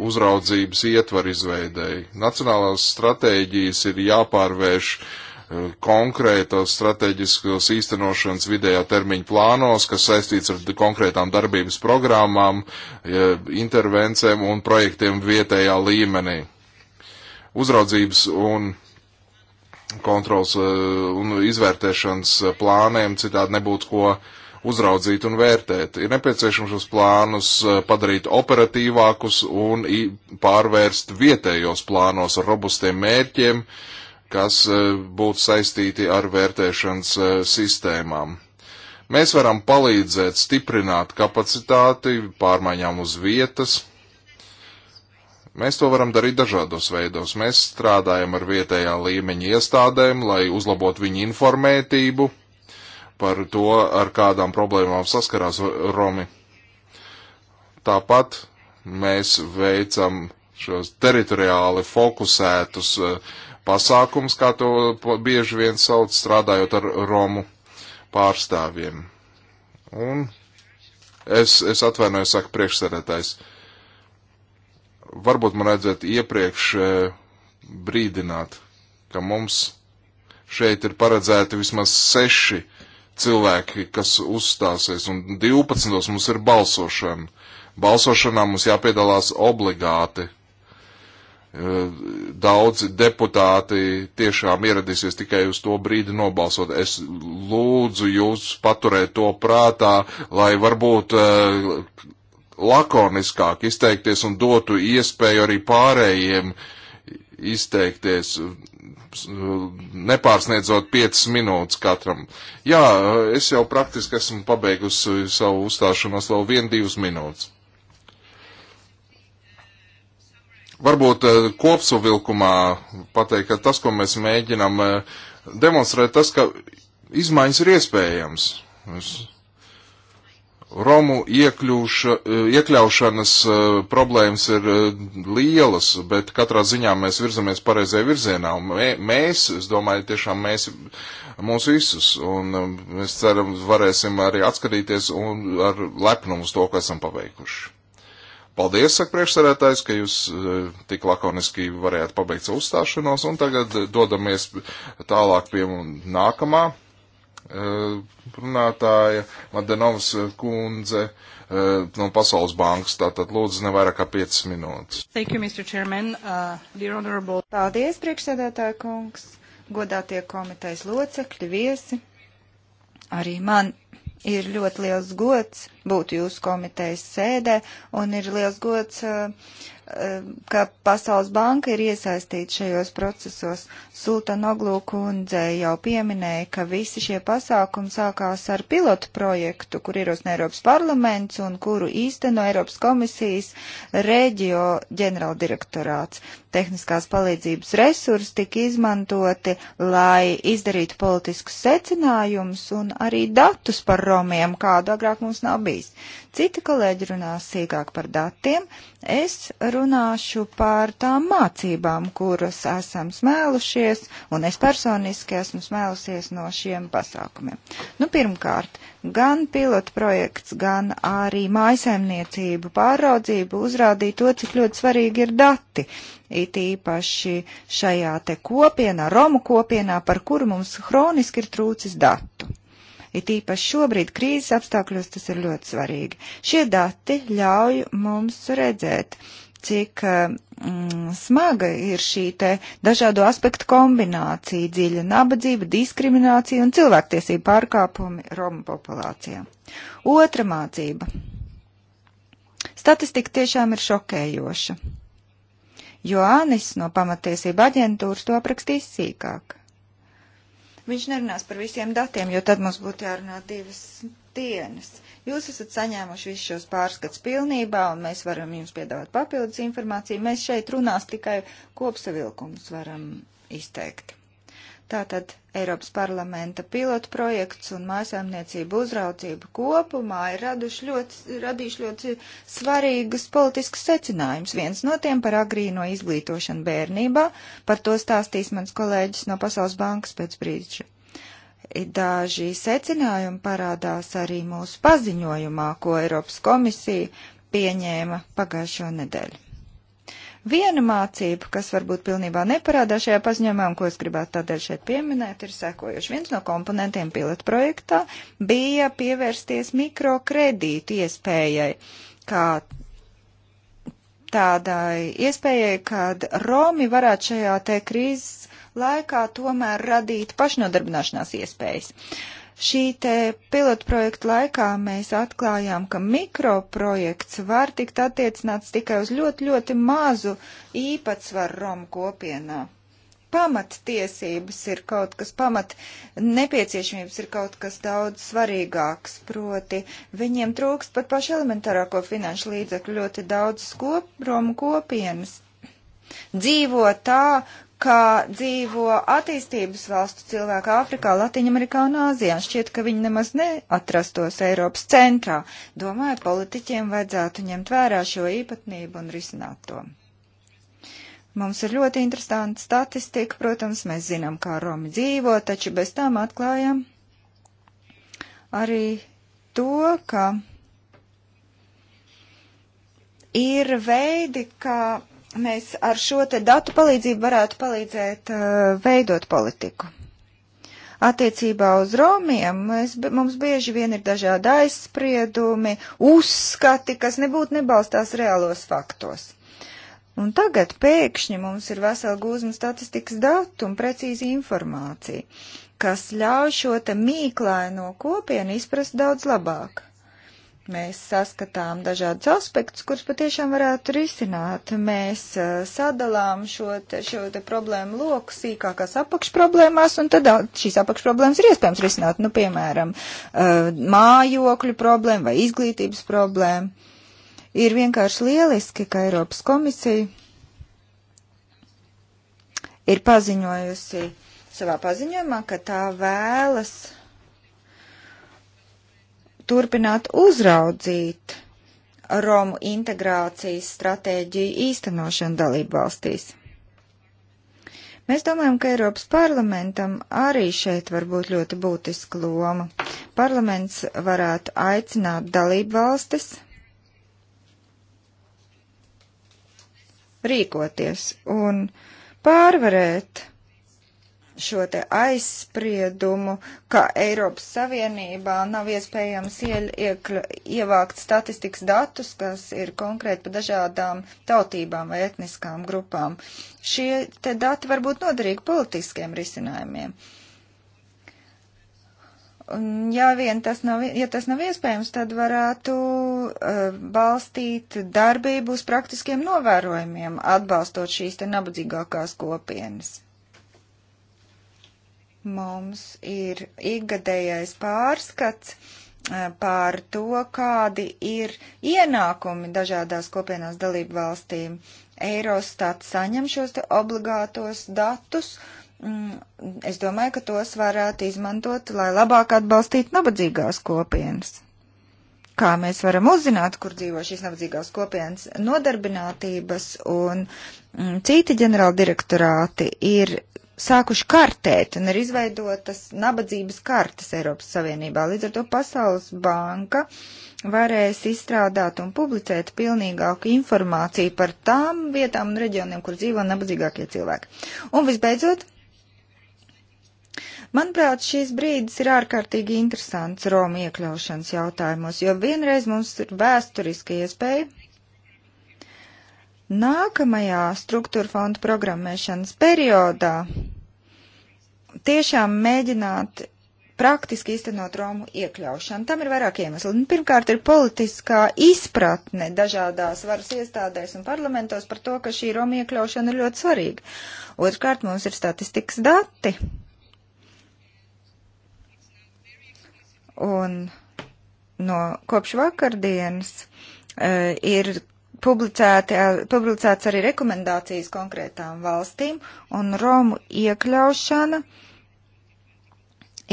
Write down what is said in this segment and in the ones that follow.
uzraudzības ietvaru izveidēji. Nacionālās stratēģijas ir jāpārvērš e, konkrētos strateģiskos īstenošanas vidējā termiņa plānos, kas saistīts ar konkrētām darbības programmām, e, intervencēm un projektiem vietējā līmenī. Uzraudzības un kontrols e, un izvērtēšanas plāniem citādi nebūtu ko uh, uzraudzīt un vērtēt. Ir nepieciešams šos plānus eh, padarīt operatīvākus un pārvērst vietējos plānos ar robustiem mērķiem, kas eh, būtu saistīti ar vērtēšanas eh, sistēmām. Mēs varam palīdzēt stiprināt kapacitāti pārmaiņām uz vietas, Mēs to varam darīt dažādos veidos. Mēs strādājam ar vietējā līmeņa iestādēm, lai uzlabotu viņu informētību par to, ar kādām problēmām saskarās Romi. Tāpat mēs veicam šos teritoriāli fokusētus eh, pasākums, kā to bieži vien sauc, strādājot ar Romu pārstāvjiem. Un es, es atvainoju, saka priekšsēdētājs. Varbūt man vajadzētu iepriekš eh, brīdināt, ka mums šeit ir paredzēti vismaz seši uh, cilvēki, kas uzstāsies, un 12. mums ir balsošana. Balsošanā mums jāpiedalās obligāti. E, daudzi deputāti tiešām ieradīsies tikai uz to brīdi nobalsot. Es lūdzu jūs paturēt to prātā, lai varbūt e, lakoniskāk izteikties un dotu iespēju arī pārējiem uh, izteikties, nepārsniedzot 5 minūtes katram. Jā, es jau praktiski esmu pabeigusi savu uzstāšanos vēl 1-2 minūtes. Varbūt eh, kopsavilkumā pateikt, ka tas, ko mēs mēģinām eh, demonstrēt, tas, ka izmaiņas ir iespējams. Es Romu iekļūša, eh, iekļaušanas eh, problēmas ir eh, lielas, bet katrā ziņā mēs virzamies pareizajā virzienā. Un mēs, es domāju, tiešām mēs, mūs visus, un mēs ceram, varēsim arī atskatīties un ar lepnumu uz to, ko esam paveikuši. Paldies, saka priekšsarētājs, ka jūs tik lakoniski varējāt pabeigt savu uzstāšanos, un tagad dodamies tālāk pie nākamā Eh, runātāja Madenovs kundze eh, no Pasaules bankas. Tātad lūdzu ne vairāk kā 5 minūtes. Thank you, Mr. Chairman. Uh, dear honorable. Paldies, priekšsēdētāja kungs, godātie komitejas locekļi, viesi. Arī man ir ļoti liels gods būt jūsu komitejas sēdē un ir liels gods uh, Um, ka Pasaules banka ir iesaistīta šajos procesos. Sultāna Oglūkundze jau pieminēja, ka visi šie pasākumi sākās ar pilotu projektu, kur ierosina Eiropas parlaments un kuru īsteno Eiropas komisijas reģio ģenerāldirektorāts tehniskās palīdzības resursi tika izmantoti, lai izdarītu politiskus secinājumus un arī datus par romiem, kādu agrāk mums nav bijis. Citi kolēģi runās sīkāk par datiem, es runāšu par tām mācībām, kuras esam smēlušies, un es personiski esmu smēlusies no šiem pasākumiem. Nu, pirmkārt, gan pilotu projekts, gan arī mājasaimniecību pārraudzību uzrādīja to, cik ļoti svarīgi ir dati it īpaši šajā te kopienā, Romu kopienā, par kuru mums hroniski ir trūcis datu. It īpaši šobrīd krīzes apstākļos tas ir ļoti svarīgi. Šie dati ļauj mums redzēt, cik mm, smaga ir šī te dažādo aspektu kombinācija - dziļa nabadzība, diskriminācija un cilvēktiesība pārkāpumi Romu populācijā. Otra mācība. Statistika tiešām ir šokējoša. Joānis no pamatiesība aģentūras to aprakstīs sīkāk. Viņš nerunās par visiem datiem, jo tad mums būtu jārunā divas dienas. Jūs esat saņēmuši visus šos pārskats pilnībā, un mēs varam jums piedāvāt papildus informāciju. Mēs šeit runās tikai kopsavilkums varam izteikt. Tātad Eiropas parlamenta pilotu projekts un mājasēmniecību uzraudzība kopumā ir raduši ļoti, radījuši ļoti svarīgas politiskas secinājumus. Viens no tiem par agrīno izglītošanu bērnībā, par to stāstīs mans kolēģis no Pasaules bankas pēc brīža. Daži secinājumi parādās arī mūsu paziņojumā, ko Eiropas komisija pieņēma pagājušo nedēļu. Viena mācība, kas varbūt pilnībā neparādā šajā paziņojumā, un ko es gribētu tādēļ šeit pieminēt, ir sekojuši. Viens no komponentiem pilotprojektā bija pievērsties mikrokredītu iespējai, kā tādai iespējai, kad Romi varētu šajā te krīzes laikā tomēr radīt pašnodarbināšanās iespējas. Uh, Šī te pilotprojekta laikā mēs atklājām, ka mikroprojekts var tikt attiecināts tikai uz ļoti, ļoti mazu īpatsvaru Romu kopienā. Pamattiesības ir kaut kas, pamat nepieciešamības ir kaut kas daudz svarīgāks, proti viņiem trūkst pat pašu elementārāko finanšu līdzekļu ļoti daudz skop, Romu kopienas dzīvo tā, kā dzīvo attīstības valstu cilvēki Āfrikā, Latviņamerikā un Āzijā. Šķiet, ka viņi nemaz neatrastos Eiropas centrā. Domāju, politiķiem vajadzētu ņemt vērā šo īpatnību un risināt to. Mums ir ļoti interesanta statistika, protams, mēs zinām, kā Romi dzīvo, taču bez tām atklājam arī to, ka ir veidi, kā mēs ar šo te datu palīdzību varētu palīdzēt uh, veidot politiku. Attiecībā uz romiem mēs, mums bieži vien ir dažādi aizspriedumi, uzskati, kas nebūtu nebalstās reālos faktos. Un tagad pēkšņi mums ir vesela gūzma statistikas datu un precīzi informācija, kas ļauj šo te mīklaino kopienu izprast daudz labāk. Mēs saskatām dažādus aspektus, kurus patiešām varētu risināt. Mēs uh, sadalām šo te, šo te problēmu loku sīkākās apakšproblēmās, un tad šīs apakšproblēmas ir iespējams risināt, nu, piemēram, uh, mājokļu problēmu vai izglītības problēmu. Ir vienkārši lieliski, ka Eiropas komisija ir paziņojusi savā paziņojumā, ka tā vēlas turpināt uzraudzīt Romu integrācijas stratēģiju īstenošanu dalību valstīs. Mēs domājam, ka Eiropas parlamentam arī šeit var būt ļoti būtiska loma. Parlaments varētu aicināt dalību valstis rīkoties un pārvarēt šo te aizspriedumu, ka Eiropas Savienībā nav iespējams iekļa, ievākt statistikas datus, kas ir konkrēti par dažādām tautībām vai etniskām grupām. Šie te dati var būt noderīgi politiskiem risinājumiem. Un, ja vien tas nav, ja tas nav iespējams, tad varētu uh, balstīt darbību uz praktiskiem novērojumiem, atbalstot šīs te nabadzīgākās kopienas. Mums ir ikgadējais pārskats eh, pār to, kādi ir ienākumi dažādās kopienās dalību valstīm. Eirostat saņem šos obligātos datus. Mm, es domāju, ka tos varētu izmantot, lai labāk atbalstītu nabadzīgās kopienas. Kā mēs varam uzzināt, kur dzīvo šīs nabadzīgās kopienas nodarbinātības un mm, citi ģenerāldirektorāti ir sākuši kartēt un ir izveidotas nabadzības kartas Eiropas Savienībā. Līdz ar to Pasaules banka varēs izstrādāt un publicēt pilnīgāku informāciju par tām vietām un reģioniem, kur dzīvo nabadzīgākie cilvēki. Un visbeidzot, Manuprāt, šīs brīdis ir ārkārtīgi interesants Roma iekļaušanas jautājumos, jo vienreiz mums ir vēsturiska iespēja Nākamajā struktūra fonda programmēšanas periodā tiešām mēģināt praktiski īstenot Romu iekļaušanu. Tam ir vairāk iemesli. Nu, pirmkārt, ir politiskā izpratne dažādās varas iestādēs un parlamentos par to, ka šī Roma iekļaušana ir ļoti svarīga. Otrkārt, mums ir statistikas dati. Un no kopš vakardienas e, ir publicēti, eh, publicēts arī rekomendācijas konkrētām valstīm, un Romu iekļaušana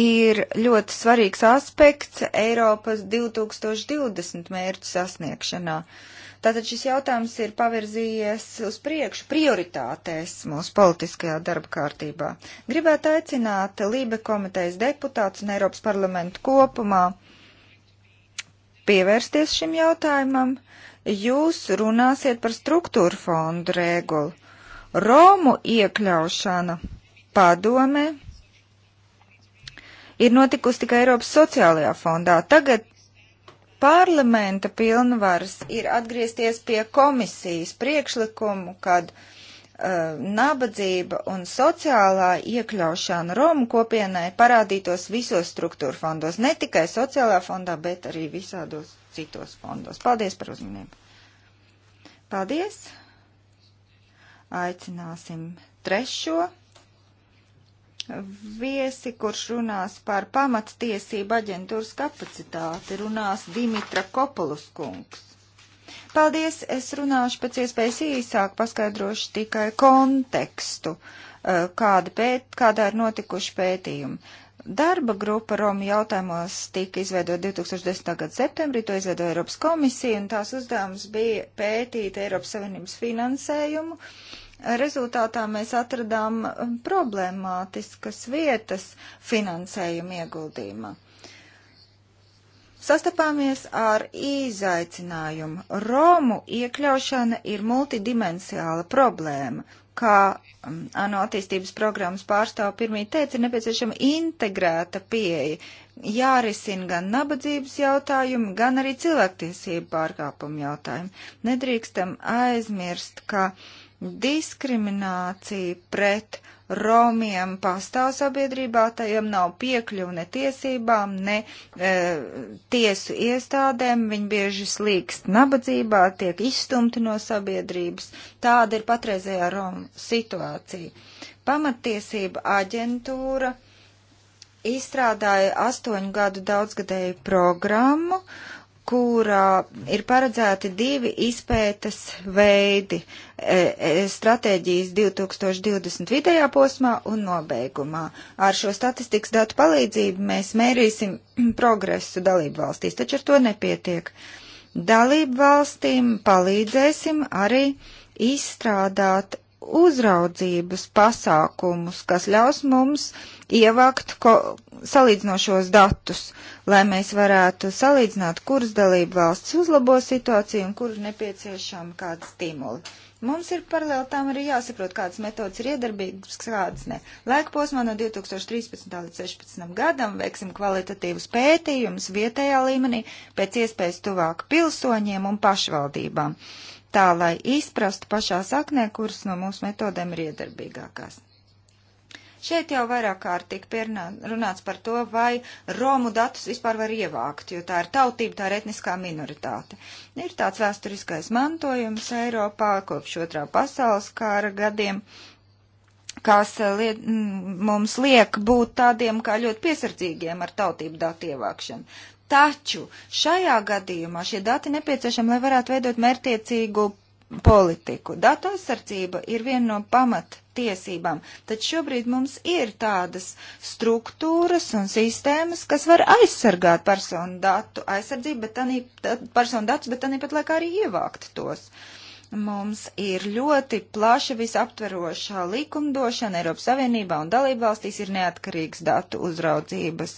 ir ļoti svarīgs aspekts Eiropas 2020 mērķu sasniegšanā. Tātad šis jautājums ir pavirzījies uz priekšu prioritātēs mūsu politiskajā darba kārtībā. Gribētu aicināt Lībe komitejas deputātus un Eiropas parlamentu kopumā pievērsties šim jautājumam. Uh, Jūs runāsiet par struktūru fondu regulu. Romu iekļaušana padomē ir notikusi tikai Eiropas sociālajā fondā. Tagad parlamenta pilnvaras ir atgriezties pie komisijas priekšlikumu, kad uh, nabadzība un sociālā iekļaušana Romu kopienai parādītos visos struktūra fondos, ne tikai sociālā fondā, bet arī visādos citos fondos. Paldies par uzmanību. Paldies. Aicināsim trešo viesi, kurš runās par pamattiesību aģentūras kapacitāti, runās Dimitra Kopulus kungs. Paldies, es runāšu pēc iespējas īsāk, paskaidrošu tikai kontekstu, eh, kāda pēt, kādā ir notikuši pētījumi. Darba grupa Roma jautājumos tika izveidota 2010. gada septembrī, to izveidoja Eiropas komisija, un tās uzdevums bija pētīt Eiropas Savienības finansējumu. Rezultātā mēs atradām um, problemātiskas vietas finansējuma ieguldījumā. Sastapāmies ar izaicinājumu. Romu iekļaušana ir multidimensiāla problēma kā um, ANO attīstības programmas pārstāv pirmīt teica, ir nepieciešama integrēta pieeja. Jārisina gan nabadzības jautājumi, gan arī cilvēktiesību pārkāpumu jautājumi. Nedrīkstam aizmirst, ka diskriminācija pret Romiem pastāv sabiedrībā, tajiem nav piekļuva ne tiesībām, ne e, tiesu iestādēm, viņi bieži slīkst nabadzībā, tiek izstumti no sabiedrības. Tāda ir patreizējā Roma situācija. Pamattiesība aģentūra izstrādāja astoņu gadu daudzgadēju programmu, uh, kurā ir paredzēti divi izpētes veidi e, - e, stratēģijas 2020 vidējā posmā un nobeigumā. Ar šo statistikas datu palīdzību mēs mērīsim progresu dalību valstīs, taču ar to nepietiek. Dalību valstīm palīdzēsim arī izstrādāt uzraudzības pasākumus, kas ļaus mums uh, ievākt salīdzinošos datus, lai mēs varētu salīdzināt, kuras dalību valsts uzlabo situāciju un kur nepieciešama kāda stimula. Mums ir paralēli tam arī jāsaprot, kādas metodas ir iedarbīgas, kādas ne. Laika posmā no 2013. līdz 2016. gadam veiksim kvalitatīvus pētījumus vietējā līmenī, pēc iespējas tuvāk pilsoņiem un pašvaldībām, tā lai izprastu pašā saknē, kuras no mūsu metodēm ir iedarbīgākās. Šeit jau vairāk kārt tika runāts par to, vai Romu datus vispār var ievākt, jo tā ir tautība, tā ir etniskā minoritāte. Ir tāds vēsturiskais mantojums Eiropā kopš otrā pasaules kara gadiem kas liet, mums liek būt tādiem kā ļoti piesardzīgiem ar tautību datu ievākšanu. Taču šajā gadījumā šie dati nepieciešami, lai varētu veidot mērtiecīgu politiku. Datu aizsardzība ir viena no pamat tiesībām, taču šobrīd mums ir tādas struktūras un sistēmas, kas var aizsargāt personu datu aizsardzību, bet arī personu datus, bet arī pat laikā arī ievākt tos. Mums ir ļoti plaša visaptverošā likumdošana Eiropas Savienībā un dalībvalstīs ir neatkarīgs datu uzraudzības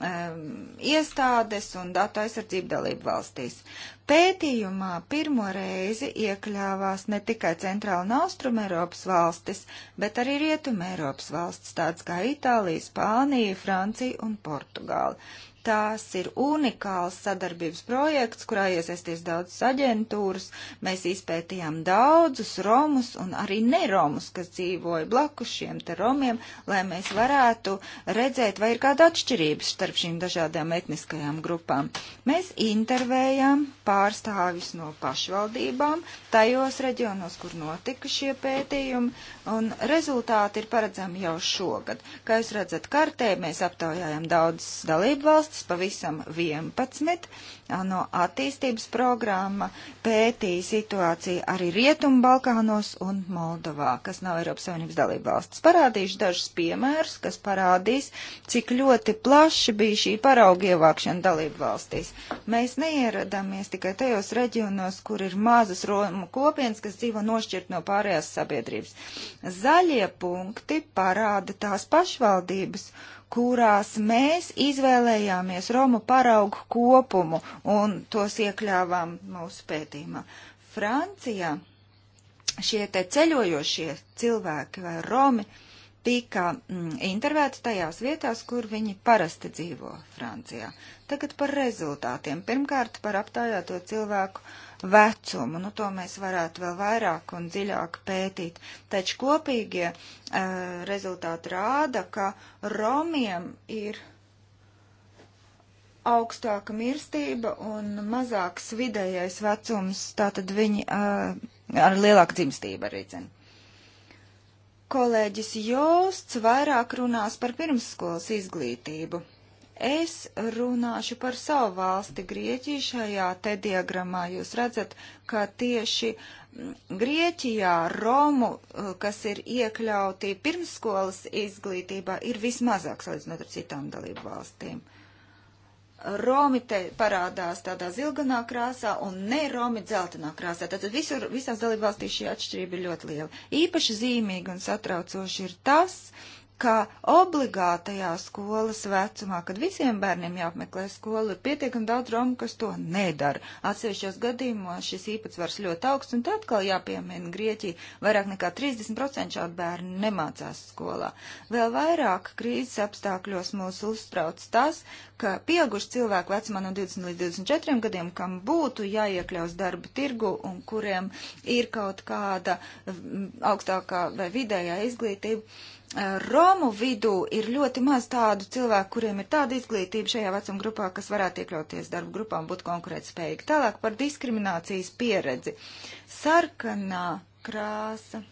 um, iestādes un datu aizsardzību dalību valstīs. Pētījumā pirmo reizi iekļāvās ne tikai Centrāla un Austruma Eiropas valstis, bet arī Rietuma Eiropas valstis, tāds kā Itālija, Spānija, Francija un Portugāla. Tās ir unikāls sadarbības projekts, kurā iesaistīs daudzas aģentūras. Mēs izpētījām daudzus romus un arī neromus, kas dzīvoja blakus šiem te romiem, lai mēs varētu redzēt, vai ir kāda atšķirības starp šīm dažādām etniskajām grupām. Mēs intervējām pārstāvis no pašvaldībām tajos reģionos, kur notika šie pētījumi, un rezultāti ir paredzami jau šogad. Kā jūs redzat kartē, mēs aptaujājam daudzas dalību valsts valstis, pavisam 11. No attīstības programma pētīja situāciju arī Rietumu Balkānos un Moldovā, kas nav Eiropas Savienības dalība valsts. Parādīšu dažus piemērus, kas parādīs, cik ļoti plaši bija šī parauga ievākšana dalību valstīs. Mēs neieradāmies tikai tajos reģionos, kur ir mazas Romu kopienas, kas dzīvo nošķirt no pārējās sabiedrības. Zaļie punkti parāda tās pašvaldības kurās mēs izvēlējāmies Romu paraugu kopumu un tos iekļāvām mūsu pētījumā. Francijā šie te ceļojošie cilvēki vai Romi tika mm, intervēti tajās vietās, kur viņi parasti dzīvo Francijā. Tagad par rezultātiem. Pirmkārt par aptājāto cilvēku uh, vecumu. Nu, to mēs varētu vēl vairāk un dziļāk pētīt. Taču kopīgie e, rezultāti rāda, ka romiem ir augstāka mirstība un mazāks vidējais vecums, tātad viņi uh, ar lielāku dzimstību arī dzin. Kolēģis Josts vairāk runās par pirmsskolas izglītību. Es runāšu par savu valsti Grieķiju. Šajā te diagramā jūs redzat, ka tieši mm, Grieķijā Romu, eh, kas ir iekļauti pirmsskolas izglītībā, ir vismazāk salīdzinot ar citām dalību valstīm. Romi te parādās tādā zilganā krāsā un ne Romi dzeltenā krāsā. Tātad visur, visās dalībvalstīs šī atšķirība ir ļoti liela. Īpaši zīmīgi un satraucoši ir tas, uh, ka obligātajā skolas vecumā, kad visiem bērniem jāapmeklē skola, ir pietiekami daudz romu, kas to nedara. Atsevišķos gadījumos šis īpatsvars ļoti augsts, un tad atkal jāpiemina Grieķija, vairāk nekā 30% šādu bērnu nemācās skolā. Vēl vairāk krīzes apstākļos mūs uztrauc tas, ka pieauguši cilvēku vecumā no 20 līdz 24 gadiem, kam būtu jāiekļaus darba tirgu un kuriem ir kaut kāda mm, augstākā vai vidējā izglītība, Romu vidū ir ļoti maz tādu cilvēku, kuriem ir tāda izglītība šajā vecuma grupā, kas varētu iekļauties darba grupām, būt konkurētspējīgi. Tālāk par diskriminācijas pieredzi. Sarkanā krāsa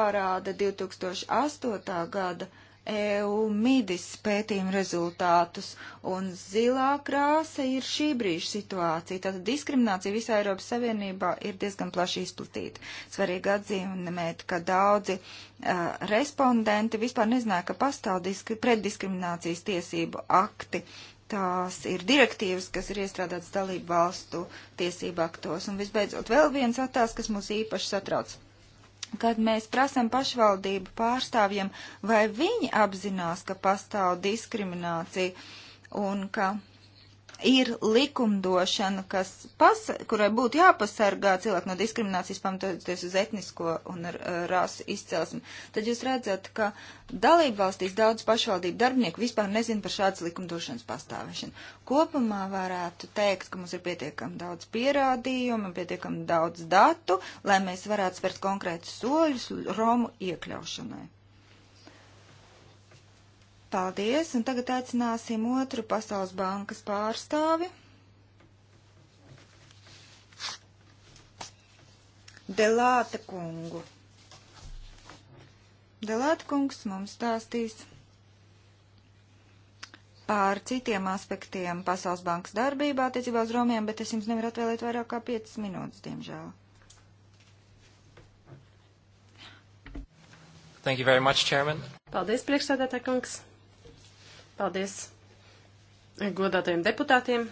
parāda 2008. gada EU midis pētījuma rezultātus, un zilā krāsa ir šī brīža situācija. Tātad diskriminācija visā Eiropas Savienībā ir diezgan plaši izplatīta. Svarīgi atzīmēt, ka daudzi uh, respondenti vispār nezināja, ka pastāv disk preddiskriminācijas tiesību akti. Tās ir direktīvas, kas ir iestrādātas dalību valstu tiesību aktos. Un visbeidzot, vēl viens attēls, kas mūs īpaši satrauc kad mēs prasam pašvaldību pārstāvjiem, vai viņi apzinās, ka pastāv diskriminācija un ka ir likumdošana, kas pas, kurai būtu jāpasargā cilvēku no diskriminācijas pamatoties uz etnisko un rasu izcelsmi, tad jūs redzat, ka dalību valstīs daudz pašvaldību darbinieku vispār nezin par šādas likumdošanas pastāvēšanu. Kopumā varētu teikt, ka mums ir pietiekami daudz pierādījumu, pietiekami daudz datu, lai mēs varētu spērt konkrētus soļus Romu iekļaušanai. Paldies, un tagad aicināsim otru Pasaules bankas pārstāvi. Delāta kungu. Delāta kungs mums stāstīs par citiem aspektiem Pasaules bankas darbībā attiecībā uz Romiem, bet es jums nevaru atvēlēt vairāk kā 5 minūtes, diemžēl. Thank you very much, Chairman. Paldies, priekšsēdētāj kungs. Paldies godātajiem deputātiem.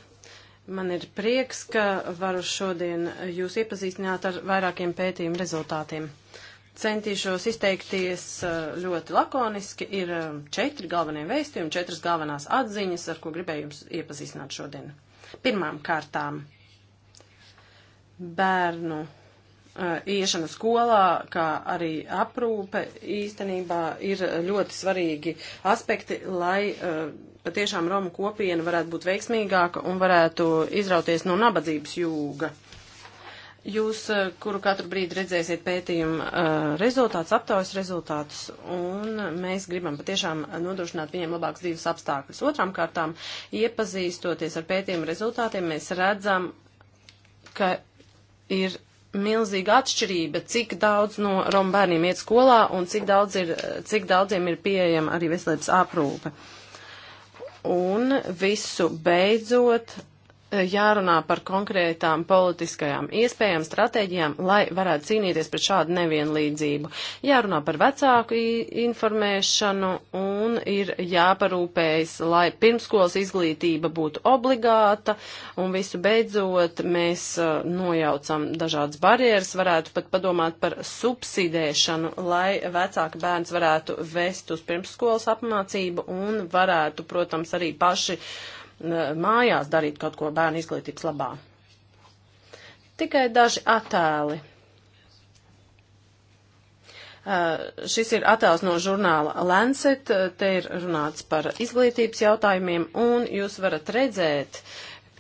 Man ir prieks, ka varu šodien jūs iepazīstināt ar vairākiem pētījumu rezultātiem. Centīšos izteikties eh, ļoti lakoniski. Ir eh, četri galvenie vēstījumi, četras galvenās atziņas, ar ko gribēju jums iepazīstināt šodien. Pirmām kārtām bērnu Uh, iešana skolā, kā arī aprūpe īstenībā ir ļoti svarīgi aspekti, lai uh, patiešām Romu kopiena varētu būt veiksmīgāka un varētu izrauties no nabadzības jūga. Jūs, uh, kuru katru brīdi redzēsiet pētījumu rezultātus, aptaujas rezultātus, un mēs gribam patiešām nodrošināt viņiem labākas dzīves apstākļus. Otram kārtām, iepazīstoties ar pētījumu rezultātiem, mēs redzam, ka ir milzīga atšķirība, cik daudz no Romu bērniem iet skolā un cik, daudz ir, cik daudziem ir pieejama arī veselības aprūpe. Un visu beidzot jārunā par konkrētām politiskajām iespējām, stratēģijām, lai varētu cīnīties pret šādu nevienlīdzību. Jārunā par vecāku informēšanu un ir jāparūpējas, lai pirmskolas izglītība būtu obligāta un visu beidzot mēs nojaucam dažādas barjeras, varētu pat padomāt par subsidēšanu, lai vecāki bērns varētu vest uz pirmskolas apmācību un varētu, protams, arī paši uh, mājās darīt kaut ko bērnu izglītības labā. Tikai daži attēli. Uh, šis ir attēls no žurnāla Lancet, te ir runāts par izglītības jautājumiem, un jūs varat redzēt,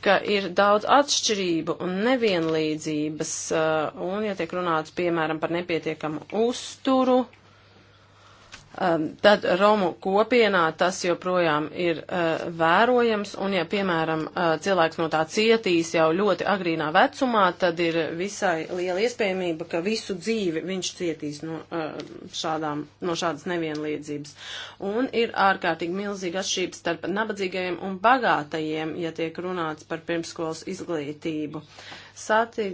ka ir daudz atšķirību un nevienlīdzības, uh, un ja tiek runāts, piemēram, par nepietiekamu uzturu, uh, Um, tad Romu kopienā tas joprojām ir uh, vērojams, un ja, piemēram, uh, cilvēks no tā cietīs jau ļoti agrīnā vecumā, tad ir visai liela iespējamība, ka visu dzīvi viņš cietīs no, uh, šādām, no šādas nevienlīdzības. Un ir ārkārtīgi milzīga atšķirība starp nabadzīgajiem un bagātajiem, ja tiek runāts par pirmskolas izglītību. Uh, Sati,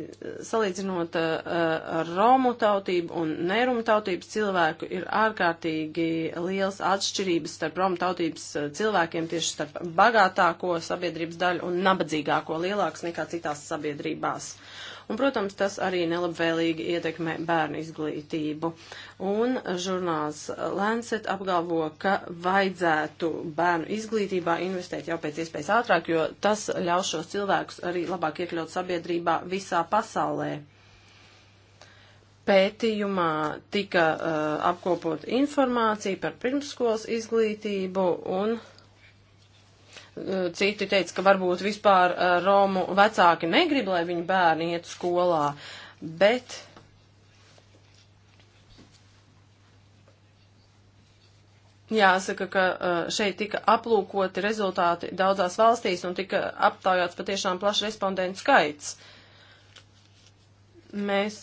salīdzinot uh, romu tautību un nerumu tautības cilvēku, ir ārkārtīgi liels atšķirības starp romu tautības uh, cilvēkiem, tieši starp bagātāko sabiedrības daļu un nabadzīgāko lielāks nekā citās sabiedrībās. Uh, un, protams, tas arī nelabvēlīgi ietekmē bērnu izglītību. Un žurnāls Lancet apgalvo, ka vajadzētu bērnu izglītībā investēt jau pēc iespējas ātrāk, jo tas ļaus šos cilvēkus arī labāk iekļaut sabiedrībā visā pasaulē pētījumā tika uh, apkopot informācija par pirmskolas izglītību un uh, Citi teica, ka varbūt vispār eh, Romu vecāki negrib, lai viņu bērni iet skolā, bet Jāsaka, ka eh, šeit tika aplūkoti rezultāti daudzās valstīs un tika aptaujāts patiešām plašs respondentu skaits. Mēs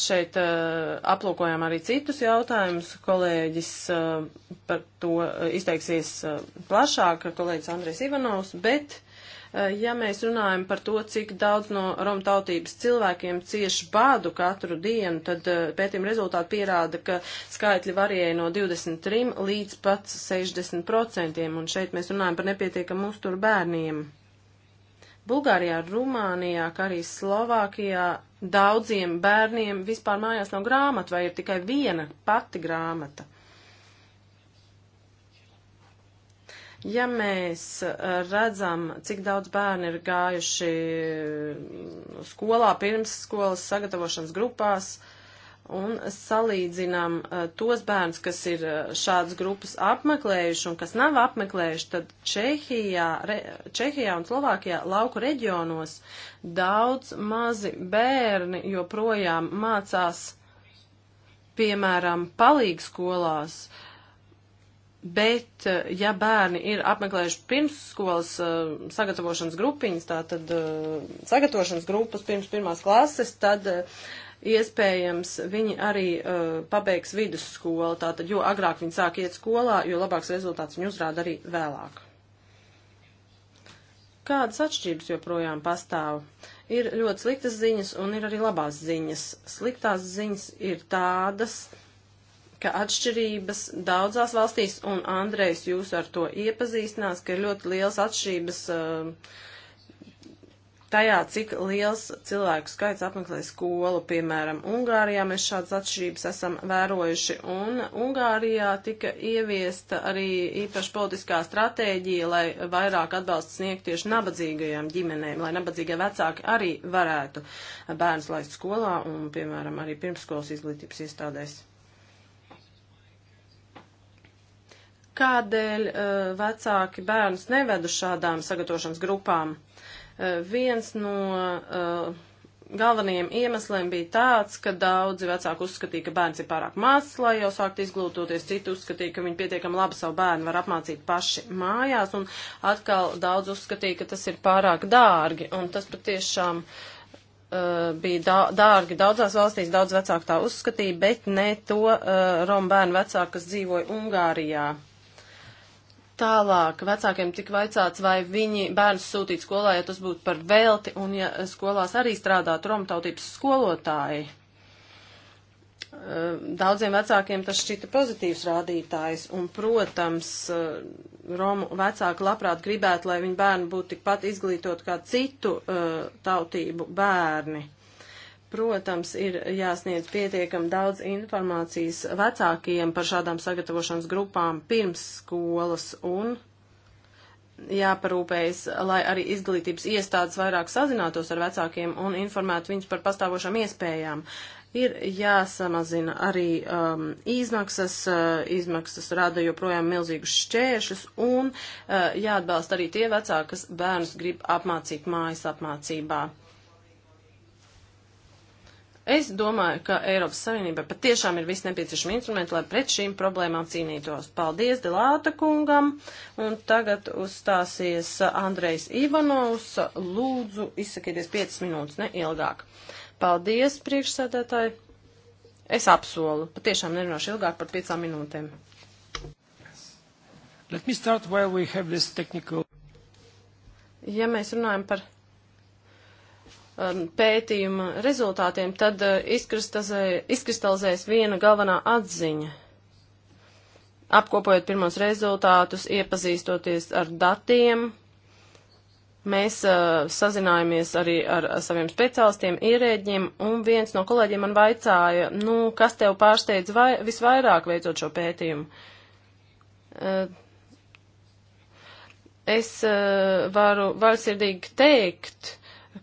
šeit uh, aplūkojam arī citus jautājumus. Kolēģis uh, par to eh, izteiksies uh, plašāk, kolēģis Andrēs Ivanovs, bet, ja mēs runājam par to, cik daudz no Roma tautības cilvēkiem cieš bādu katru dienu, tad pētījuma rezultāti pierāda, ka skaitļi varēja no 23 līdz pat 60 procentiem, un šeit mēs runājam par nepietiekamu uzturu bērniem. Bulgārijā, Rumānijā, kā arī Slovākijā Daudziem bērniem vispār mājās nav grāmata vai ir tikai viena pati grāmata. Ja mēs uh, redzam, cik daudz bērni ir gājuši uh, skolā, pirms skolas sagatavošanas grupās, uh, un salīdzinām uh, tos bērnus, kas ir uh, šādas grupas apmeklējuši un kas nav apmeklējuši, tad Čehijā, re, Čehijā un Slovākijā lauku reģionos daudz mazi bērni joprojām mācās, piemēram, palīgskolās. Bet, uh, ja bērni ir apmeklējuši pirmsskolas uh, sagatavošanas grupiņas, tātad uh, sagatavošanas grupas pirms pirmās klases, tad uh, Iespējams, viņi arī uh, pabeigs vidusskolu, tātad jo agrāk viņi sāk iet skolā, jo labāks rezultāts viņi uzrāda arī vēlāk. Kādas atšķirības joprojām pastāv? Ir ļoti sliktas ziņas un ir arī labās ziņas. Sliktās ziņas ir tādas, ka atšķirības daudzās valstīs, un Andrejs jūs ar to iepazīstinās, ka ir ļoti liels atšķirības uh, tajā, cik liels cilvēku skaits apmeklē skolu. Piemēram, Ungārijā mēs šādas atšķirības esam vērojuši, un Ungārijā tika ieviesta arī īpaši politiskā stratēģija, lai vairāk atbalsts sniegt tieši nabadzīgajām ģimenēm, lai nabadzīgie vecāki arī varētu bērns laist skolā un, piemēram, arī pirmskolas izglītības iestādēs. Kādēļ uh, vecāki bērns neved uz šādām sagatavošanas grupām? Eh, viens no eh, galvenajiem iemesliem bija tāds, ka daudzi vecāki uzskatīja, ka bērns ir pārāk mazs, lai jau sākt izglītoties. Citi uzskatīja, ka viņi pietiekami labi savu bērnu var apmācīt paši mājās, un atkal daudz uzskatīja, ka tas ir pārāk dārgi, un tas patiešām uh, bija da dārgi daudzās valstīs, daudz vecāku tā uzskatīja, bet ne to uh, Romu bērnu vecāku, kas dzīvoja Ungārijā. Tālāk vecākiem tika vaicāts, vai viņi bērnus sūtītu skolā, ja tas būtu par velti, un ja skolās arī strādātu romtautības skolotāji. Eh, daudziem vecākiem tas šķita pozitīvs rādītājs, un, protams, eh, Romu vecāki labprāt gribētu, lai viņu bērni būtu tikpat izglītot kā citu uh, tautību bērni. Protams, ir jāsniedz pietiekami daudz informācijas vecākiem par šādām sagatavošanas grupām pirms skolas un jāparūpējas, lai arī izglītības iestādes vairāk sazinātos ar vecākiem un informētu viņus par pastāvošām iespējām. Ir jāsamazina arī um, izmaksas, uh, izmaksas rada joprojām milzīgus šķēršus un uh, jāatbalsta arī tie vecāki, kas bērnus grib apmācīt mājas apmācībā. Es domāju, ka Eiropas Savienībai patiešām ir viss nepieciešami instrumenti, lai pret šīm problēmām cīnītos. Paldies Dilāta kungam, un tagad uzstāsies Andrejs Ivanovs. Lūdzu, izsakieties 5 minūtes, ne ilgāk. Paldies, priekšsēdētāji. Es apsolu, patiešām nerunāšu ilgāk par 5 minūtēm. Technical... Ja mēs runājam par um, pētījuma rezultātiem, tad uh, izkristalizēs viena galvenā atziņa. Apkopojot pirmos rezultātus, iepazīstoties ar datiem, mēs uh, sazinājāmies arī ar saviem speciālistiem, ierēģiem, un viens no kolēģiem man vaicāja, nu, kas tev pārsteidz vai, visvairāk veicot šo pētījumu. Uh, es uh, varu vaļsirdīgi teikt,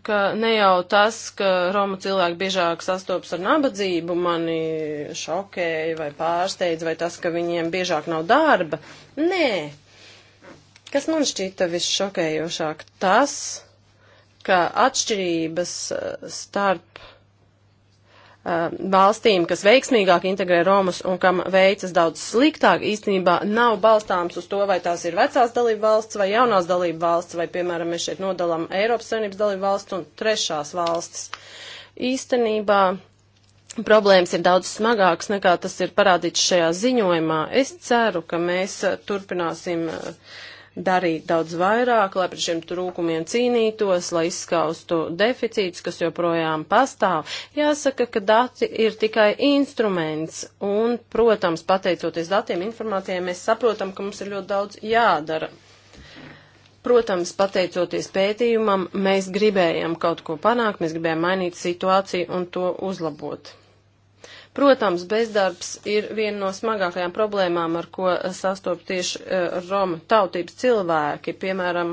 ka ne jau tas, ka Roma cilvēki biežāk sastopas ar nabadzību, mani šokēja vai pārsteidz, vai tas, ka viņiem biežāk nav darba. Nē. Kas man šķita visšokējošāk? Tas, ka atšķirības eh, starp Uh, valstīm, kas veiksmīgāk integrē Romus un kam veicas daudz sliktāk, īstenībā nav balstāms uz to, vai tās ir vecās dalība valsts vai jaunās dalība valsts, vai, piemēram, mēs šeit nodalām Eiropas Savienības dalību valsts un trešās valstis. Īstenībā problēmas ir daudz smagākas nekā tas ir parādīts šajā ziņojumā. Es ceru, ka mēs uh, turpināsim uh, darīt daudz vairāk, lai pret šiem trūkumiem cīnītos, lai izskaustu deficītus, kas joprojām pastāv. Jāsaka, ka dati ir tikai instruments, un, protams, pateicoties datiem, informācijai, mēs saprotam, ka mums ir ļoti daudz jādara. Protams, pateicoties pētījumam, mēs gribējām kaut ko panākt, mēs gribējām mainīt situāciju un to uzlabot. Protams, bezdarbs ir viena no smagākajām problēmām, ar ko sastop tieši eh, Roma tautības cilvēki. Piemēram,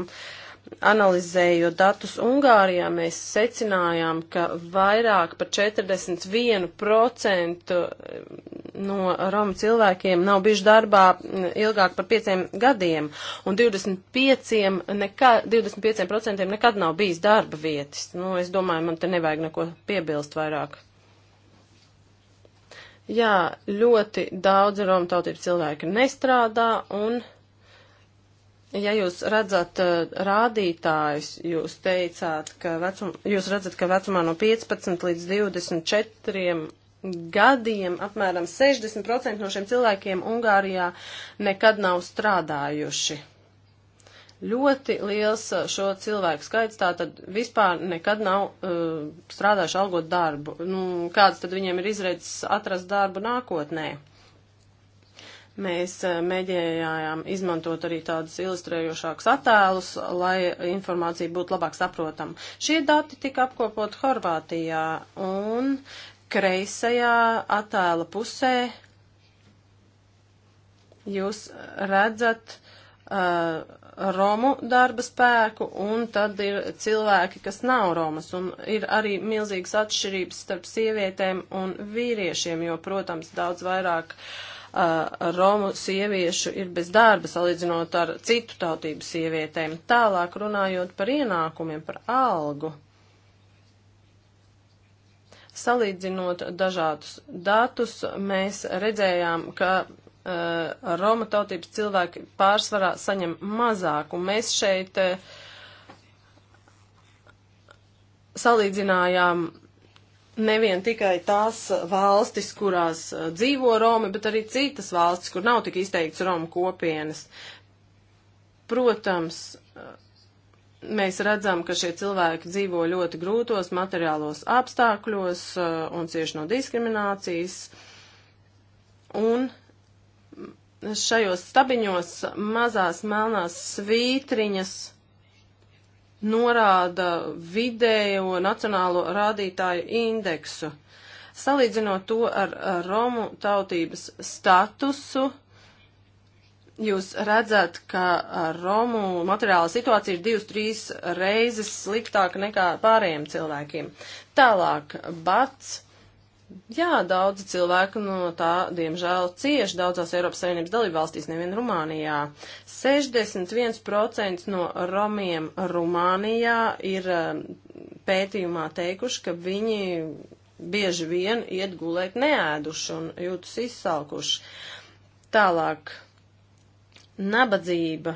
analizējot datus Ungārijā, mēs secinājām, ka vairāk par 41% eh, no Roma cilvēkiem nav bijuši darbā mm, ilgāk par 5 gadiem, un 25% nekā, 25 nekad nav bijis darba vietas. Nu, es domāju, man te nevajag neko piebilst vairāk. Jā, ļoti daudz Romu tautības cilvēki nestrādā un. Ja jūs redzat eh, rādītājus, jūs teicāt, ka, vecum, jūs redzat, ka vecumā no 15 līdz 24 gadiem apmēram 60% no šiem cilvēkiem Ungārijā nekad nav strādājuši. Ļoti liels uh, šo cilvēku skaits tātad vispār nekad nav uh, strādājuši algot darbu. Nu, kāds tad viņiem ir izredzes atrast darbu nākotnē? Mēs uh, mēģinājām izmantot arī tādus ilustrējošākus attēlus, lai informācija būtu labāk saprotama. Šie dati tika apkopot Horvātijā un kreisajā attēla pusē jūs redzat uh, Romu darba spēku, un tad ir cilvēki, kas nav Romas, un ir arī milzīgas atšķirības starp sievietēm un vīriešiem, jo, protams, daudz vairāk uh, Romu sieviešu ir bez darba, salīdzinot ar citu tautību sievietēm. Tālāk runājot par ienākumiem, par algu, Salīdzinot dažādus datus, mēs redzējām, ka Eh, Roma tautības cilvēki pārsvarā saņem mazāk, un mēs šeit eh, salīdzinājām nevien tikai tās valstis, kurās eh, dzīvo Romi, bet arī citas valstis, kur nav tik izteikts Romu kopienas. Protams, mēs redzam, ka šie cilvēki dzīvo ļoti grūtos materiālos apstākļos un cieši no diskriminācijas. Un šajos stabiņos mazās melnās svītriņas norāda vidējo nacionālo rādītāju indeksu. Salīdzinot to ar, ar Romu tautības statusu, jūs redzat, ka Romu materiāla situācija ir divas, trīs reizes sliktāka nekā pārējiem cilvēkiem. Tālāk, bats Jā, daudz cilvēku no tā, diemžēl, cieši daudzās Eiropas Savienības dalībvalstīs, nevien Rumānijā. 61% no romiem Rumānijā ir um, pētījumā teikuši, ka viņi bieži vien iet gulēt neēduši un jūtas izsalkuši. Tālāk, nabadzība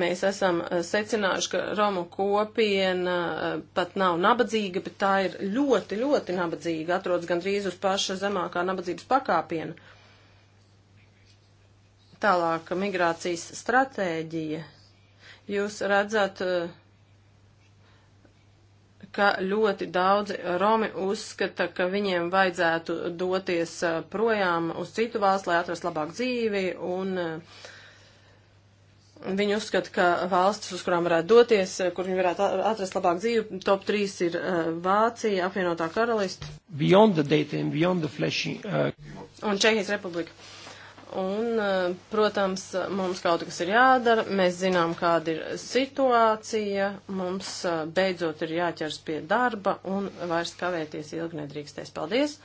Mēs esam eh, secinājuši, ka Romu kopiena eh, pat nav nabadzīga, bet tā ir ļoti, ļoti nabadzīga, atrodas gandrīz uz paša zemākā nabadzības pakāpiena. Tālāk, migrācijas stratēģija. Jūs redzat, eh, ka ļoti daudzi Romi uzskata, ka viņiem vajadzētu doties projām uz citu valstu, lai atrastu labāku dzīvi un uh, Viņi uzskata, ka valstis, uz kurām varētu doties, eh, kur viņi varētu atrast labāku dzīvi, top 3 ir uh, Vācija, apvienotā karalista. Beyond the data and beyond the flashing. Uh... Un Čehijas republika. Un, uh, protams, mums kaut kas ir jādara, mēs zinām, kāda ir situācija, mums uh, beidzot ir jāķers pie darba un vairs kavēties ilgi nedrīkstēs. Paldies!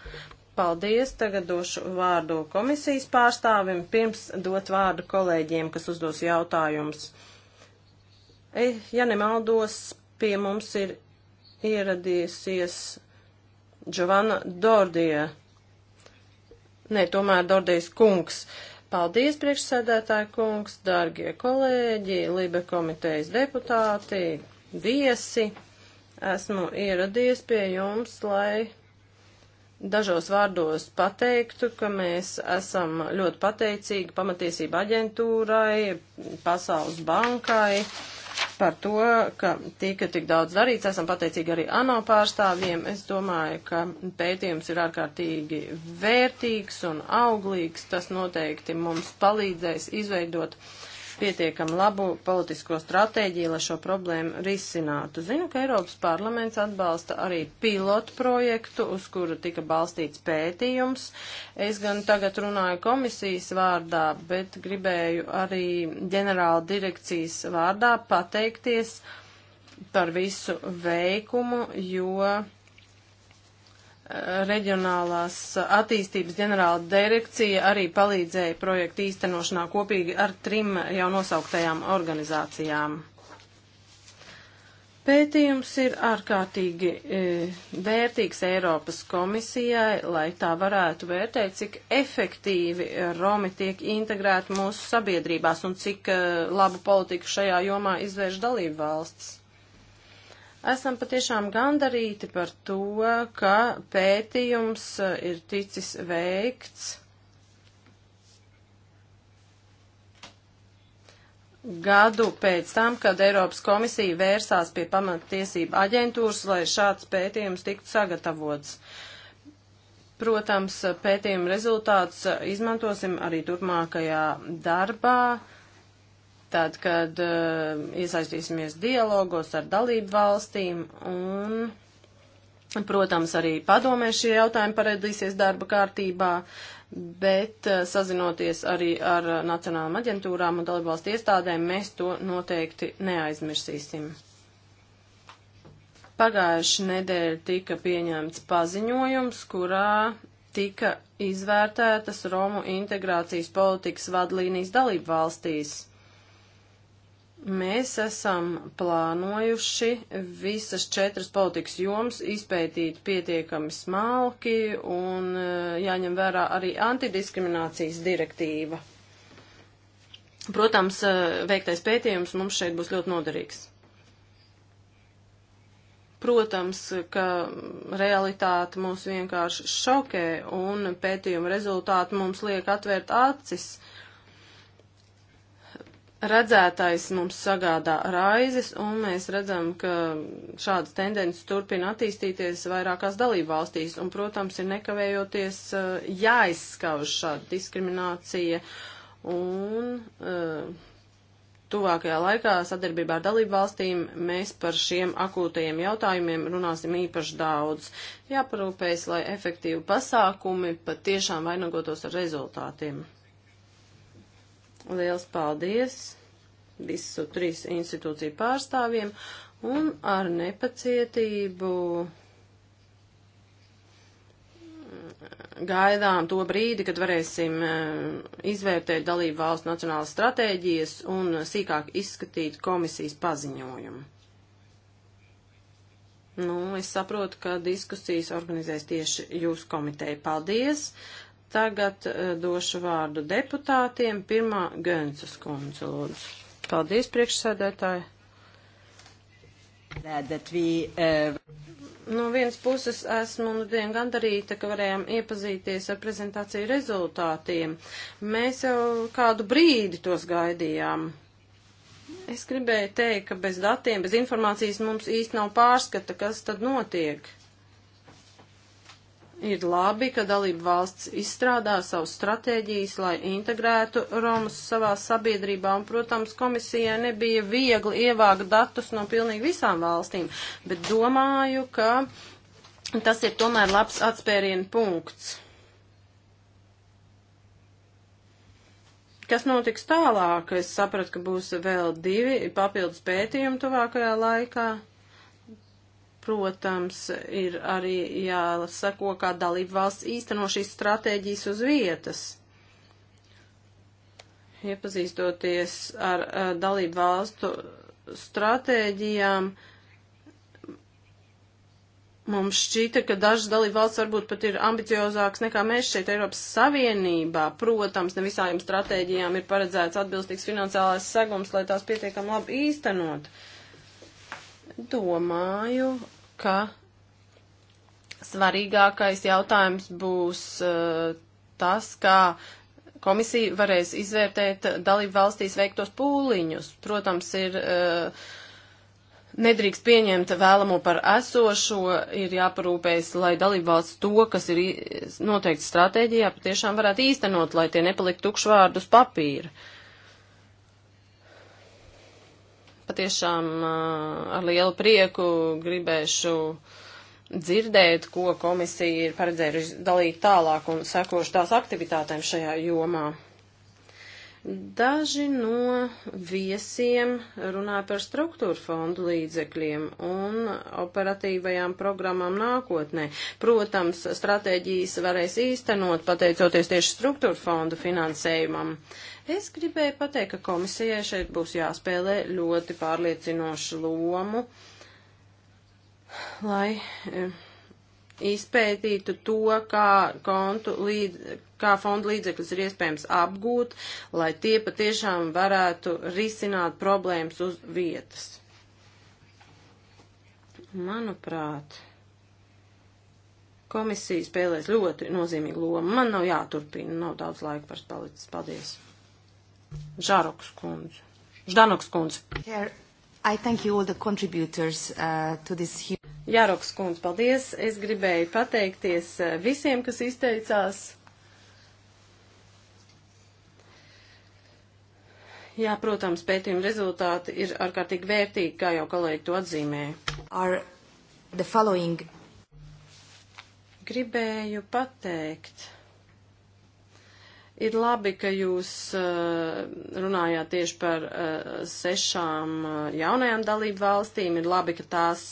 Paldies, tagad došu vārdu komisijas pārstāvim, pirms dot vārdu kolēģiem, kas uzdos jautājumus. E, ja nemaldos, pie mums ir ieradiesies Giovanna Dordija. Nē, tomēr Dordijas kungs. Paldies, priekšsēdētāji kungs, dārgie kolēģi, Libe komitejas deputāti, viesi. Esmu ieradies pie jums, lai dažos vārdos pateiktu, ka mēs esam ļoti pateicīgi pamatiesība aģentūrai, Pasaules bankai par to, ka tika tik daudz darīts. Esam pateicīgi arī ANO pārstāvjiem. Es domāju, ka pētījums ir ārkārtīgi vērtīgs un auglīgs. Tas noteikti mums palīdzēs izveidot uh, pietiekam labu politisko stratēģiju, lai šo problēmu risinātu. Zinu, ka Eiropas parlaments atbalsta arī pilotu projektu, uz kuru tika balstīts pētījums. Es gan tagad runāju komisijas vārdā, bet gribēju arī ģenerāla direkcijas vārdā pateikties par visu veikumu, jo reģionālās attīstības ģenerāla direkcija arī palīdzēja projektu īstenošanā kopīgi ar trim jau nosauktajām organizācijām. Pētījums ir ārkārtīgi e, vērtīgs Eiropas komisijai, lai tā varētu vērtēt, cik efektīvi Romi tiek integrēti mūsu sabiedrībās un cik e, labu politiku šajā jomā izvērš dalību valstis. Esam patiešām gandarīti par to, ka pētījums eh, ir ticis veikts. gadu pēc tam, kad Eiropas komisija vērsās pie pamatiesība aģentūras, lai šāds pētījums tiktu sagatavots. Protams, pētījuma rezultātus eh, izmantosim arī turpmākajā darbā tad, kad uh, iesaistīsimies dialogos ar dalību valstīm un, protams, arī padomē šie jautājumi parādīsies darba kārtībā, bet uh, sazinoties arī ar nacionālām aģentūrām un dalību valstu iestādēm, mēs to noteikti neaizmirsīsim. Pagājuši nedēļa tika pieņemts paziņojums, kurā tika izvērtētas Romu integrācijas politikas vadlīnijas dalību valstīs. Mēs esam plānojuši visas četras politikas jomas izpētīt pietiekami smalki un eh, jāņem vērā arī antidiskriminācijas direktīva. Protams, eh, veiktais pētījums mums šeit būs ļoti noderīgs. Protams, ka realitāte mūs vienkārši šokē un pētījuma rezultāti mums liek atvērt acis redzētais mums sagādā raizes, un mēs redzam, ka šādas tendences turpina attīstīties vairākās dalību valstīs, un, protams, ir nekavējoties eh, jāizskauž šāda diskriminācija, un eh, tuvākajā laikā sadarbībā ar dalību valstīm mēs par šiem akūtajiem jautājumiem runāsim īpaši daudz. Jāparūpējas, lai efektīvi pasākumi patiešām vainagotos ar rezultātiem. Liels paldies visu trīs institūciju pārstāvjiem un ar nepacietību gaidām to brīdi, kad varēsim eh, izvērtēt dalību valstu nacionālas stratēģijas un sīkāk izskatīt komisijas paziņojumu. Nu, es saprotu, ka diskusijas organizēs tieši jūsu komiteja. Paldies! Tagad uh, došu vārdu deputātiem. Pirmā Gönces kundze, lūdzu. Paldies, priekšsēdētāji. That we, uh... No vienas puses esmu nu dienu gandarīta, ka varējām iepazīties ar prezentāciju rezultātiem. Mēs jau kādu brīdi tos gaidījām. Es gribēju teikt, ka bez datiem, bez informācijas mums īsti nav pārskata, kas tad notiek. Ir labi, ka dalība valsts izstrādā savus stratēģijas, lai integrētu Romus savā sabiedrībā, un, protams, komisijai nebija viegli ievākt datus no pilnīgi visām valstīm, bet domāju, ka tas ir tomēr labs atspērienu punkts. Kas notiks tālāk? Es sapratu, ka būs vēl divi papildus pētījumi tuvākajā laikā protams, ir arī jāsako, kā dalība valsts īsteno šīs stratēģijas uz vietas. Iepazīstoties ar uh, dalību valstu stratēģijām, mums šķita, ka dažas dalība valsts varbūt pat ir ambiciozāks nekā mēs šeit Eiropas Savienībā. Protams, ne visām stratēģijām ir paredzēts atbilstīgs finansiālais segums, lai tās pietiekam labi īstenot. Domāju, ka svarīgākais jautājums būs uh, tas, kā komisija varēs izvērtēt dalību valstīs veiktos pūliņus. Protams, ir uh, nedrīkst pieņemt vēlamo par esošo, ir jāparūpējas, lai dalību valsts to, kas ir noteikts stratēģijā, patiešām varētu īstenot, lai tie nepalikt tukšvārdus papīra. Uh, patiešām ar lielu prieku gribēšu dzirdēt, ko komisija ir paredzējusi dalīt tālāk un sekošu tās aktivitātēm šajā jomā. Daži no viesiem runāja par struktūra fondu līdzekļiem un operatīvajām programmām nākotnē. Protams, stratēģijas varēs īstenot pateicoties tieši struktūra fondu finansējumam. Uh, Es gribēju pateikt, ka komisijai šeit būs jāspēlē ļoti pārliecinošu lomu, lai e, izpētītu to, kā, kontu, līd, kā fondu līdzekļus ir iespējams apgūt, lai tie patiešām varētu risināt problēmas uz vietas. Manuprāt, komisija spēlēs ļoti nozīmīgu lomu. Man nav jāturpina, nav daudz laika par palicis. Paldies! Žāroks kundze. Ždanoks kundze. Uh, Jāroks kundze, paldies. Es gribēju pateikties uh, visiem, kas izteicās. Jā, protams, pētījuma rezultāti ir ārkārtīgi vērtīgi, kā jau kolēģi to atzīmēja. Gribēju pateikt, Ir labi, ka jūs eh, runājāt tieši par eh, sešām eh, jaunajām dalību valstīm. Ir labi, ka tās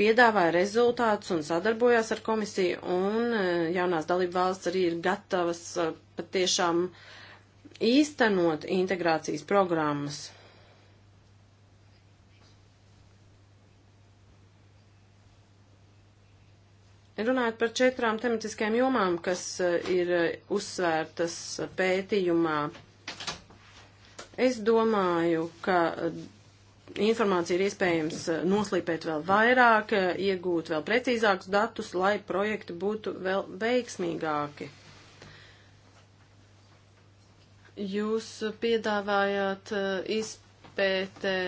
piedāvāja rezultātus un sadarbojās ar komisiju, un jaunās dalību valsts arī ir gatavas patiešām īstenot integrācijas programmas. Runājot par četrām tematiskajām jomām, kas eh, ir eh, uzsvērtas eh, pētījumā, es domāju, ka informāciju ir iespējams noslīpēt vēl vairāk, iegūt vēl precīzākus datus, lai projekti būtu vēl veiksmīgāki. Jūs piedāvājāt izpētē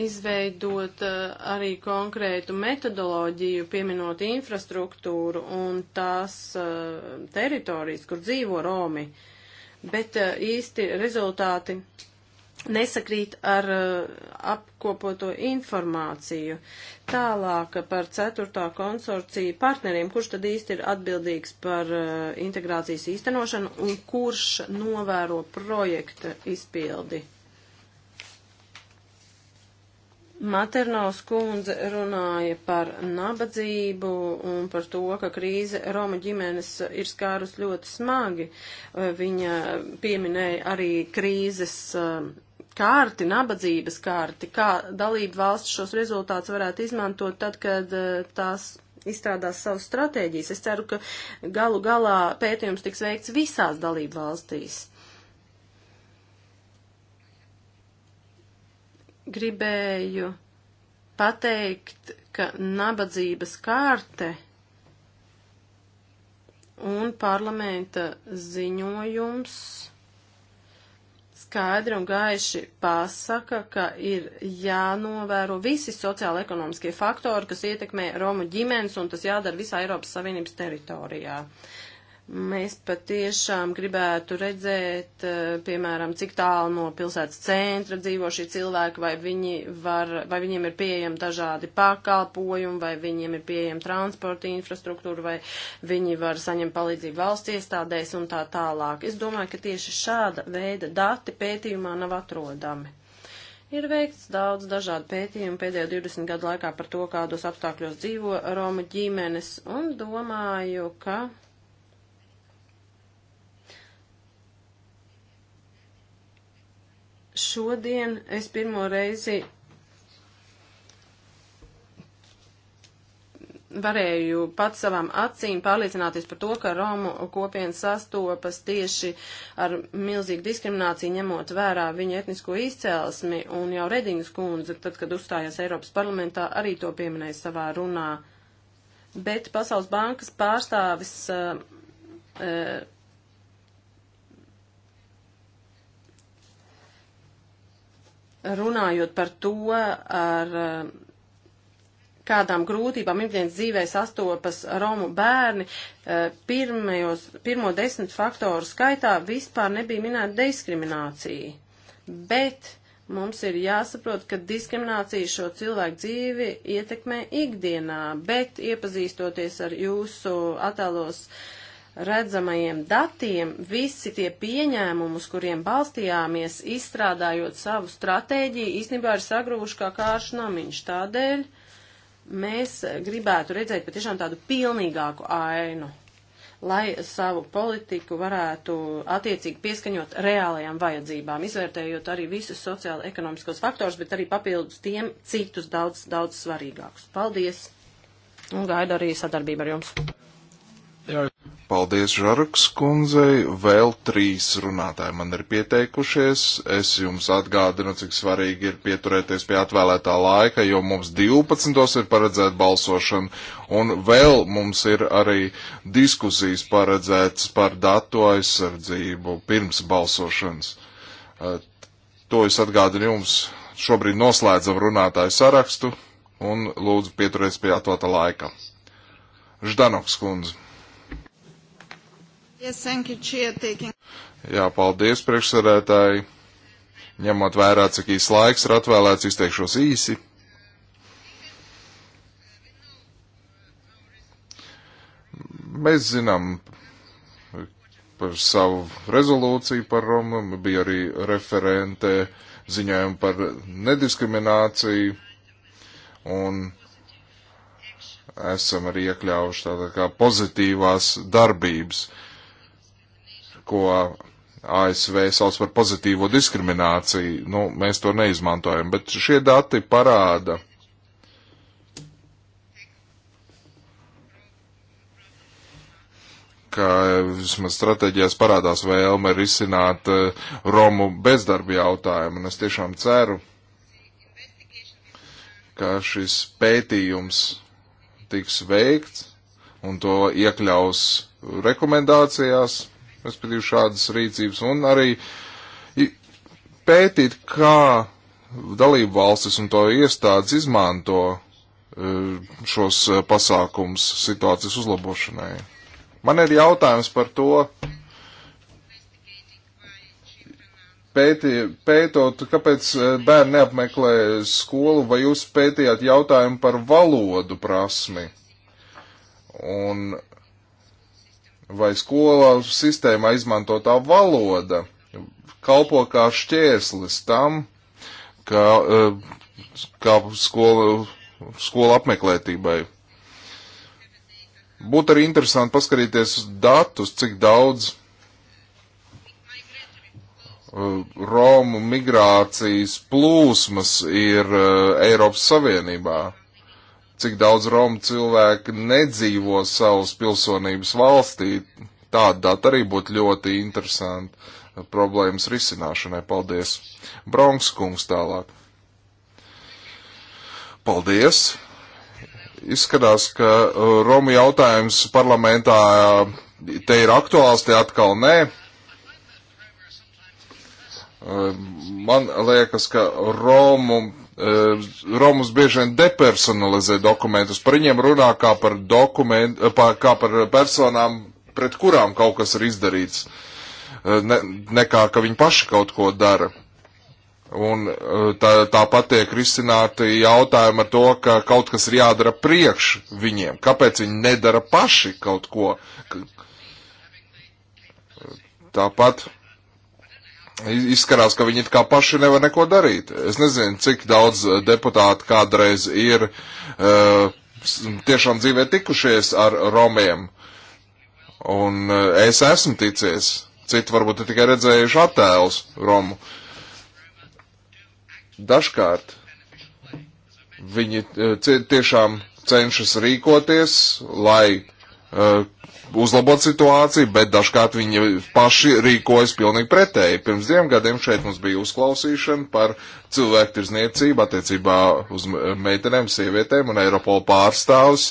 izveidot eh, arī konkrētu metodoloģiju, pieminot infrastruktūru un tās eh, teritorijas, kur dzīvo Romi, bet eh, īsti rezultāti nesakrīt ar apkopoto informāciju. Tālāk par ceturtā konsorcija partneriem, kurš tad īsti ir atbildīgs par integrācijas īstenošanu un kurš novēro projekta izpildi. Maternaus kundze runāja par nabadzību un par to, ka krīze Roma ģimenes ir skārus ļoti smagi. Viņa pieminēja arī krīzes um, kārti, nabadzības kārti, kā dalību valsts šos rezultātus varētu izmantot tad, kad uh, tās izstrādās savas stratēģijas. Es ceru, ka galu galā pētījums tiks veikts visās dalību valstīs. gribēju pateikt, ka nabadzības kārte un parlamenta ziņojums skaidri un gaiši pasaka, ka ir jānovēro visi sociāla-ekonomiskie faktori, kas ietekmē Romu ģimenes, un tas jādara visā Eiropas Savienības teritorijā. Mēs patiešām gribētu redzēt, eh, piemēram, cik tālu no pilsētas centra dzīvo šie cilvēki, vai, viņi var, vai viņiem ir pieejami dažādi pakalpojumi, vai viņiem ir pieejama transporta infrastruktūra, vai viņi var saņemt palīdzību valsts iestādēs un tā tālāk. Es domāju, ka tieši šāda veida dati pētījumā nav atrodami. Ir veikts daudz dažādu pētījumu pēdējo 20 gadu laikā par to, kādos apstākļos dzīvo Roma ģimenes, un domāju, ka Šodien es pirmo reizi varēju pats savām acīm pārliecināties par to, ka Romu kopiena sastopas tieši ar milzīgu diskrimināciju, ņemot vērā viņu etnisko izcēlesmi, un jau Redingas kundze, tad, kad uzstājās Eiropas parlamentā, arī to pieminēja savā runā. Bet Pasaules bankas pārstāvis uh, uh, runājot par to, ar eh, kādām grūtībām ikdienas dzīvē sastopas Romu bērni, eh, pirmajos, pirmo desmit faktoru skaitā vispār nebija minēta diskriminācija. Bet mums ir jāsaprot, ka diskriminācija šo cilvēku dzīvi ietekmē ikdienā, bet iepazīstoties ar jūsu attēlos uh, redzamajiem datiem visi tie pieņēmumi, uz kuriem balstījāmies, izstrādājot savu stratēģiju, īstenībā ir sagrūvuši kā kāršu namiņš. Tādēļ mēs gribētu redzēt patiešām tādu pilnīgāku ainu, lai savu politiku varētu attiecīgi pieskaņot reālajām vajadzībām, izvērtējot arī visus sociāli ekonomiskos faktors, bet arī papildus tiem citus daudz, daudz svarīgākus. Paldies! Un gaidu arī sadarbību ar jums! Paldies Žaraks kundzei. Vēl trīs runātāji man ir pieteikušies. Es jums atgādinu, cik svarīgi ir pieturēties pie atvēlētā laika, jo mums 12. ir paredzēta balsošana, un vēl mums ir arī diskusijas paredzētas par datu aizsardzību pirms balsošanas. To es atgādinu jums. Šobrīd noslēdzam runātāju sarakstu un lūdzu pieturēties pie atvēlētā laika. Ždanoks kundze. Yes, you, Jā, paldies, priekšsēdētāji. Ņemot vērā, cik īs laiks ir atvēlēts, izteikšos īsi. Mēs zinām par savu rezolūciju par Romu, bija arī referente ziņojumi par nediskrimināciju un esam arī iekļāvuši tādā kā pozitīvās darbības. Uh, ko ASV sauc par pozitīvo diskrimināciju, nu, mēs to neizmantojam, bet šie dati parāda. ka vismaz stratēģijās parādās vēlme risināt uh, Romu bezdarbi jautājumu, un es tiešām ceru, ka šis pētījums tiks veikts un to iekļaus rekomendācijās respektīvi šādas rīcības, un arī pētīt, kā dalību valstis un to iestādes izmanto e, šos e, pasākums situācijas uzlabošanai. Man ir jautājums par to, pēti, pētot, kāpēc e, bērni neapmeklē skolu, vai jūs pētījāt jautājumu par valodu prasmi? Un vai skolā sistēmā izmantotā valoda kalpo kā šķērslis tam, eh, kā, kā skola, skola apmeklētībai. Būtu arī interesanti paskatīties uz datus, cik daudz eh, Romu migrācijas plūsmas ir eh, Eiropas Savienībā cik daudz Romu cilvēku nedzīvo savas pilsonības valstī. Tāda data arī būtu ļoti interesanta problēmas risināšanai. Paldies! Bronks kungs tālāk. Paldies! Izskatās, ka uh, Romu jautājums parlamentā uh, te ir aktuāls, te atkal nē. Uh, man liekas, ka Romu Eh, Romus bieži vien depersonalizē dokumentus, par viņiem runā kā par, dokument, eh, kā par personām, pret kurām kaut kas ir izdarīts, eh, ne, nekā ka viņi paši kaut ko dara. Un tā, tāpat tiek risināti jautājumi ar to, ka kaut kas ir jādara priekš viņiem. Kāpēc viņi nedara paši kaut ko? Tāpat izskatās, ka viņi it kā paši nevar neko darīt. Es nezinu, cik daudz eh, deputāti kādreiz ir uh, tiešām dzīvē tikušies ar romiem. Un uh, es esmu ticies. Citi varbūt ir tikai redzējuši attēlus romu. Dažkārt viņi uh, tiešām cenšas rīkoties, lai Uh, uzlabot situāciju, bet dažkārt viņi paši rīkojas pilnīgi pretēji. Pirms diviem gadiem šeit mums bija uzklausīšana par cilvēku tirzniecību attiecībā uz meitenēm, sievietēm un Eiropola pārstāvs.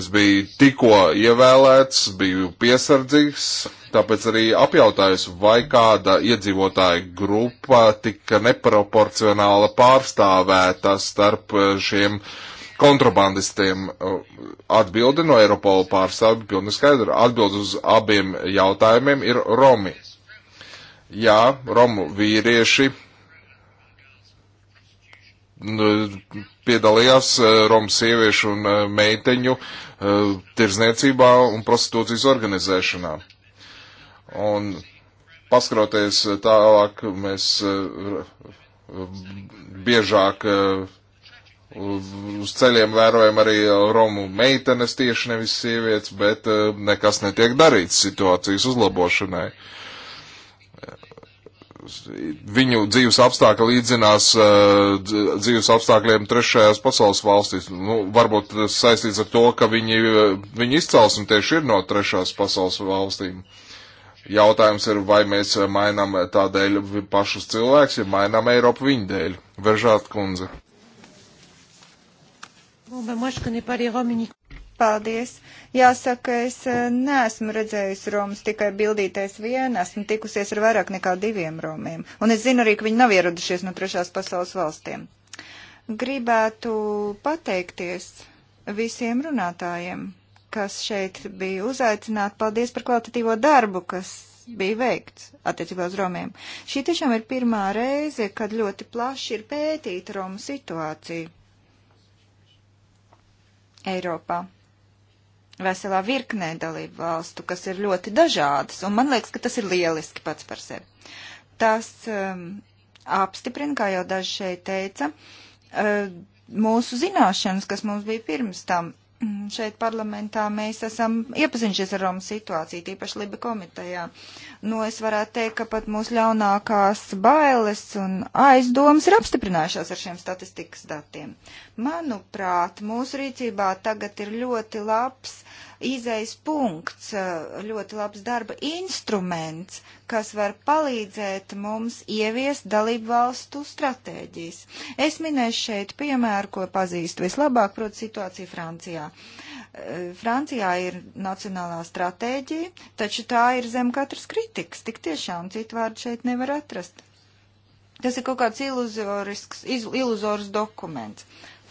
Es biju tikko ievēlēts, biju piesardzīgs, tāpēc arī apjautājos, vai kāda iedzīvotāja grupa tika neproporcionāli pārstāvēta starp eh, šiem uh, kontrabandistiem uh, atbildi no Eiropola pārstāvja pilnīgi skaidra. Atbildi uz abiem jautājumiem ir Romi. Jā, Romu vīrieši nu, piedalījās uh, Romu sieviešu un uh, meiteņu tirzniecībā un prostitūcijas organizēšanā. Un paskroties tālāk, mēs biežāk uh, Uz ceļiem vērojam arī Romu meitenes tieši nevis sievietes, bet eh, nekas netiek darīts situācijas uzlabošanai. Viņu dzīves apstākļi līdzinās eh, dzīves apstākļiem trešajās pasaules valstīs. Nu, varbūt tas saistīts ar to, ka viņi, viņi izcelsme tieši ir no trešās pasaules valstīm. Jautājums ir, vai mēs mainām tādēļ pašus cilvēkus, ja mainām Eiropu viņu dēļ. Veržāt kundze. Paldies! Jāsaka, es eh, neesmu redzējusi Romas tikai bildītais vien, esmu tikusies ar vairāk nekā diviem Romiem. Un es zinu arī, ka viņi nav ieradušies no trešās pasaules valstiem. Gribētu pateikties visiem runātājiem, kas šeit bija uzaicināti. Paldies par kvalitatīvo darbu, kas bija veikts attiecībā uz Romiem. Šī tiešām ir pirmā reize, kad ļoti plaši ir pētīta Romu situācija. Eiropā veselā virknē dalību valstu, kas ir ļoti dažādas, un man liekas, ka tas ir lieliski pats par sevi. Tas um, apstiprina, kā jau daži šeit teica, uh, mūsu zināšanas, kas mums bija pirms tam, Mm, šeit parlamentā mēs esam iepazinušies ar Romas situāciju, tīpaši Liba komitejā. Nu, es varētu teikt, ka pat mūsu ļaunākās bailes un aizdomas ir apstiprinājušās ar šiem statistikas datiem. Manuprāt, mūsu rīcībā tagad ir ļoti labs uh, izējas punkts, eh, ļoti labs darba instruments, kas var palīdzēt mums ieviest dalību valstu stratēģijas. Es minēšu šeit piemēru, ko pazīstu vislabāk, proti situāciju Francijā. Eh, Francijā ir nacionālā stratēģija, taču tā ir zem katras kritikas. Tik tiešām citu vārdu šeit nevar atrast. Tas ir kaut kāds iluzorisks, iz, iluzors dokuments.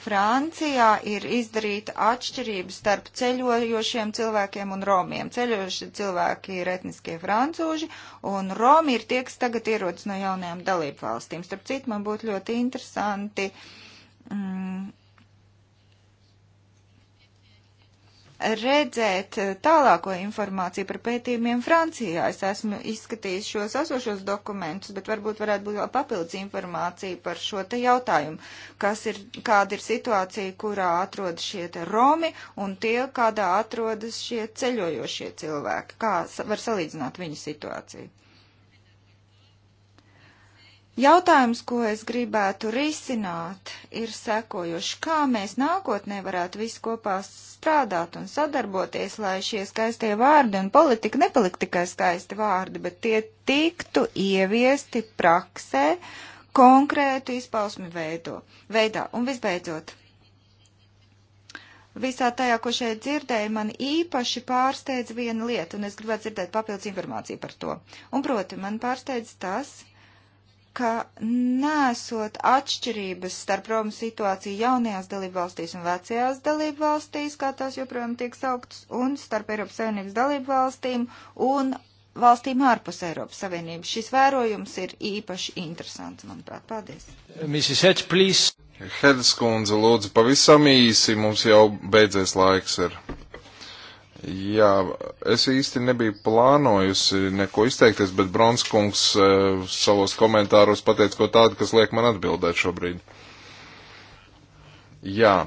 Francijā ir izdarīta atšķirība starp ceļojošiem cilvēkiem un romiem. Ceļojošie cilvēki ir etniskie francūži, un romi ir tie, kas tagad ierodas no jaunajām dalību valstīm. Starp citu, man būtu ļoti interesanti. Mm, redzēt eh, tālāko informāciju par pētījumiem Francijā. Es esmu izskatījis šos esošos dokumentus, bet varbūt varētu būt vēl papildus informācija par šo te jautājumu, kas ir, kāda ir situācija, kurā atrodas šie te Romi un tie, kādā atrodas šie ceļojošie cilvēki, kā var salīdzināt viņu situāciju. Jautājums, ko es gribētu risināt, ir sekojuši, kā mēs nākotnē varētu visi kopā strādāt un sadarboties, lai šie skaistie vārdi un politika nepalikt tikai skaisti vārdi, bet tie tiktu ieviesti praksē konkrētu izpausmi veido, veidā. Un visbeidzot, visā tajā, ko šeit dzirdēju, man īpaši pārsteidz viena lieta, un es gribētu dzirdēt papildus informāciju par to. Un proti, man pārsteidz tas, ka ka nesot atšķirības starp Romas situāciju jaunajās dalībvalstīs un vecajās dalībvalstīs, kā tās joprojām tiek sauktas, un starp Eiropas Savienības dalībvalstīm un valstīm ārpus Eiropas Savienības. Šis vērojums ir īpaši interesants, manuprāt. Paldies. Mrs. Hedge, please. Hedges kundze, lūdzu, pavisam īsi, mums jau beidzies laiks. Ir. Jā, es īsti nebiju plānojusi neko izteikties, bet Bronskungs uh, e, savos komentāros pateica ko tādu, kas liek man atbildēt šobrīd. Jā,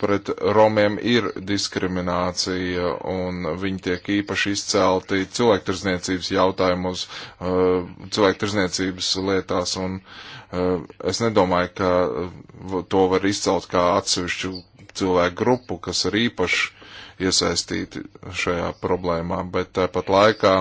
pret romiem ir diskriminācija un viņi tiek īpaši izcelti cilvēktirzniecības jautājumos, uh, cilvēktirzniecības lietās un uh, es nedomāju, ka to var izcelt kā atsevišķu cilvēku grupu, kas ir īpaši iesaistīti šajā problēmā, bet tāpat laikā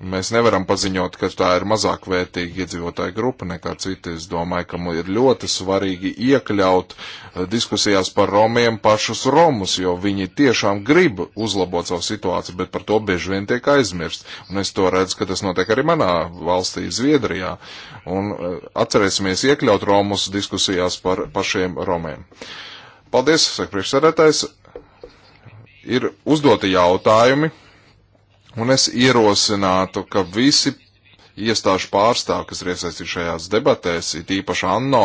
Mēs nevaram paziņot, ka tā ir mazāk vērtīga iedzīvotāja grupa nekā citi. Es domāju, ka mums ir ļoti svarīgi iekļaut eh, diskusijās par romiem pašus romus, jo viņi tiešām grib uzlabot savu situāciju, bet par to bieži vien tiek aizmirst. Un es to redzu, ka tas notiek arī manā valstī, Zviedrijā. Un eh, atcerēsimies iekļaut romus diskusijās par pašiem romiem. Paldies, saka priekšsēdētājs. Ir uzdoti jautājumi. Un es ierosinātu, ka visi iestāžu pārstāvi, kas ir iesaistīti šajās debatēs, ir īpaši ANO,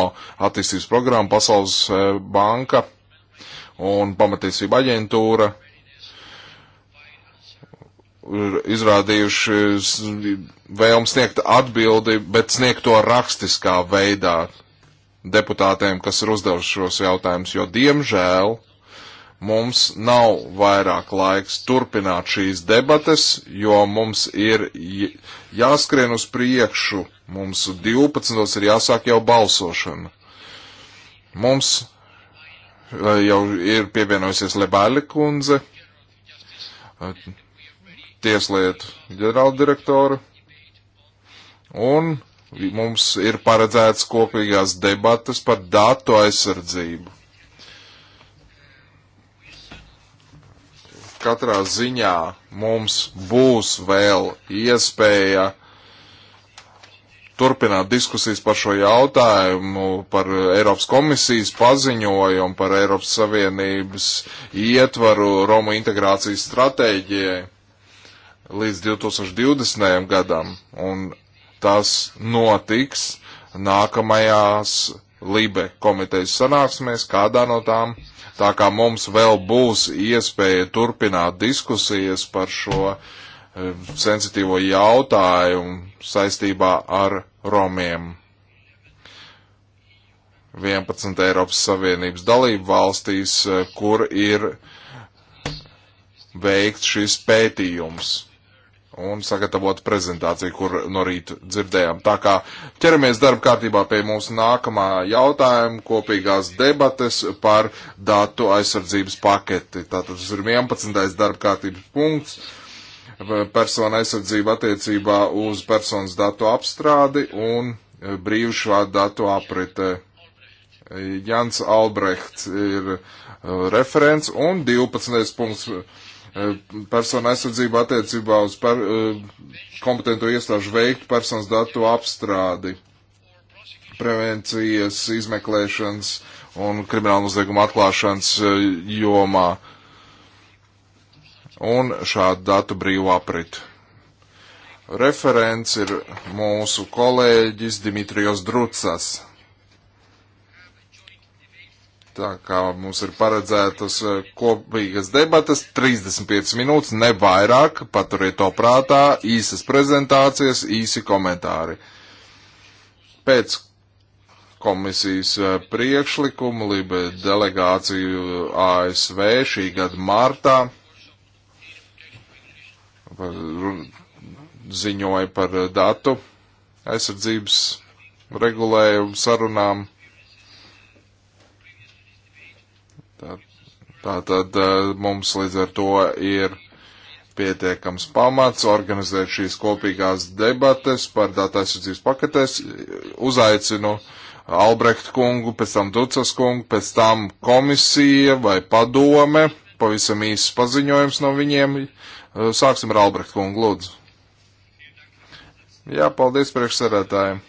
attīstības programma, Pasaules eh, banka un pamatiesība aģentūra, ir izrādījuši vēlmu sniegt atbildi, bet sniegt to rakstiskā veidā deputātiem, kas ir uzdevuši šos jautājumus, jo diemžēl Mums nav vairāk laiks turpināt šīs debates, jo mums ir jāskrien uz priekšu. Mums 12. ir jāsāk jau balsošana. Mums e, jau ir pievienojusies Lebaļa kundze, e, tieslietu ģenerāldirektora, un mums ir paredzēts kopīgās debatas par datu aizsardzību. katrā ziņā mums būs vēl iespēja turpināt diskusijas par šo jautājumu, par Eiropas komisijas paziņojumu, par Eiropas Savienības ietvaru Romu integrācijas stratēģijai līdz 2020. gadam, un tas notiks nākamajās Libe komitejas sanāksmēs, kādā no tām Tā kā mums vēl būs iespēja turpināt diskusijas par šo eh, sensitīvo jautājumu saistībā ar romiem. 11 Eiropas Savienības dalību valstīs, eh, kur ir veikts šis pētījums un sagatavot prezentāciju, kur no rīta dzirdējām. Tā kā ķeramies darba kārtībā pie mūsu nākamā jautājuma - kopīgās debates par datu aizsardzības paketi. Tātad tas ir 11. darba kārtības punkts - persona aizsardzība attiecībā uz personas datu apstrādi un brīvšā datu aprite. Jans Albrechts ir eh, referents un 12. punkts Eh, personu aizsardzību attiecībā uz par, eh, kompetento iestāžu veiktu personas datu apstrādi, prevencijas, izmeklēšanas un kriminālu noziegumu atklāšanas eh, jomā un šādu datu brīvu apritu. Referents ir mūsu kolēģis Dimitrijos Drucas. Tā kā mums ir paredzētas eh, kopīgas debatas, 35 minūtes, ne vairāk, paturiet to prātā, īsas prezentācijas, īsi komentāri. Pēc komisijas eh, priekšlikumu, libe delegāciju ASV šī gada martā par, ziņoja par datu aizsardzības regulējumu sarunām Tā, tā tad eh, mums līdz ar to ir pietiekams pamats organizēt šīs kopīgās debates par datu aizsardzības paketēs. Uzaicinu Albrecht kungu, pēc tam Ducas kungu, pēc tam komisija vai padome. Pavisam īsts paziņojums no viņiem. Eh, sāksim ar Albrecht kungu, lūdzu. Jā, paldies priekšsarētājiem.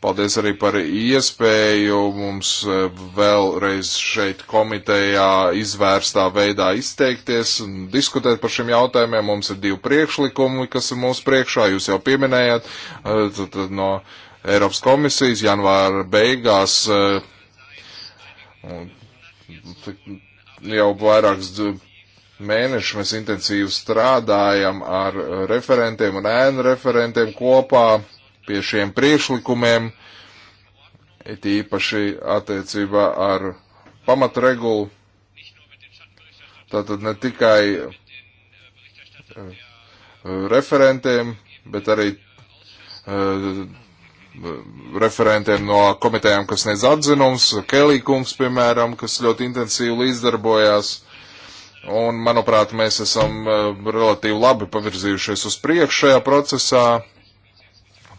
Paldies arī par iespēju mums e, vēlreiz šeit komitejā izvērstā veidā izteikties un diskutēt par šiem jautājumiem. Mums ir divi priekšlikumi, kas ir mūsu priekšā, jūs jau pieminējāt, e, tad no Eiropas komisijas janvāra beigās e, jau vairākas mēnešus mēs intensīvi strādājam ar referentiem un ēnu referentiem kopā pie šiem priekšlikumiem, it īpaši attiecībā ar pamatregulu. Tātad ne tikai eh, referentiem, bet arī uh, referentiem no komitējām, kas nedz atzinums, Kelīkums, piemēram, kas ļoti intensīvi līdzdarbojās. Un, manuprāt, mēs esam uh, relatīvi labi pavirzījušies uz priekšu šajā procesā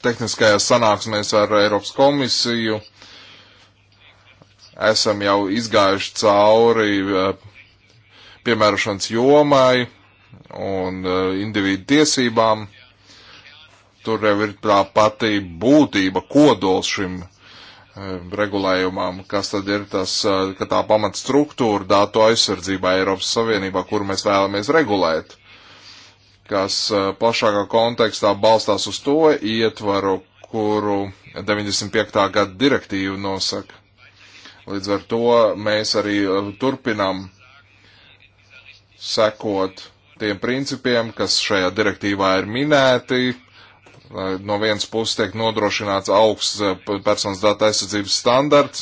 tehniskajās sanāksmēs ar Eiropas komisiju esam jau izgājuši cauri eh, piemērošanas jomai un eh, individu tiesībām. Tur jau ir tā pati būtība, kodols šim eh, regulējumam, kas tad ir tas, ka tā pamatstruktūra dātu aizsardzībā Eiropas Savienībā, kur mēs vēlamies regulēt kas plašākā kontekstā balstās uz to ietvaru, kuru 95. gada direktīva nosaka. Līdz ar to mēs arī turpinām sekot tiem principiem, kas šajā direktīvā ir minēti. No vienas puses tiek nodrošināts augsts personas data aizsardzības standarts,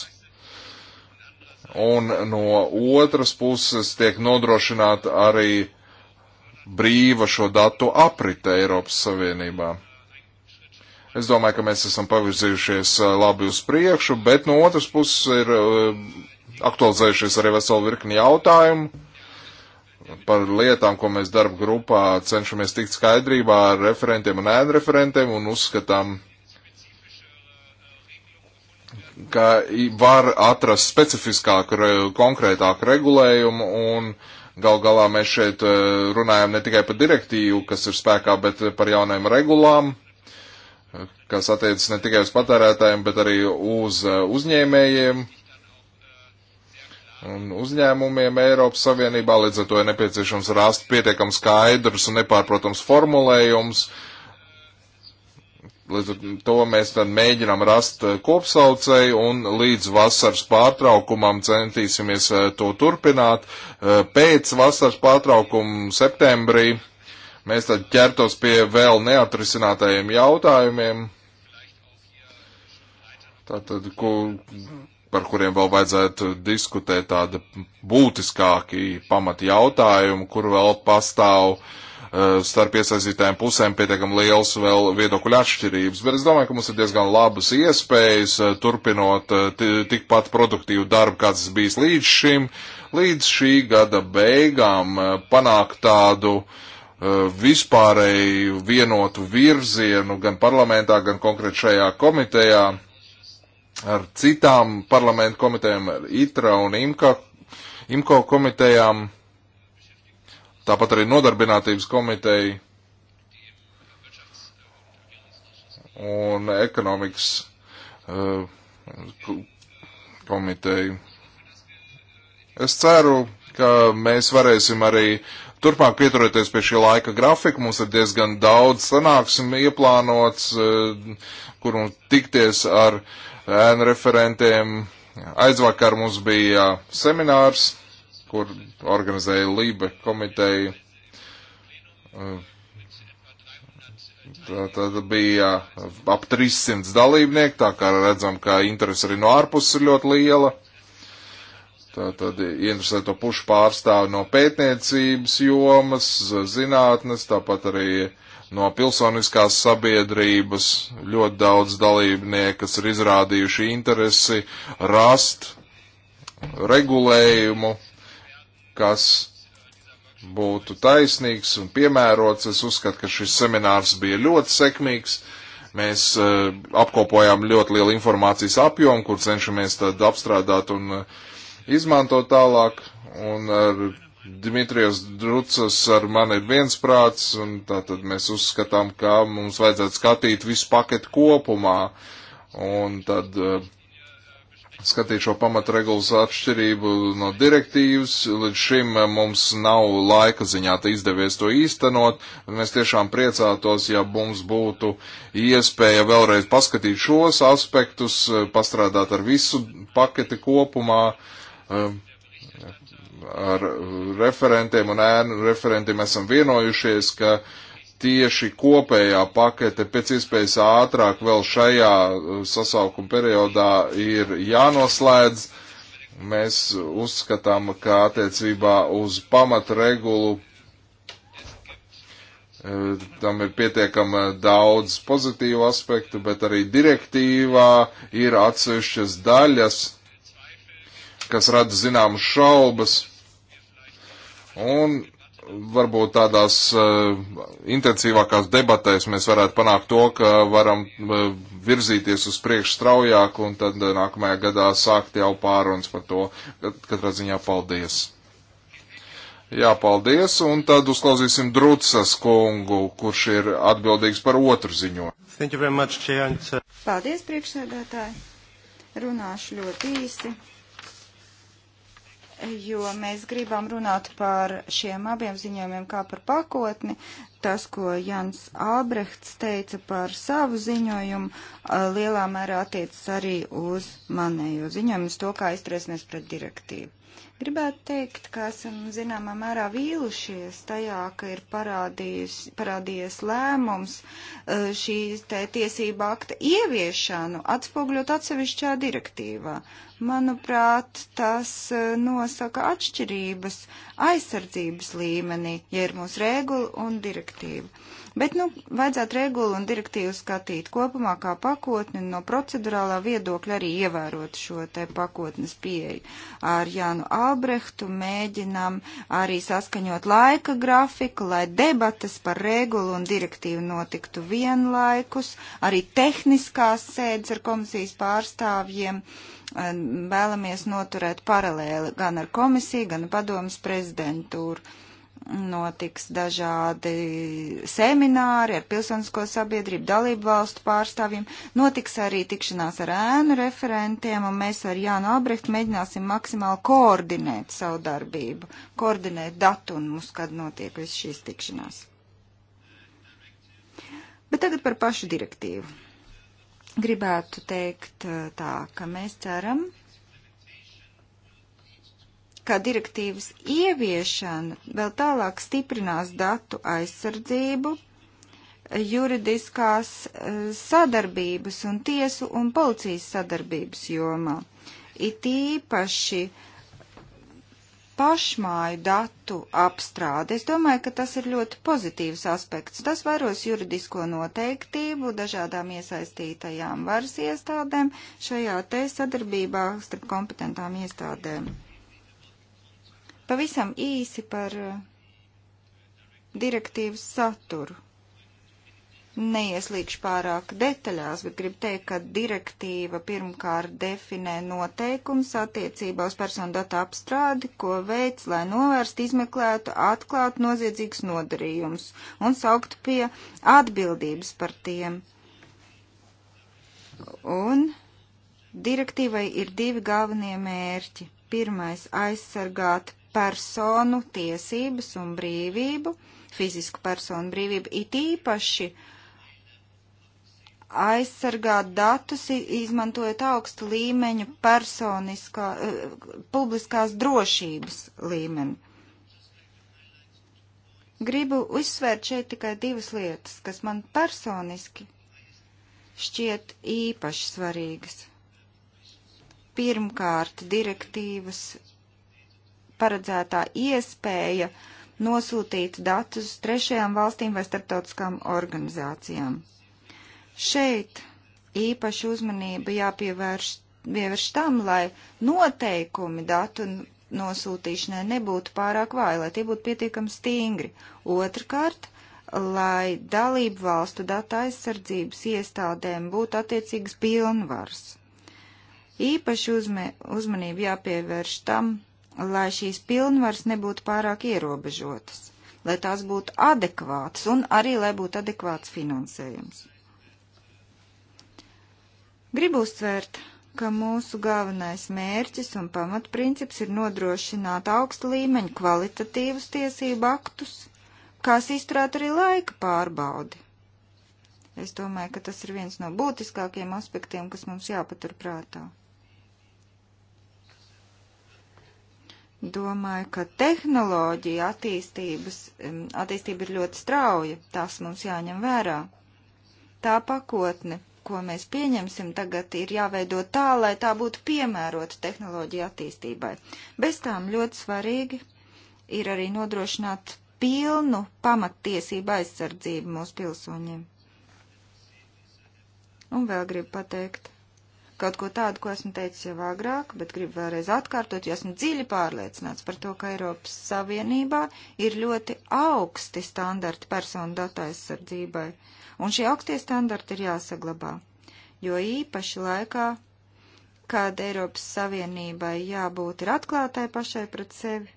un no otras puses tiek nodrošināta arī brīva šo datu aprite Eiropas Savienībā. Es domāju, ka mēs esam pavirzījušies eh, labi uz priekšu, bet no otras puses ir eh, aktualizējušies arī veseli virkni jautājumu par lietām, ko mēs darba grupā cenšamies tikt skaidrībā ar referentiem un ēnreferentiem un uzskatām, ka var atrast specifiskāku, konkrētāku regulējumu un uh, Gal galā mēs šeit eh, runājam ne tikai par direktīvu, kas ir spēkā, bet par jaunajām regulām, kas attiecas ne tikai uz patērētājiem, bet arī uz eh, uzņēmējiem un uzņēmumiem Eiropas Savienībā. Līdz ar to ir nepieciešams rast pietiekams skaidrs un nepārprotams formulējums, uh, Līdz ar to mēs tad mēģinām rast eh, kopsaucēju un līdz vasaras pārtraukumam centīsimies eh, to turpināt. Eh, pēc vasaras pārtraukuma septembrī mēs tad ķertos pie vēl neatrisinātajiem jautājumiem, tātad, ko, par kuriem vēl vajadzētu diskutēt tāda būtiskāki pamati jautājumi, kur vēl pastāv uh, Eh, starp iesaistītājiem pusēm pietiekam liels vēl viedokļu atšķirības, bet es domāju, ka mums ir diezgan labas iespējas eh, turpinot eh, tikpat produktīvu darbu, kāds tas bijis līdz šim, līdz šī gada beigām panākt tādu vispārēju vienotu virzienu gan parlamentā, gan konkrēt šajā komitejā ar citām parlamentu komitejām, ar ITRA un IMKA, IMKO komitejām Tāpat arī nodarbinātības komiteja un ekonomikas uh, komiteju. Es ceru, ka mēs varēsim arī turpmāk pieturēties pie šī laika grafika. Mums ir diezgan daudz sanāksim ieplānots, uh, kur mums tikties ar ēnu referentiem. Aizvakar mums bija uh, seminārs kur organizēja Lībe komiteju. Tad bija ap 300 dalībnieki, tā kā redzam, ka interesi arī no ārpuses ir ļoti liela. Tātad interesēto pušu pārstāvi no pētniecības jomas, zinātnes, tāpat arī no pilsoniskās sabiedrības ļoti daudz dalībnieku, kas ir izrādījuši interesi rast regulējumu kas būtu taisnīgs un piemērots. Es uzskatu, ka šis seminārs bija ļoti sekmīgs. Mēs uh, apkopojām ļoti lielu informācijas apjomu, kur cenšamies tad apstrādāt un uh, izmantot tālāk. Un ar Dimitrijos Drucas ar mani ir viens prāts, un tā tad mēs uzskatām, ka mums vajadzētu skatīt visu paketu kopumā. Un tad uh, skatīt šo pamatregulas atšķirību no direktīvas. Līdz šim eh, mums nav laika ziņā izdevies to īstenot. Mēs tiešām priecātos, ja mums būtu iespēja vēlreiz paskatīt šos aspektus, eh, pastrādāt ar visu paketi kopumā eh, ar referentiem un ēnu referentiem esam vienojušies, ka uh, tieši kopējā pakete pēc iespējas ātrāk vēl šajā uh, sasaukuma periodā ir jānoslēdz. Mēs uzskatām, ka attiecībā uz pamatregulu uh, tam ir pietiekama uh, daudz pozitīvu aspektu, bet arī direktīvā ir atsevišķas daļas, kas rada zināmas šaubas. Un varbūt tādās uh, intensīvākās debatēs mēs varētu panākt to, ka varam uh, virzīties uz priekšu straujāk un tad uh, nākamajā gadā sākt jau pārunas par to. Katrā ziņā paldies. Jā, paldies, un tad uzklausīsim Drucas kungu, kurš ir atbildīgs par otru ziņo. Much, uh, Paldies, priekšsēdētāji. Runāšu ļoti īsi jo mēs gribam runāt par šiem abiem ziņojumiem kā par pakotni. Tas, ko Jans Albrechts teica par savu ziņojumu, lielā mērā attiecas arī uz manējo ziņojumu, uz to, kā izturēsimies pret direktīvu. Gribētu teikt, ka esam zināmā mērā vīlušies tajā, ka ir parādījies lēmums eh, šīs te tiesība akta ieviešanu atspogļot atsevišķā direktīvā. Manuprāt, tas eh, nosaka atšķirības aizsardzības līmenī, ja ir mūsu regula un direktīva. Bet, nu, vajadzētu regulu un direktīvu skatīt kopumā kā pakotni un no procedurālā viedokļa arī ievērot šo te pakotnes pieeju. Ar Jānu Albrehtu mēģinam arī saskaņot laika grafiku, lai debatas par regulu un direktīvu notiktu vienlaikus, arī tehniskās sēdes ar komisijas pārstāvjiem eh, vēlamies noturēt paralēli gan ar komisiju, gan padomas prezidentūru notiks dažādi semināri ar pilsonisko sabiedrību, dalību valstu pārstāvjiem, notiks arī tikšanās ar ēnu referentiem, un mēs ar Jānu Abrehtu mēģināsim maksimāli koordinēt savu darbību, koordinēt datumus, kad notiek viss šīs tikšanās. Bet tagad par pašu direktīvu. Gribētu teikt tā, ka mēs ceram, ka direktīvas ieviešana vēl tālāk stiprinās datu aizsardzību, juridiskās eh, sadarbības un tiesu un policijas sadarbības jomā. It īpaši pašmāju datu apstrāde. Es domāju, ka tas ir ļoti pozitīvs aspekts. Tas vairos juridisko noteiktību dažādām iesaistītajām varas iestādēm šajā te sadarbībā starp kompetentām iestādēm Pavisam īsi par eh, direktīvas saturu. Neieslīgšu pārāk detaļās, bet gribu teikt, ka direktīva pirmkārt definē noteikums attiecībā uz personu datu apstrādi, ko veids, lai novērst, izmeklētu, atklātu noziedzīgus nodarījumus un saukt pie atbildības par tiem. Un direktīvai ir divi galvenie mērķi. Pirmais - aizsargāt personu tiesības un brīvību, fizisku personu brīvību, it īpaši aizsargāt datus, izmantojot augstu līmeņu personiskā, eh, publiskās drošības līmeni. Gribu uzsvērt šeit tikai divas lietas, kas man personiski šķiet īpaši svarīgas. Pirmkārt, direktīvas paredzētā iespēja nosūtīt datus trešajām valstīm vai starptautiskām organizācijām. Šeit īpaši uzmanība jāpievērš pievērš tam, lai noteikumi datu nosūtīšanai nebūtu pārāk vāji, lai tie būtu pietiekami stingri. Otrakārt, lai dalību valstu data aizsardzības iestādēm būtu attiecīgas pilnvars. Īpaši uzme, uzmanību jāpievērš tam, lai šīs pilnvaras nebūtu pārāk ierobežotas, lai tās būtu adekvātas un arī, lai būtu adekvāts finansējums. Gribu uzsvērt, ka mūsu galvenais mērķis un pamatprincips ir nodrošināt augsta līmeņa kvalitatīvus tiesību aktus, kas izturētu arī laika pārbaudi. Es domāju, ka tas ir viens no būtiskākajiem aspektiem, kas mums jāpaturprātā. Domāju, ka tehnoloģija attīstības, attīstība ir ļoti strauja, tas mums jāņem vērā. Tā pakotne, ko mēs pieņemsim tagad, ir jāveido tā, lai tā būtu piemērota tehnoloģija attīstībai. Bez tām ļoti svarīgi ir arī nodrošināt pilnu pamattiesību aizsardzību mūsu pilsoņiem. Un vēl gribu pateikt, kaut ko tādu, ko esmu teicis jau agrāk, bet gribu vēlreiz atkārtot, jo esmu dziļi pārliecināts par to, ka Eiropas Savienībā ir ļoti augsti standarti personu datu aizsardzībai, un šie augstie standarti ir jāsaglabā, jo īpaši laikā, kad Eiropas Savienībai jābūt ir atklātai pašai pret sevi,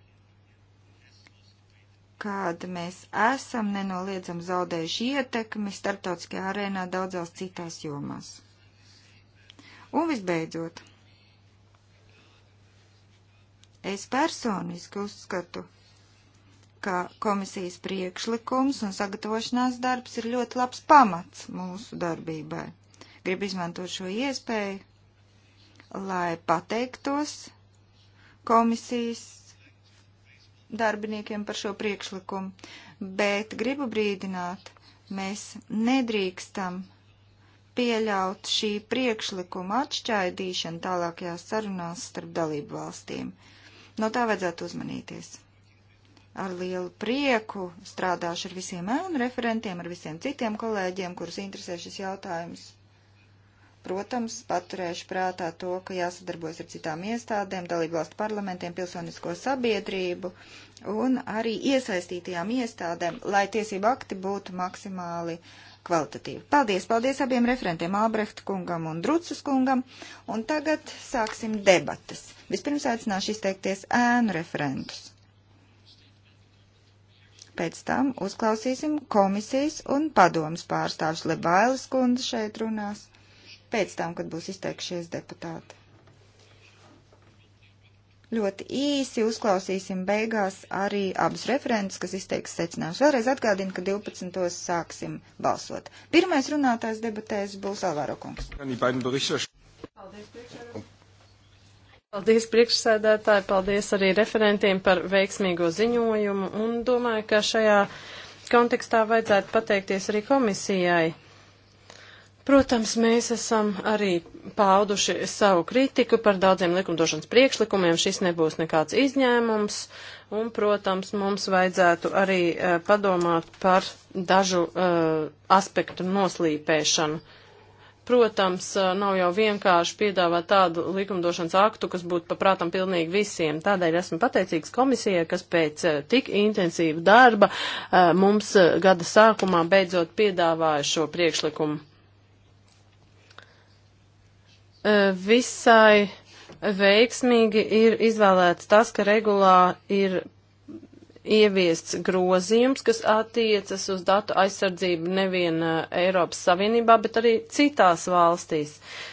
kāda mēs esam nenoliedzam zaudējuši ietekmi starptautiskajā arēnā daudzās citās jomās. Un visbeidzot, es personiski uzskatu, ka komisijas priekšlikums un sagatavošanās darbs ir ļoti labs pamats mūsu darbībai. Gribu izmantot šo iespēju, lai pateiktos komisijas darbiniekiem par šo priekšlikumu, bet gribu brīdināt, mēs nedrīkstam pieļaut šī priekšlikuma atšķaidīšanu tālākajās sarunās starp dalību valstīm. No tā vajadzētu uzmanīties. Ar lielu prieku strādāšu ar visiem ēnu referentiem, ar visiem citiem kolēģiem, kurus interesē šis jautājums. Protams, paturēšu prātā to, ka jāsadarbojas ar citām iestādēm, dalību valstu parlamentiem, pilsonisko sabiedrību un arī iesaistītajām iestādēm, lai tiesību akti būtu maksimāli uh, kvalitatīvi. Paldies, paldies abiem referentiem, Ābrehta kungam un Drucas kungam. Un tagad sāksim debatas. Vispirms aicināšu izteikties ēnu referentus. Pēc tam uzklausīsim komisijas un padomas pārstāvs Lebailas kundze šeit runās. Pēc tam, kad būs izteikšies deputāti. Ļoti īsi uzklausīsim beigās arī abus referentus, kas izteiks secinājumus. Vēlreiz atgādinu, ka 12. sāksim balsot. Pirmais runātājs debatēs būs Alvaro Kungs. Paldies priekšsēdētāji, paldies arī referentiem par veiksmīgo ziņojumu un domāju, ka šajā kontekstā vajadzētu pateikties arī komisijai Protams, mēs esam arī pauduši savu kritiku par daudziem likumdošanas priekšlikumiem. Šis nebūs nekāds izņēmums. Un, protams, mums vajadzētu arī uh, padomāt par dažu uh, aspektu noslīpēšanu. Protams, uh, nav jau vienkārši piedāvāt tādu likumdošanas aktu, kas būtu paprātam pilnīgi visiem. Tādēļ esmu pateicīgs komisijai, kas pēc uh, tik intensīva darba uh, mums uh, gada sākumā beidzot piedāvāja šo priekšlikumu visai veiksmīgi ir izvēlēts tas, ka regulā ir ieviests grozījums, kas attiecas uz datu aizsardzību nevien Eiropas Savienībā, bet arī citās valstīs. Uh,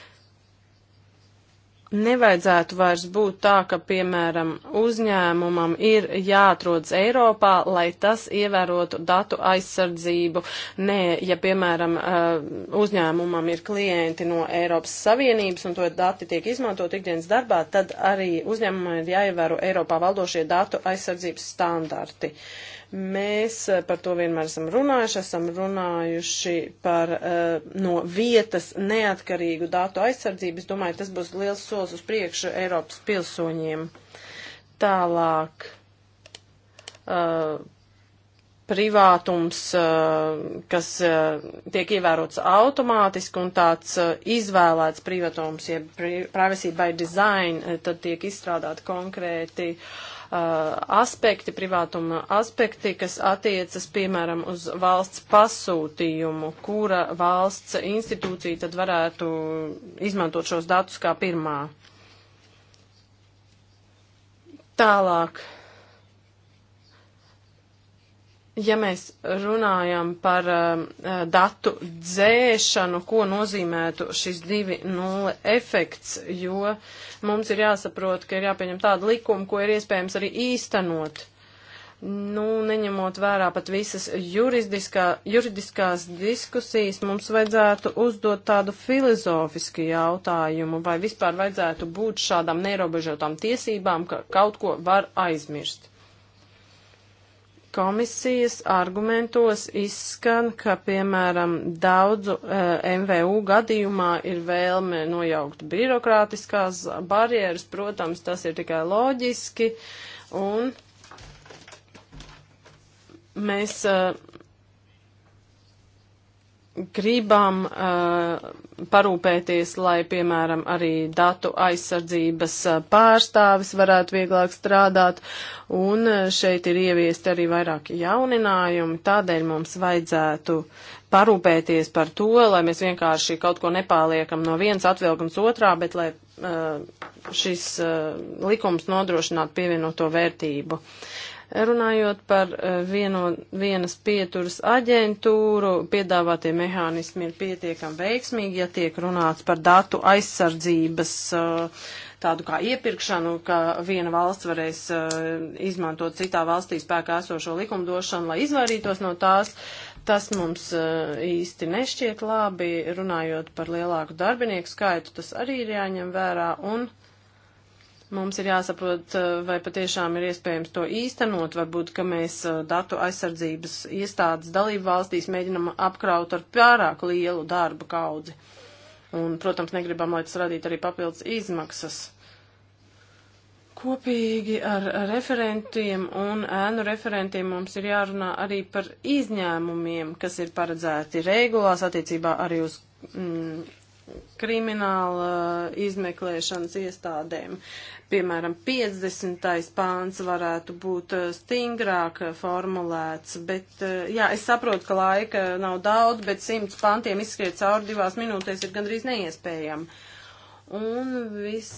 Nevajadzētu vairs būt tā, ka, piemēram, uzņēmumam ir jāatrodas Eiropā, lai tas ievērotu datu aizsardzību. Nē, ja, piemēram, eh, uzņēmumam ir klienti no Eiropas Savienības un to dati tiek izmantot ikdienas darbā, tad arī uzņēmumam ir jāievēro Eiropā valdošie datu aizsardzības standarti. Uh, Mēs eh, par to vienmēr esam runājuši, esam runājuši par eh, no vietas neatkarīgu datu aizsardzību. Es domāju, tas būs liels solis uz priekšu Eiropas pilsoņiem. Tālāk. Uh, privātums, kas tiek ievērots automātiski un tāds izvēlēts privātums, ja privacy by design, tad tiek izstrādāti konkrēti uh, Uh, aspekti, privātuma aspekti, kas attiecas, piemēram, uz valsts pasūtījumu, kura valsts institūcija tad varētu izmantot šos datus kā pirmā. Tālāk ja mēs runājam par um, uh, datu dzēšanu, ko nozīmētu šis 2.0 efekts, jo mums ir jāsaprot, ka ir jāpieņem tāda likuma, ko ir iespējams arī īstenot. Nu, neņemot vērā pat visas juridiskā, juridiskās diskusijas, mums vajadzētu uzdot tādu filozofisku jautājumu, vai vispār vajadzētu būt šādām neierobežotām tiesībām, ka kaut ko var aizmirst komisijas argumentos izskan, ka, piemēram, daudzu eh, MVU gadījumā ir vēlme nojaukt birokrātiskās barjeras. Protams, tas ir tikai loģiski. Un mēs eh, gribam uh, parūpēties, lai, piemēram, arī datu aizsardzības eh, pārstāvis varētu vieglāk strādāt, un eh, šeit ir ieviest arī vairāki jauninājumi, tādēļ mums vajadzētu parūpēties par to, lai mēs vienkārši kaut ko nepāliekam no viens atvilkums otrā, bet lai uh, šis uh, likums nodrošinātu pievienoto vērtību. Uh, Runājot par eh, vieno, vienas pieturas aģentūru, piedāvātie mehānismi ir pietiekami veiksmīgi, ja tiek runāts par datu aizsardzības uh, tādu kā iepirkšanu, ka viena valsts varēs uh, izmantot citā valstī spēkā esošo likumdošanu, lai izvairītos no tās. Tas mums uh, īsti nešķiet labi, runājot par lielāku darbinieku skaitu, tas arī ir jāņem vērā. Un uh, Mums ir jāsaprot, eh, vai patiešām ir iespējams to īstenot, varbūt, ka mēs eh, datu aizsardzības iestādes dalību valstīs mēģinam apkraut ar pārāk lielu darbu kaudzi. Un, protams, negribam, lai tas radītu arī papildus izmaksas. Kopīgi ar referentiem un ēnu referentiem mums ir jārunā arī par izņēmumiem, kas ir paredzēti regulās attiecībā arī uz mm, krimināla izmeklēšanas iestādēm. Piemēram, 50. pāns varētu būt eh, stingrāk formulēts, bet, eh, jā, es saprotu, ka laika nav daudz, bet 100 pāntiem izskriet cauri divās minūtēs ir gandrīz neiespējami. Un viss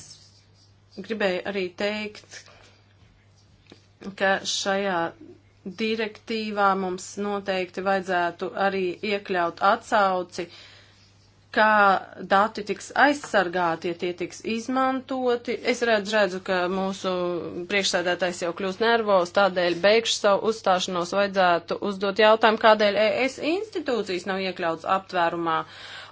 gribēju arī teikt, ka šajā direktīvā mums noteikti vajadzētu arī iekļaut atsauci uh, kā dati tiks aizsargāti, ja tie tiks izmantoti. Es redzu, redzu ka mūsu priekšsēdētājs jau kļūst nervos, tādēļ beigšu savu uzstāšanos vajadzētu uzdot jautājumu, kādēļ ES institūcijas nav iekļauts aptvērumā.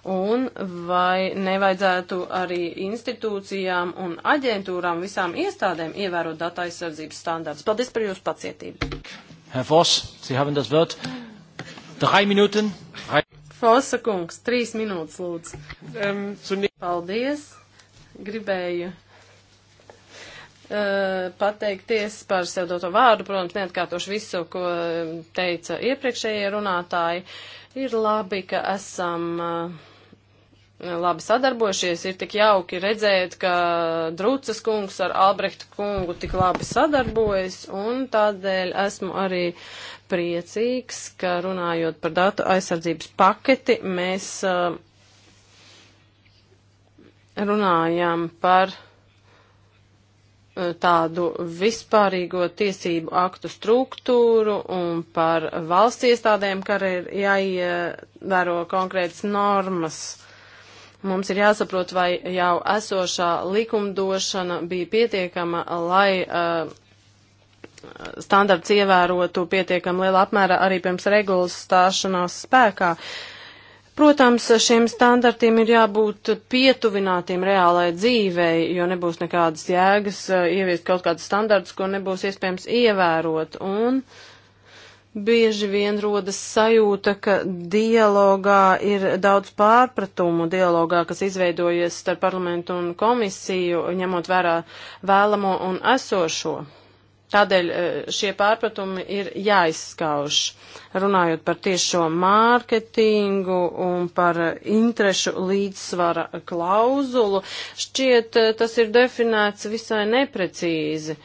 Un vai nevajadzētu arī institūcijām un aģentūrām visām iestādēm ievērot datu aizsardzības standārts? Paldies par jūsu pacietību. Herr Voss, Sie haben das Wort. Drei Minuten. Drei... Fosa kungs, trīs minūtes lūdzu. Um, Paldies. Gribēju eh, pateikties par sev doto vārdu. Protams, neatkārtošu visu, ko teica iepriekšējie runātāji. Ir labi, ka esam eh, labi sadarbojušies. Ir tik jauki redzēt, ka Drūcas kungs ar Albrehtu kungu tik labi sadarbojas, un tādēļ esmu arī priecīgs, ka runājot par datu aizsardzības paketi, mēs uh, runājam par eh, tādu vispārīgo tiesību aktu struktūru un par valsts iestādēm, ka ir jāievēro konkrētas normas. Mums ir jāsaprot, vai jau esošā likumdošana bija pietiekama, lai uh, standarts ievērotu pietiekam lielā apmērā arī pirms regulas stāšanās spēkā. Protams, šiem standartiem ir jābūt pietuvinātiem reālai dzīvei, jo nebūs nekādas jēgas uh, ieviest kaut kādus standartus, ko nebūs iespējams ievērot. Un bieži vien rodas sajūta, ka dialogā ir daudz pārpratumu, dialogā, kas izveidojies starp parlamentu un komisiju, ņemot vērā vēlamo un esošo. Tādēļ e, šie pārpratumi ir jāizskauž. Runājot par tiešo mārketingu un par interešu līdzsvara klauzulu, šķiet e, tas ir definēts visai neprecīzi.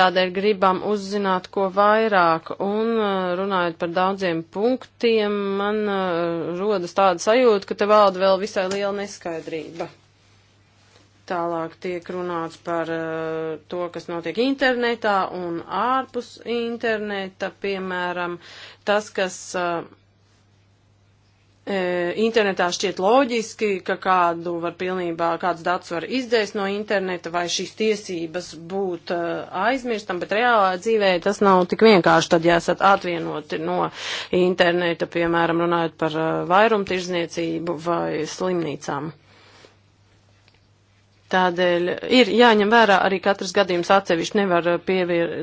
Tādēļ gribam uzzināt, ko vairāk, un e, runājot par daudziem punktiem, man rodas tāda sajūta, ka te valda vēl visai liela neskaidrība. Tālāk tiek runāts par uh, to, kas notiek internetā un ārpus interneta, piemēram, tas, kas uh, internetā šķiet loģiski, ka kādu var pilnībā, kāds dats var izdēst no interneta vai šīs tiesības būt uh, aizmirstam, bet reālā dzīvē tas nav tik vienkārši, tad ja esat atvienoti no interneta, piemēram, runājot par uh, vairumtirzniecību vai slimnīcām. Tādēļ ir jāņem vērā arī katrs gadījums atsevišķi, nevar uh, pievier,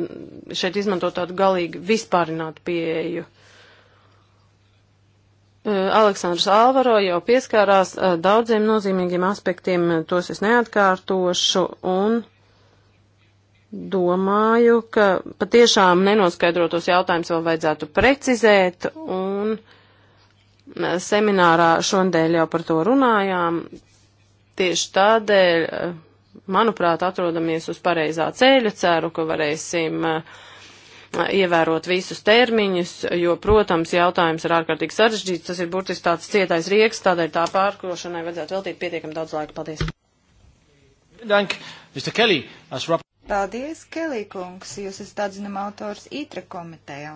šeit izmantot tādu galīgi vispārinātu pieeju. Uh, Aleksandrs Alvaro jau pieskārās uh, daudziem nozīmīgiem aspektiem, tos es neatkārtošu, un domāju, ka patiešām nenoskaidrotos jautājumus vēl vajadzētu precizēt, un seminārā šodien jau par to runājām, Tieši tādēļ, eh, manuprāt, atrodamies uz pareizā ceļa. Ceru, ka varēsim eh, ievērot visus termiņus, jo, protams, jautājums ir ārkārtīgi sarežģīts. Tas ir burtiski tāds cietais rieks, tādēļ tā pārkrošanai vajadzētu veltīt pietiekami daudz laika. Paldies! Dank, Mr. Kelly, as Paldies, Kelī kungs, jūs esat atzinama autors ITRA e komitejā.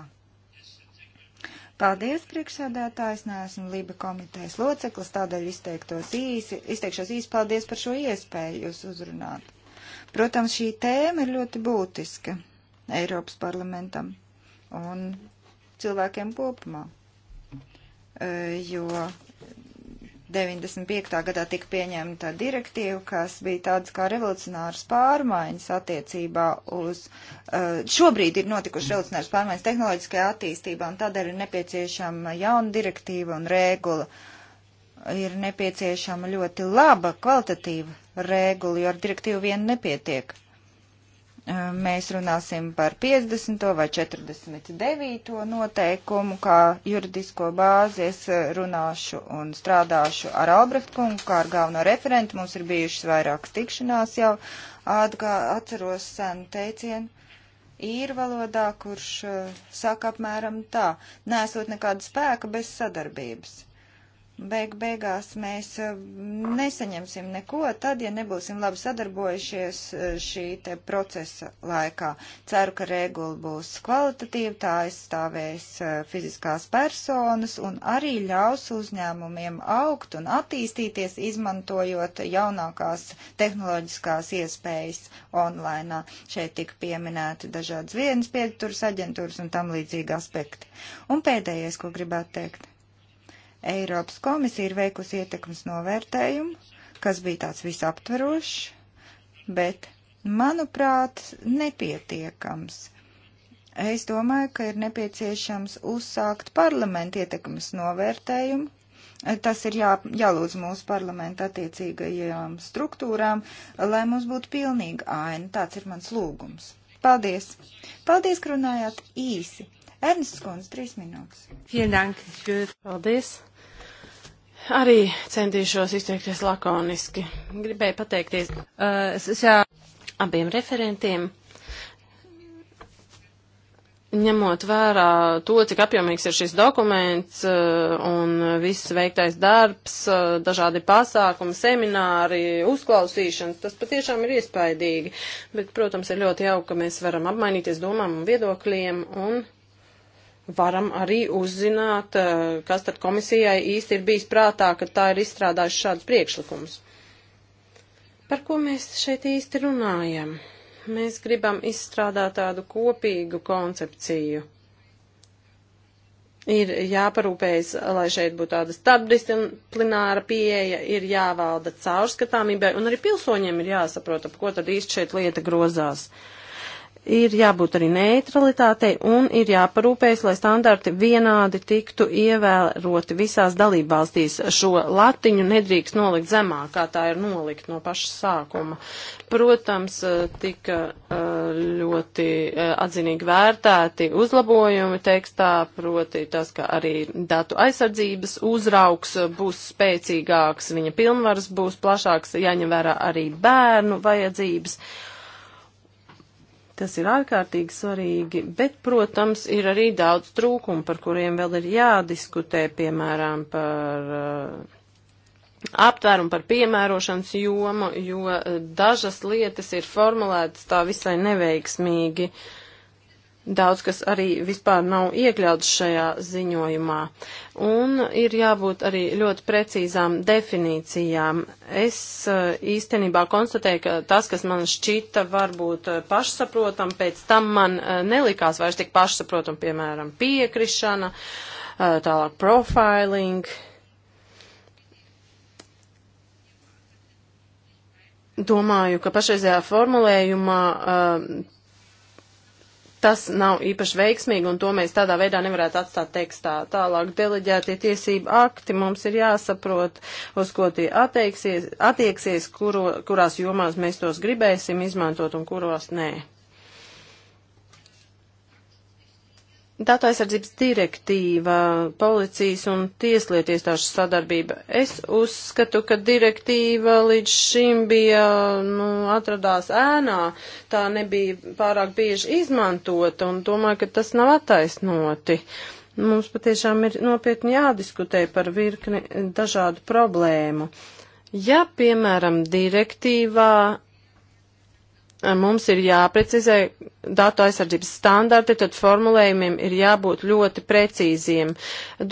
Paldies, priekšsēdētājs, neesmu Lība komitejas loceklis, tādēļ izteiktos īsi, izteikšos īsi paldies par šo iespēju jūs uzrunāt. Protams, šī tēma ir ļoti būtiska Eiropas parlamentam un cilvēkiem kopumā, e, jo 95. gadā tika pieņemta direktīva, kas bija tāds kā revolucionārs pārmaiņas attiecībā uz, eh, šobrīd ir notikuši revolucionārs pārmaiņas tehnoloģiskajā attīstībā, un tādēļ ir nepieciešama jauna direktīva un regula. Ir nepieciešama ļoti laba, kvalitatīva regula, jo ar direktīvu vien nepietiek mēs runāsim par 50. vai 49. noteikumu, kā juridisko bāzi es eh, runāšu un strādāšu ar Albrecht kungu, kā ar galveno referentu. Mums ir bijušas vairākas tikšanās jau, atgā, atceros senu teicienu īru valodā, kurš uh, saka apmēram tā, nesot nekāda spēka bez sadarbības. Beig beigās mēs eh, nesaņemsim neko, tad, ja nebūsim labi sadarbojušies eh, šī te procesa laikā. Ceru, ka regula būs kvalitatīva, tā aizstāvēs eh, fiziskās personas un arī ļaus uzņēmumiem augt un attīstīties, izmantojot jaunākās tehnoloģiskās iespējas online. Šeit tika pieminēti dažādas vienas pieturas aģentūras un tam līdzīgi aspekti. Un pēdējais, ko gribētu teikt. Eiropas komisija ir veikusi ietekmes novērtējumu, kas bija tāds visaptverošs, bet, manuprāt, nepietiekams. Es domāju, ka ir nepieciešams uzsākt parlamenta ietekmes novērtējumu. Tas ir jā, jālūdz mūsu parlamenta attiecīgajām struktūrām, lai mums būtu pilnīga aina. Tāds ir mans lūgums. Paldies! Paldies, ka runājāt īsi! Ernsts Kunds, trīs minūtes. Paldies! Arī centīšos izteikties lakoniski. Gribēju pateikties uh, abiem referentiem. Ņemot vērā to, cik apjomīgs ir šis dokuments uh, un viss veiktais darbs, uh, dažādi pasākumi, semināri, uzklausīšanas, tas patiešām ir iespaidīgi. Bet, protams, ir ļoti jauki, ka mēs varam apmainīties domām un viedokļiem un varam arī uzzināt, eh, kas tad komisijai īsti ir bijis prātā, ka tā ir izstrādājusi šādus priekšlikumus. Par ko mēs šeit īsti runājam? Mēs gribam izstrādāt tādu kopīgu koncepciju. Ir jāparūpējas, lai šeit būtu tāda starpdisciplināra pieeja, ir jāvalda caurskatāmībai, un arī pilsoņiem ir jāsaprot, ap ko tad īsti šeit lieta grozās. Uh, ir jābūt arī neutralitātei un ir jāparūpējas, lai standarti vienādi tiktu ievēroti visās dalībvalstīs. Šo latiņu nedrīkst nolikt zemāk, kā tā ir nolikt no paša sākuma. Protams, eh, tika eh, ļoti eh, atzinīgi vērtēti uzlabojumi tekstā, proti tas, ka arī datu aizsardzības uzraugs būs spēcīgāks, viņa pilnvaras būs plašāks, jāņem vērā arī bērnu vajadzības. Tas ir ārkārtīgi svarīgi, bet, protams, ir arī daudz trūkumu, par kuriem vēl ir jādiskutē, piemēram, par uh, aptvērumu par piemērošanas jomu, jo uh, dažas lietas ir formulētas tā visai neveiksmīgi. Uh, Daudz, kas arī vispār nav iekļauts šajā ziņojumā. Un ir jābūt arī ļoti precīzām definīcijām. Es eh, īstenībā konstatēju, ka tas, kas man šķita varbūt eh, pašsaprotam, pēc tam man eh, nelikās vairs tik pašsaprotam, piemēram, piekrišana, tālāk profiling. Domāju, ka pašreizējā formulējumā uh, tas nav īpaši veiksmīgi, un to mēs tādā veidā nevarētu atstāt tekstā. Tālāk deleģētie tiesību akti mums ir jāsaprot, uz ko tie attieksies, attieksies kuro, kurās jomās mēs tos gribēsim izmantot un kurās nē. Datu aizsardzības direktīva, policijas un tieslietu iestāžu sadarbība. Es uzskatu, ka direktīva līdz šim bija, nu, atradās ēnā, tā nebija pārāk bieži izmantota un domāju, ka tas nav attaisnoti. Mums patiešām ir nopietni jādiskutē par virkni dažādu problēmu. Ja, piemēram, direktīvā mums ir jāprecizē, datu aizsardzības standarti, tad formulējumiem ir jābūt ļoti precīziem.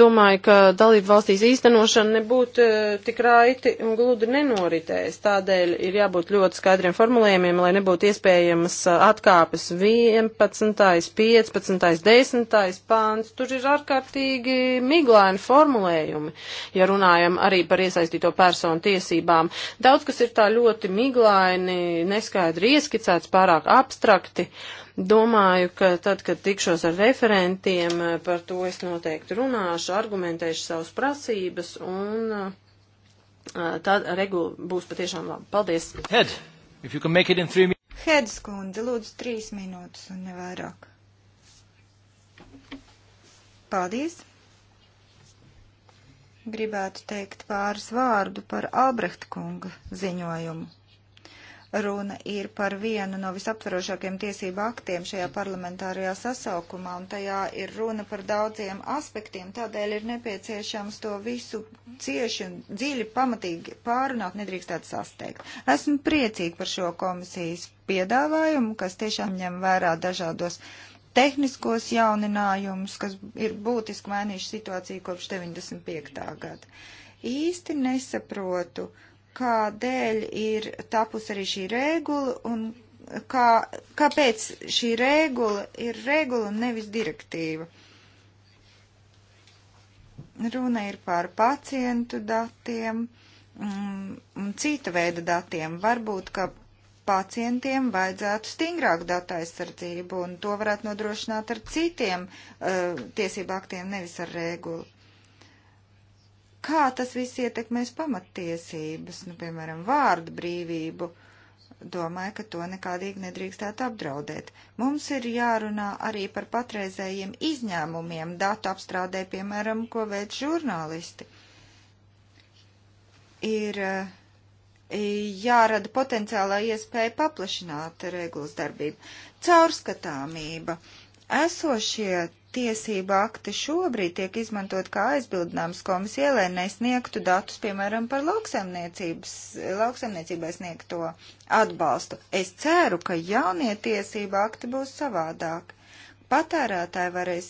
Domāju, ka dalību valstīs īstenošana nebūtu eh, tik raiti un gludi nenoritēs. Tādēļ ir jābūt ļoti skaidriem formulējumiem, lai nebūtu iespējamas eh, atkāpes 11., 15., 10. pāns. Tur ir ārkārtīgi miglaini formulējumi, ja runājam arī par iesaistīto personu tiesībām. Daudz kas ir tā ļoti miglaini, neskaidri ieskicēts, pārāk abstrakti. Uh, Domāju, ka tad, kad tikšos ar referentiem, eh, par to es noteikti runāšu, argumentēšu savas prasības un eh, eh, tad regula būs patiešām laba. Paldies! Head, if you can make it in three minutes. Head, skundze, lūdzu, trīs minūtes un nevairāk. Paldies! Gribētu teikt pāris vārdu par Albrecht kunga ziņojumu. Runa ir par vienu no visaptvarošākiem tiesību aktiem šajā parlamentārajā sasaukumā, un tajā ir runa par daudziem aspektiem, tādēļ ir nepieciešams to visu cieši un dziļi pamatīgi pārunāt, nedrīkstētu sasteigt. Esmu priecīgi par šo komisijas piedāvājumu, kas tiešām ņem vērā dažādos tehniskos jauninājumus, kas ir būtiski mainījuši situāciju kopš 95. gada. Īsti nesaprotu, uh, kādēļ ir tapus arī šī regula un kā, kāpēc šī regula ir regula un nevis direktīva. Runa ir par pacientu datiem mm, un cita veida datiem. Varbūt, ka pacientiem vajadzētu stingrāku datu aizsardzību, un to varētu nodrošināt ar citiem uh, tiesību aktiem, nevis ar regulu kā tas viss ietekmēs pamattiesības, nu, piemēram, vārdu brīvību. Domāju, ka to nekādīgi nedrīkstētu apdraudēt. Mums ir jārunā arī par patreizējiem izņēmumiem datu apstrādē, piemēram, ko veids žurnālisti. Ir uh, jārada potenciālā iespēja paplašināt regulas darbību. Caurskatāmība. Esošie tiesība akti šobrīd tiek izmantot kā aizbildinājums komisijai, lai nesniegtu datus, piemēram, par lauksaimniecībai sniegto atbalstu. Es ceru, ka jaunie tiesība akti būs savādāk patērētāji varēs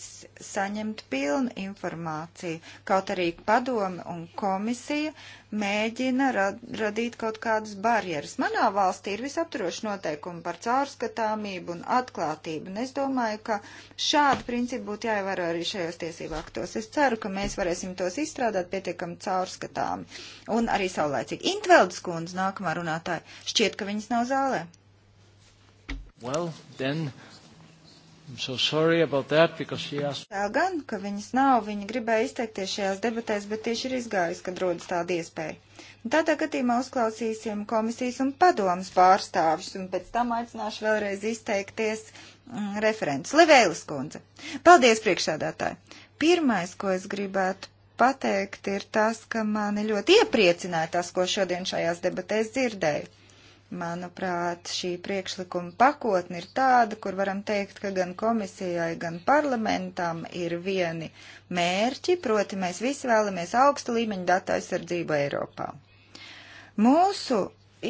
saņemt pilnu informāciju, kaut arī padome un komisija mēģina rad, radīt kaut kādas barjeras. Manā valstī ir visaptroši noteikumi par caurskatāmību un atklātību, un es domāju, ka šādu principu būtu jāievēro arī šajos tiesību aktos. Es ceru, ka mēs varēsim tos izstrādāt pietiekami caurskatāmi un arī saulēcīgi. Intveldes kundze nākamā runātāja, šķiet, ka viņas nav zālē. Well, then... So that, asked... Tā gan, ka viņas nav, viņa gribēja izteikties šajās debatēs, bet tieši ir izgājusi, kad rodas tāda iespēja. Un tādā gadījumā uzklausīsim komisijas un padomas pārstāvjus, un pēc tam aicināšu vēlreiz izteikties mm, referents. Livēlis kundze. Paldies, priekšsādātāji. Pirmais, ko es gribētu pateikt, ir tas, ka mani ļoti iepriecināja tas, ko šodien šajās debatēs dzirdēju Manuprāt, šī priekšlikuma pakotne ir tāda, kur varam teikt, ka gan komisijai, gan parlamentam ir vieni mērķi, proti mēs visi vēlamies augsta līmeņa datu aizsardzību Eiropā. Mūsu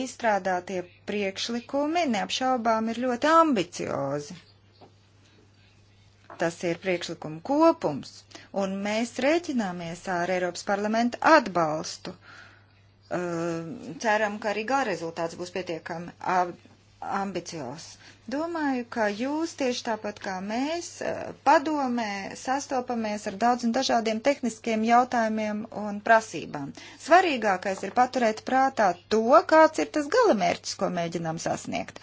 izstrādātie priekšlikumi neapšaubām ir ļoti ambiciozi. Tas ir priekšlikuma kopums, un mēs rēķināmies ar Eiropas parlamenta atbalstu Ehm, ceram, ka arī gala rezultāts būs pietiekami ambiciozs. Domāju, ka jūs tieši tāpat kā mēs eh, padomē sastopamies ar daudziem dažādiem tehniskiem jautājumiem un prasībām. Svarīgākais ir paturēt prātā to, kāds ir tas galamērķis, ko mēģinām sasniegt.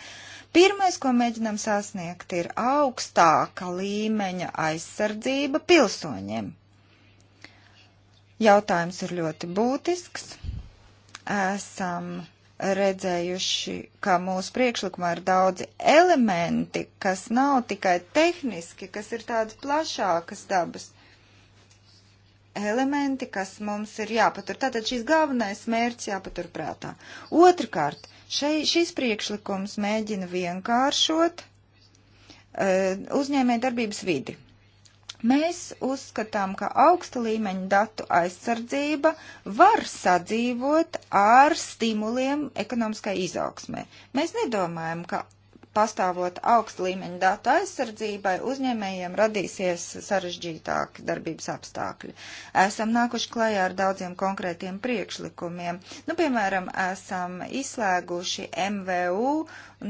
Pirmais, ko mēģinām sasniegt, ir augstāka līmeņa aizsardzība pilsoņiem. Jautājums ir ļoti būtisks esam redzējuši, ka mūsu priekšlikumā ir daudzi elementi, kas nav tikai tehniski, kas ir tādas plašākas dabas elementi, kas mums ir jāpatur. Tātad šis galvenais mērķis jāpatur prātā. Otrakārt, šei, šis priekšlikums mēģina vienkāršot uh, eh, uzņēmē darbības vidi. Mēs uzskatām, ka augsta līmeņa datu aizsardzība var sadzīvot ar stimuliem ekonomiskai izaugsmē. Mēs nedomājam, ka pastāvot augsta līmeņa datu aizsardzībai uzņēmējiem radīsies sarežģītāki darbības apstākļi. Esam nākuši klajā ar daudziem konkrētiem priekšlikumiem. Nu, piemēram, esam izslēguši MVU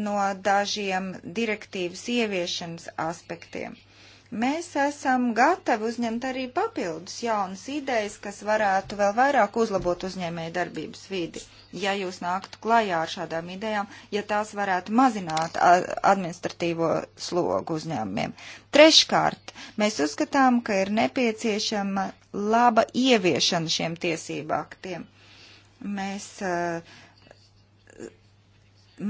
no dažiem direktīvas ieviešanas aspektiem Mēs esam gatavi uzņemt arī papildus jaunas idejas, kas varētu vēl vairāk uzlabot uzņēmēju darbības vidi. Ja jūs nāktu klajā ar šādām idejām, ja tās varētu mazināt administratīvo slogu uzņēmumiem. Treškārt, mēs uzskatām, ka ir nepieciešama laba ieviešana šiem tiesību aktiem. Mēs uh,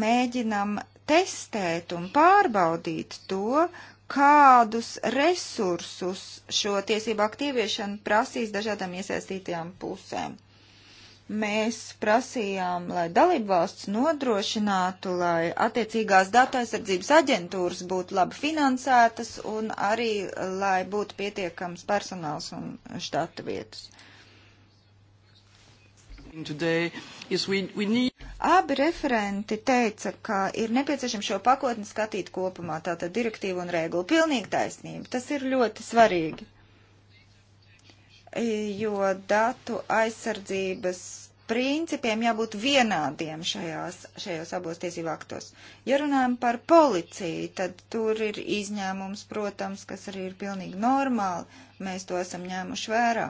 mēģinam testēt un pārbaudīt to, kādus resursus šo tiesību aktīviešanu prasīs dažādām iesaistītajām pusēm. Mēs prasījām, lai dalībvalsts nodrošinātu, lai attiecīgās datu aizsardzības aģentūras būtu labi finansētas un arī, lai būtu pietiekams personāls un štata vietas. Today, yes, we, we need... Abi referenti teica, ka ir nepieciešams šo pakotni skatīt kopumā, tātad direktīvu un regulu. Pilnīgi taisnība. Tas ir ļoti svarīgi, jo datu aizsardzības principiem jābūt vienādiem šajās, šajos abos tiesību aktos. Ja runājam par policiju, tad tur ir izņēmums, protams, kas arī ir pilnīgi normāli, mēs to esam ņēmuši vērā.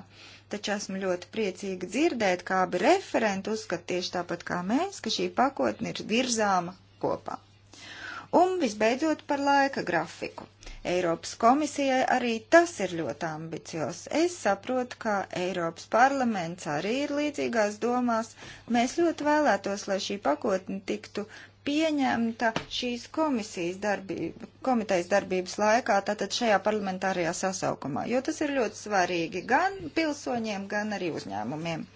Taču esmu ļoti priecīga dzirdēt, kā abi referenti uzskata tieši tāpat kā mēs, ka šī pakotne ir virzāma kopā. Un visbeidzot par laika grafiku. Eiropas komisijai arī tas ir ļoti ambicios. Es saprotu, ka Eiropas parlaments arī ir līdzīgās domās. Mēs ļoti vēlētos, lai šī pakotne tiktu pieņemta šīs komisijas darbība, komitejas darbības laikā, tātad šajā parlamentārajā sasaukumā, jo tas ir ļoti svarīgi gan pilsoņiem, gan arī uzņēmumiem.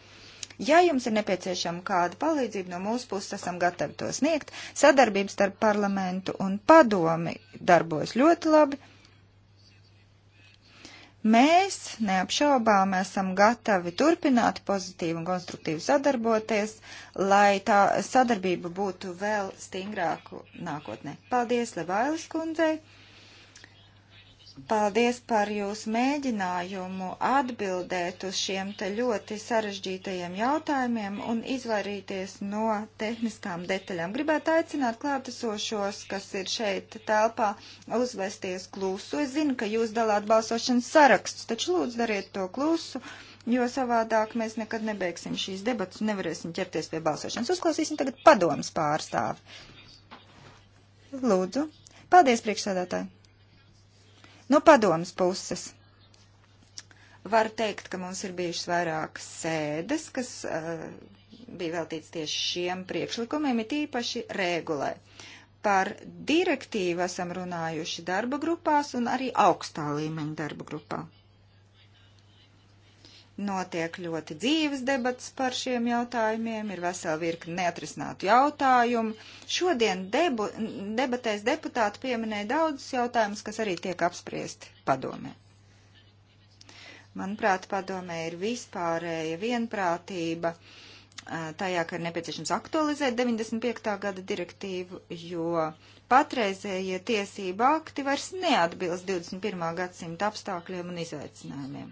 Ja jums ir nepieciešama kāda palīdzība no mūsu puses, esam gatavi to sniegt. Sadarbības starp parlamentu un padomi darbojas ļoti labi. Mēs neapšaubām esam gatavi turpināt pozitīvi un konstruktīvi sadarboties, lai tā sadarbība būtu vēl stingrāku nākotnē. Paldies Levailas kundzei! Paldies par jūsu mēģinājumu atbildēt uz šiem te ļoti sarežģītajiem jautājumiem un izvairīties no tehniskām detaļām. Gribētu aicināt klātesošos, kas ir šeit telpā, uzvesties klusu. Es zinu, ka jūs dalāt balsošanas sarakstus, taču lūdzu dariet to klusu, jo savādāk mēs nekad nebeigsim šīs debatas un nevarēsim ķerties pie balsošanas. Uzklausīsim tagad padomas pārstāvi. Lūdzu. Paldies, priekšsēdētāji! No padomas puses. Var teikt, ka mums ir bijušas vairākas sēdes, kas uh, bija veltīts tieši šiem priekšlikumiem, it īpaši regulē. Par direktīvu esam runājuši darba grupās un arī augstā līmeņa darba grupā. Notiek ļoti dzīves debats par šiem jautājumiem, ir vesela virkni neatrisinātu jautājumu. Šodien debu, debatēs deputāti pieminēja daudzus jautājumus, kas arī tiek apspriesti padomē. Manuprāt, padomē ir vispārēja vienprātība tajā, ka ir nepieciešams aktualizēt 95. gada direktīvu, jo patreizējie tiesība akti vairs neatbilst 21. gadsimta apstākļiem un izaicinājumiem.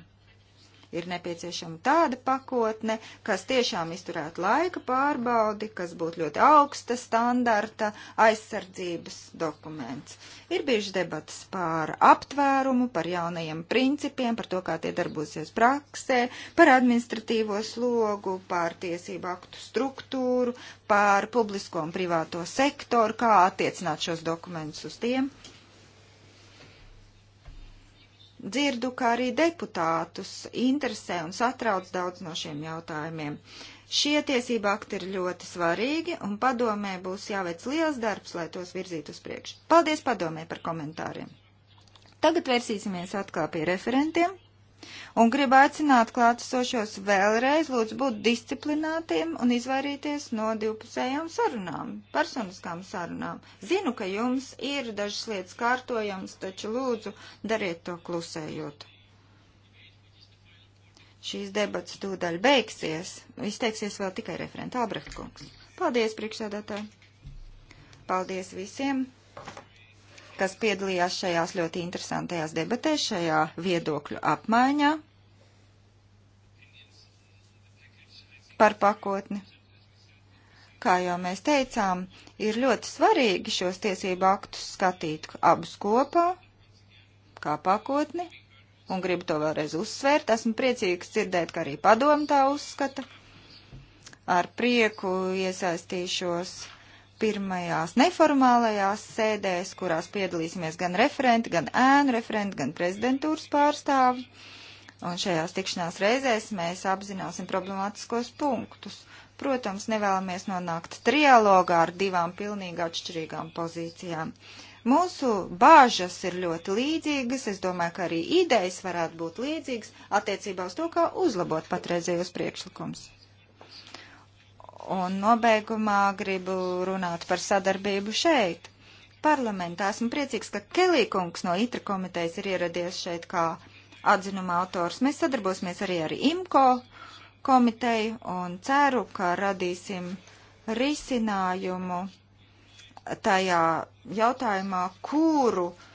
Ir nepieciešama tāda pakotne, kas tiešām izturētu laika pārbaudi, kas būtu ļoti augsta standarta aizsardzības dokuments. Ir bijušas debatas par aptvērumu, par jaunajiem principiem, par to, kā tie darbosies praksē, par administratīvo slogu, par tiesību aktu struktūru, par publisko un privāto sektoru, kā attiecināt šos dokumentus uz tiem. Dzirdu, kā arī deputātus interesē un satrauc daudz no šiem jautājumiem. Šie tiesība akti ir ļoti svarīgi, un padomē būs jāveic liels darbs, lai tos virzītu uz priekšu. Paldies padomē par komentāriem. Tagad vērsīsimies atkal pie referentiem. Un gribu aicināt klātesošos vēlreiz lūdzu būt disciplinātiem un izvairīties no divpusējām sarunām, personiskām sarunām. Zinu, ka jums ir dažas lietas kārtojams, taču lūdzu dariet to klusējot. Šīs debats tūdaļ beigsies. Izteiksies vēl tikai referenta Albrecht kungs. Paldies, priekšsēdētāji! Paldies visiem! kas piedalījās šajās ļoti interesantajās debatēs, šajā viedokļu apmaiņā par pakotni. Kā jau mēs teicām, ir ļoti svarīgi šos tiesību aktus skatīt abus kopā, kā pakotni, un gribu to vēlreiz uzsvērt. Esmu priecīgs dzirdēt, ka arī padomu tā uzskata. Ar prieku iesaistīšos pirmajās neformālajās sēdēs, kurās piedalīsimies gan referenti, gan ēnu referenti, gan prezidentūras pārstāvi. Un šajās tikšanās reizēs mēs apzināsim problemātiskos punktus. Protams, nevēlamies nonākt trialogā ar divām pilnīgi atšķirīgām pozīcijām. Mūsu bāžas ir ļoti līdzīgas, es domāju, ka arī idejas varētu būt līdzīgas attiecībā uz to, kā uzlabot patreizējos priekšlikumus. Un nobeigumā gribu runāt par sadarbību šeit, parlamentā. Esmu priecīgs, ka Kelīkungs no ITRA komitejas ir ieradies šeit kā atzinuma autors. Mēs sadarbosimies arī ar IMCO komiteju un ceru, ka radīsim risinājumu tajā jautājumā, kuru uh,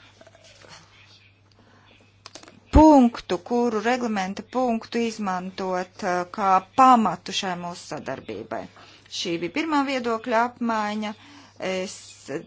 punktu, kuru reglamenta punktu izmantot eh, kā pamatu šai mūsu sadarbībai. Šī bija pirmā viedokļa apmaiņa. Es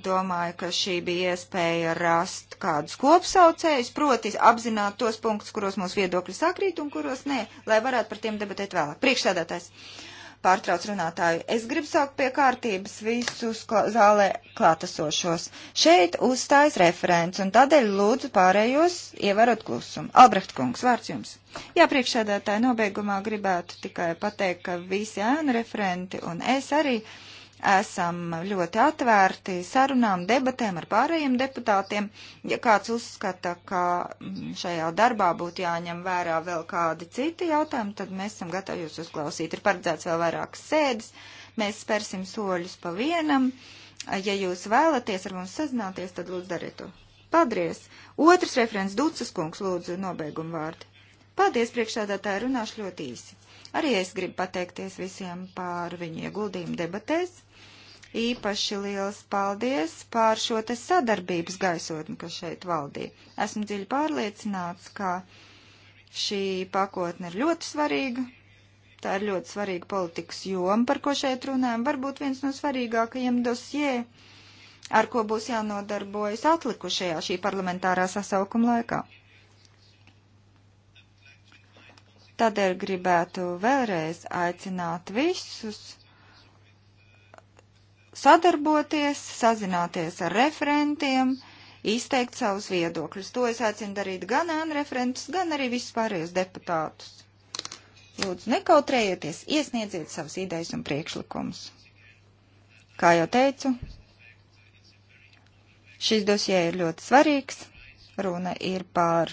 domāju, ka šī bija iespēja rast kādus kopsaucējus, proti apzināt tos punktus, kuros mūsu viedokļi sakrīt un kuros nē, lai varētu par tiem debatēt vēlāk. Priekšsēdētājs. Uh, pārtrauc runātāju. Es gribu saukt pie kārtības visus klā, zālē klātesošos. Šeit uzstājas referents, un tādēļ lūdzu pārējos ievērot klusumu. Albrecht kungs, vārds jums. Jā, priekšsēdētāji, nobeigumā gribētu tikai pateikt, ka visi ēnu referenti un es arī. Uh, esam ļoti atvērti sarunām, debatēm ar pārējiem deputātiem. Ja kāds uzskata, ka šajā darbā būtu jāņem vērā vēl kādi citi jautājumi, tad mēs esam gatavi jūs uzklausīt. Ir paredzēts vēl vairākas sēdes, mēs spērsim soļus pa vienam. Ja jūs vēlaties ar mums sazināties, tad lūdzu dariet to. Paldies! Otrs referents Ducas kungs lūdzu nobeigumu vārdu. Paldies priekšādātāji, runāšu ļoti īsi. Arī es gribu pateikties visiem par viņu ieguldījumu debatēs. Īpaši liels paldies pār šo te sadarbības gaisotni, kas šeit valdīja. Esmu dziļi pārliecināts, ka šī pakotne ir ļoti svarīga. Tā ir ļoti svarīga politikas joma, par ko šeit runājam. Varbūt viens no svarīgākajiem dosjē, ar ko būs jānodarbojas atlikušajā šī parlamentārā sasaukuma laikā. Tādēļ gribētu vēlreiz aicināt visus sadarboties, sazināties ar referentiem, izteikt savus viedokļus. To es aicinu darīt gan referentus, gan arī visus pārējos deputātus. Lūdzu, nekautrējieties, iesniedziet savas idejas un priekšlikumus. Kā jau teicu, šis dosie ir ļoti svarīgs. Runa ir par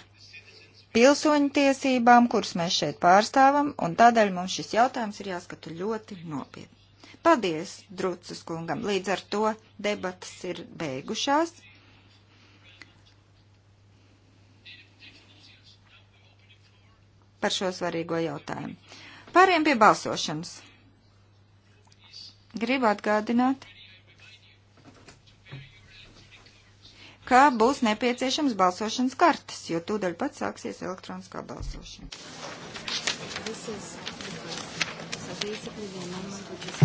pilsoņu tiesībām, kuras mēs šeit pārstāvam, un tādēļ mums šis jautājums ir jāskata ļoti nopietni. Paldies Drucas kungam. Līdz ar to debatas ir beigušās. Par šo svarīgo jautājumu. Pāriem pie balsošanas. Gribu atgādināt, ka būs nepieciešams balsošanas kartes, jo tūdaļ pat sāksies elektroniskā balsošana. This is basically the amendment which is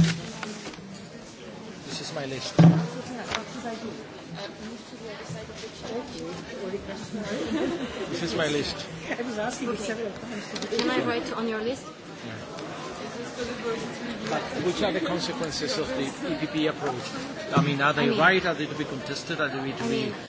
This is my list. What should I do? Move to the other side of the chair. This is my list. I was asking okay. several times. Can I write on your list? Yeah. But which are the consequences of the EPP approach? I mean, are they I mean, right? Are they to be contested? Are they to be? I mean,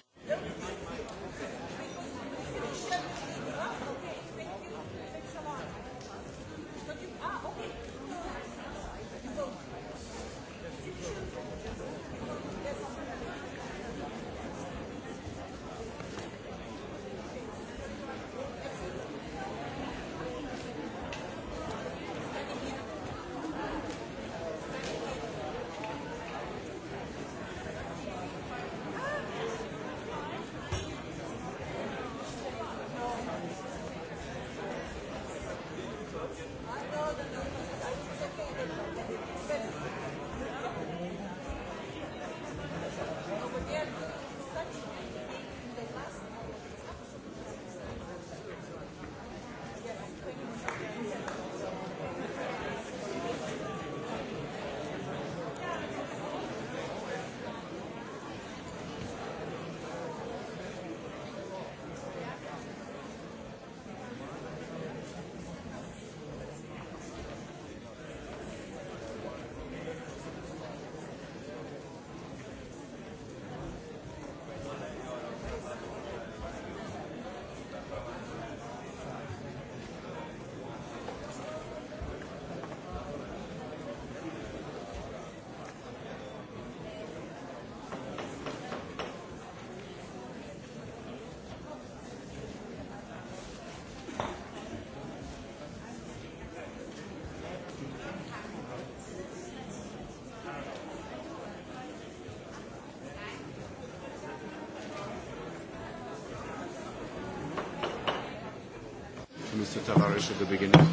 Mr. Tavares at the beginning.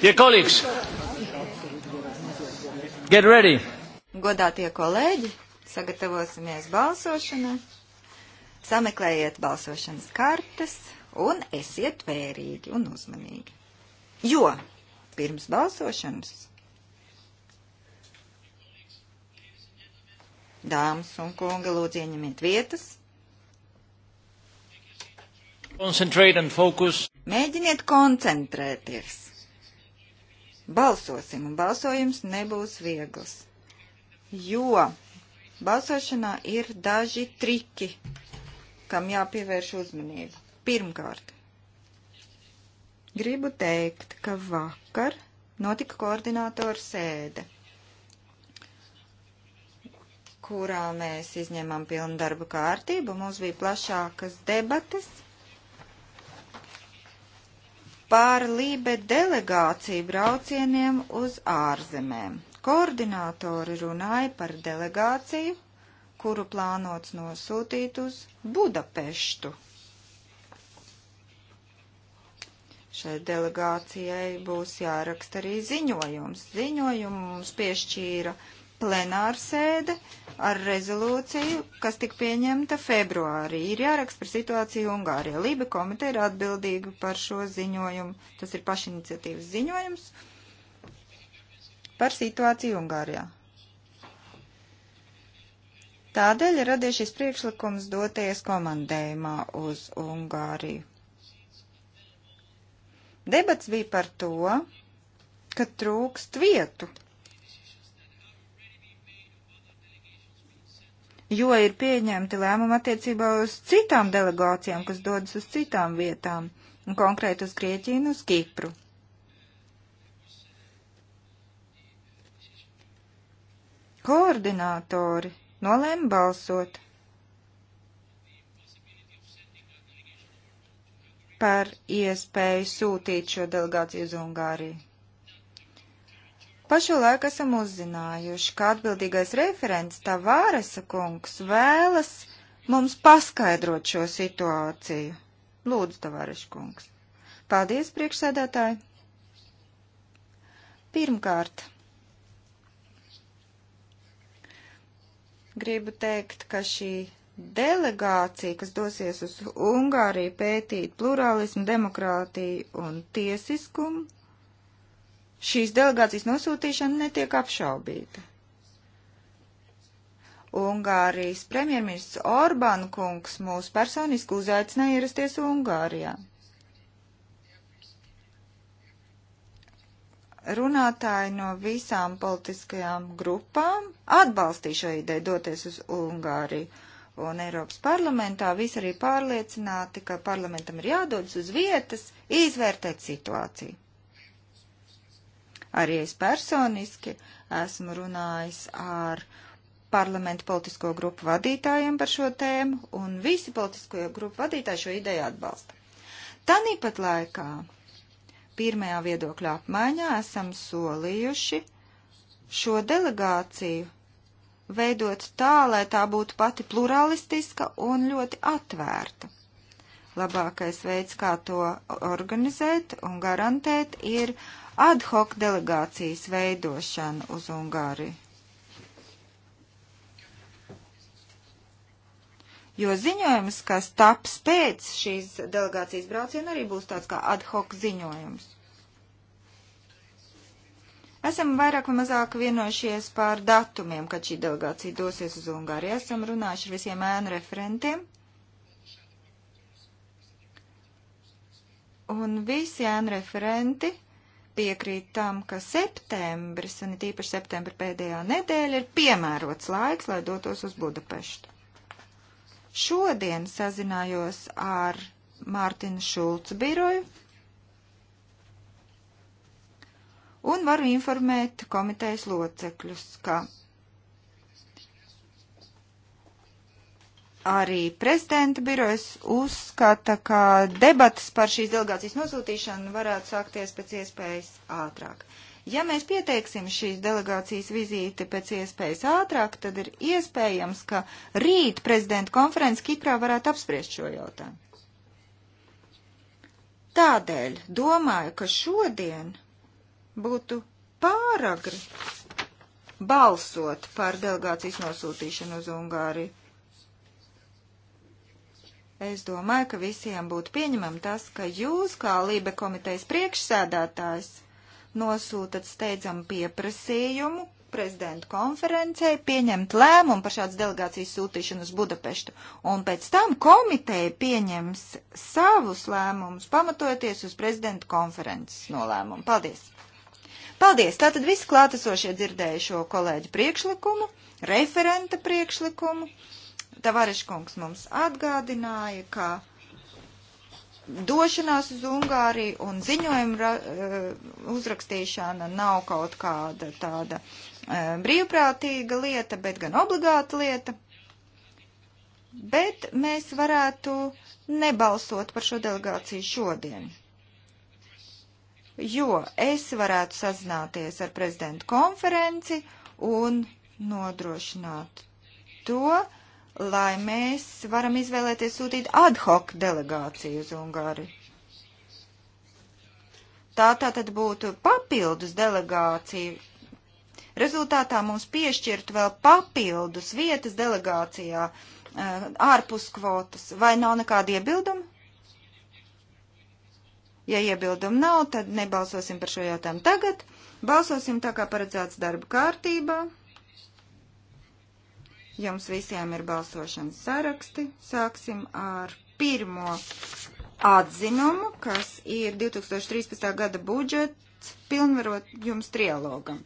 Dear colleagues, get ready. Godātie kolēģi, sagatavosimies balsošanai. Sameklējiet balsošanas kartes un esiet vērīgi un uzmanīgi. Jo pirms balsošanas dāmas un kungi lūdzu ieņemiet vietas. Mēģiniet koncentrēties. Balsosim, un balsojums nebūs viegls, jo balsošanā ir daži triki, kam jāpievērš uzmanība. Pirmkārt, gribu teikt, ka vakar notika koordinātora sēde, kurā mēs izņemam pilnu darba kārtību. Mums bija plašākas debatas par Lībe delegāciju braucieniem uz ārzemēm. Koordinātori runāja par delegāciju, kuru plānots nosūtīt uz Budapeštu. Šai delegācijai būs jāraksta arī ziņojums. Ziņojumu mums piešķīra uh, plenārsēde ar rezolūciju, kas tika pieņemta februārī. Ir jāraksta par situāciju Ungārijā. Lība komiteja ir atbildīga par šo ziņojumu. Tas ir pašiniciatīvas ziņojums par situāciju Ungārijā. Tādēļ ir radies šis priekšlikums doties komandējumā uz Ungāriju. Debats bija par to, ka trūkst vietu jo ir pieņemti lēmumi attiecībā uz citām delegācijām, kas dodas uz citām vietām, un konkrēti uz Grieķiju un uz Kipru. Koordinātori nolēma balsot par iespēju sūtīt šo delegāciju uz Ungāriju. Pašlaik esam uzzinājuši, ka atbildīgais referents Tavāres kungs vēlas mums paskaidrot šo situāciju. Lūdzu, Tavāres kungs. Paldies, priekšsēdētāji. Pirmkārt, gribu teikt, ka šī delegācija, kas dosies uz Ungāriju pētīt plurālismu, demokrātiju un tiesiskumu, šīs delegācijas nosūtīšana netiek apšaubīta. Ungārijas premjerministrs Orbán kungs mūs personiski uzaicināja ierasties Ungārijā. Runātāji no visām politiskajām grupām atbalstīja šo ideju doties uz Ungāriju. Un Eiropas parlamentā visi arī pārliecināti, ka parlamentam ir jādodas uz vietas, izvērtēt situāciju. Arī es personiski esmu runājis ar parlamentu politisko grupu vadītājiem par šo tēmu, un visi politisko grupu vadītāji šo ideju atbalsta. Tanīpat laikā pirmajā viedokļa apmaiņā esam solījuši šo delegāciju veidot tā, lai tā būtu pati pluralistiska un ļoti atvērta. Labākais veids, kā to organizēt un garantēt, ir ad hoc delegācijas veidošana uz Ungāriju. Jo ziņojums, kas taps pēc šīs delegācijas brauciena, arī būs tāds kā ad hoc ziņojums. Esam vairāk vai mazāk vienojušies par datumiem, kad šī delegācija dosies uz Ungāriju. Esam runājuši ar visiem ēnu referentiem. Un visi ēnu referenti piekrīt tam, ka septembris, un it īpaši septembra pēdējā nedēļa, ir piemērots laiks, lai dotos uz Budapeštu. Šodien sazinājos ar Mārtiņu Šulcu biroju un varu informēt komitejas locekļus, ka arī prezidenta birojas uzskata, ka debatas par šīs delegācijas nosūtīšanu varētu sākties pēc iespējas ātrāk. Ja mēs pieteiksim šīs delegācijas vizīti pēc iespējas ātrāk, tad ir iespējams, ka rīt prezidenta konferences Kiprā varētu apspriest šo jautājumu. Tādēļ domāju, ka šodien būtu pāragri balsot par delegācijas nosūtīšanu uz Ungāriju Es domāju, ka visiem būtu pieņemam tas, ka jūs, kā Lībe komitejas priekšsēdētājs, nosūtat steidzam pieprasījumu prezidentu konferencē pieņemt lēmumu par šādas delegācijas sūtīšanu uz Budapeštu, un pēc tam komiteja pieņems savus lēmumus, pamatojoties uz prezidentu konferences nolēmumu. Paldies! Paldies! Tātad visi klātesošie dzirdējušo kolēģu priekšlikumu, referenta priekšlikumu. Tavareškungs mums atgādināja, ka došanās uz Ungāriju un ziņojuma eh, uzrakstīšana nav kaut kāda tāda eh, brīvprātīga lieta, bet gan obligāta lieta. Bet mēs varētu nebalsot par šo delegāciju šodien jo es varētu sazināties ar prezidentu konferenci un nodrošināt to, lai mēs varam izvēlēties sūtīt ad hoc delegāciju uz Ungāriju. Tā tātad būtu papildus delegācija. Rezultātā mums piešķirtu vēl papildus vietas delegācijā eh, ārpus kvotas. Vai nav nekāda iebilduma? Ja iebildumu nav, tad nebalsosim par šo jautājumu tagad. Balsosim tā kā paredzēts darba kārtībā. Jums visiem ir balsošanas saraksti. Sāksim ar pirmo atzinumu, kas ir 2013. gada budžets pilnvarot jums trialogam.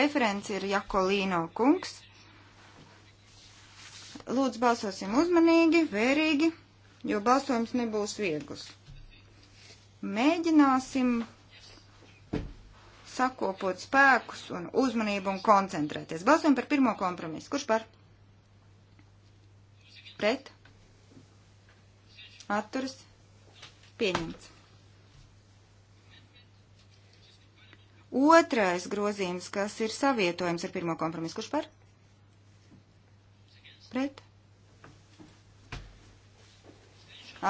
Referents ir Jakolīno kungs. Lūdzu, balsosim uzmanīgi, vērīgi, jo balsojums nebūs viegls. Mēģināsim sakopot spēkus un uzmanību un koncentrēties. Balsojam par pirmo kompromisu. Kurš par? pret, atturas, pieņemts. Otrais grozījums, kas ir savietojums ar pirmo kompromisu, kurš par? Pret.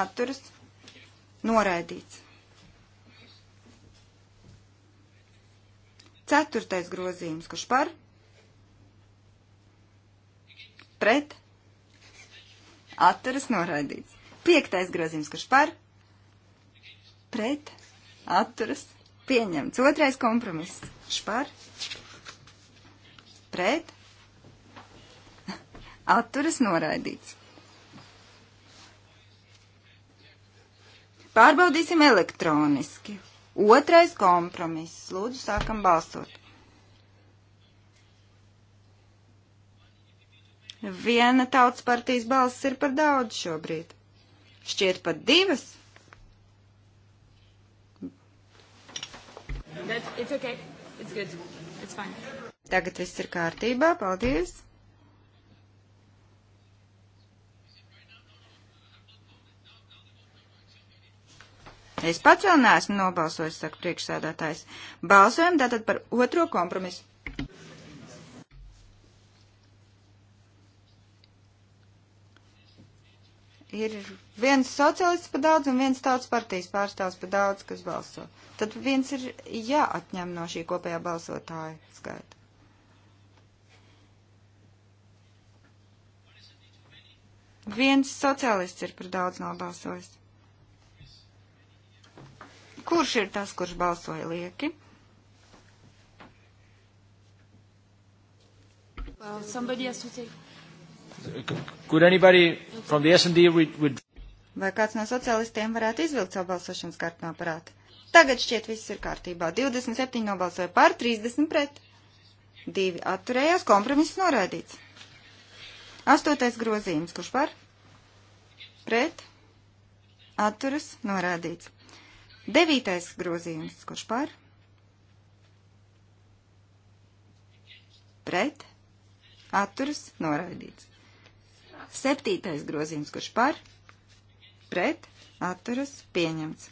Atturas. Noraidīts. Ceturtais grozījums, kurš par? Pret atturas noraidīts. Piektais grozījums, kurš par, pret, atturas, pieņemts. Otrais kompromiss, kurš par, pret, atturas noraidīts. Pārbaudīsim elektroniski. Otrais kompromiss. Lūdzu, sākam balsot. Viena tautas partijas balss ir par daudz šobrīd. Šķiet pat divas. That, it's okay. It's good. It's fine. Tagad viss ir kārtībā. Paldies. Es pats vēl neesmu nobalsojis, saka priekšsēdētājs. Balsojam tātad par otro kompromisu. ir viens sociālists par daudz un viens tautas partijas pārstāvs par daudz, kas balso. Tad viens ir jāatņem no šī kopējā balsotāja skaita. Viens sociālists ir par daudz nobalsojis. Kurš ir tas, kurš balsoja lieki? Well, somebody has to take Could anybody from the S&D would... Vai kāds no socialistiem varētu izvilkt savu balsošanas kartu no parāta? Tagad šķiet viss ir kārtībā. 27 nobalsoja par, 30 pret. Divi atturējās, kompromiss noraidīts. Astotais grozījums, kurš par? Pret. Atturas norādīts. Devītais grozījums, kurš par? Pret. Atturas norādīts. Septītais grozījums, kurš par, pret, atturas, pieņemts.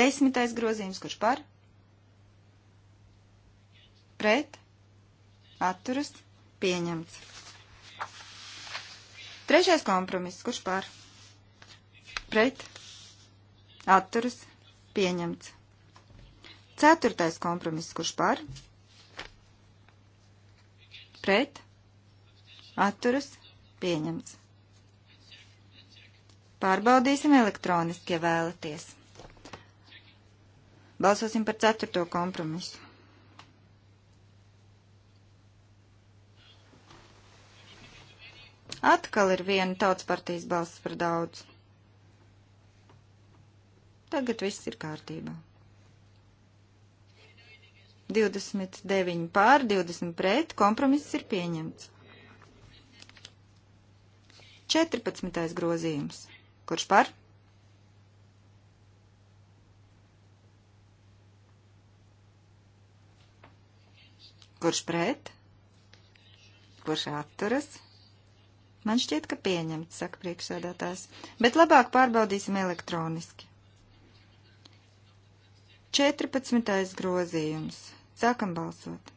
Desmitais grozījums, kurš par, pret, atturas, pieņemts. Trešais kompromiss, kurš par, pret, atturas, pieņemts. Ceturtais kompromiss, kurš par, pret, atturas, pieņemts pret, atturas pieņemts. Pārbaudīsim elektroniski, ja vēlaties. Balsosim par ceturto kompromisu. Atkal ir viena tautas partijas balss par daudz. Tagad viss ir kārtībā. 29 pār, 20 pret, kompromiss ir pieņemts. 14. grozījums. Kurš par? Kurš pret? Kurš atturas? Man šķiet, ka pieņemts, saka priekšsēdētājs, bet labāk pārbaudīsim elektroniski. 14. grozījums. Sākam balsot.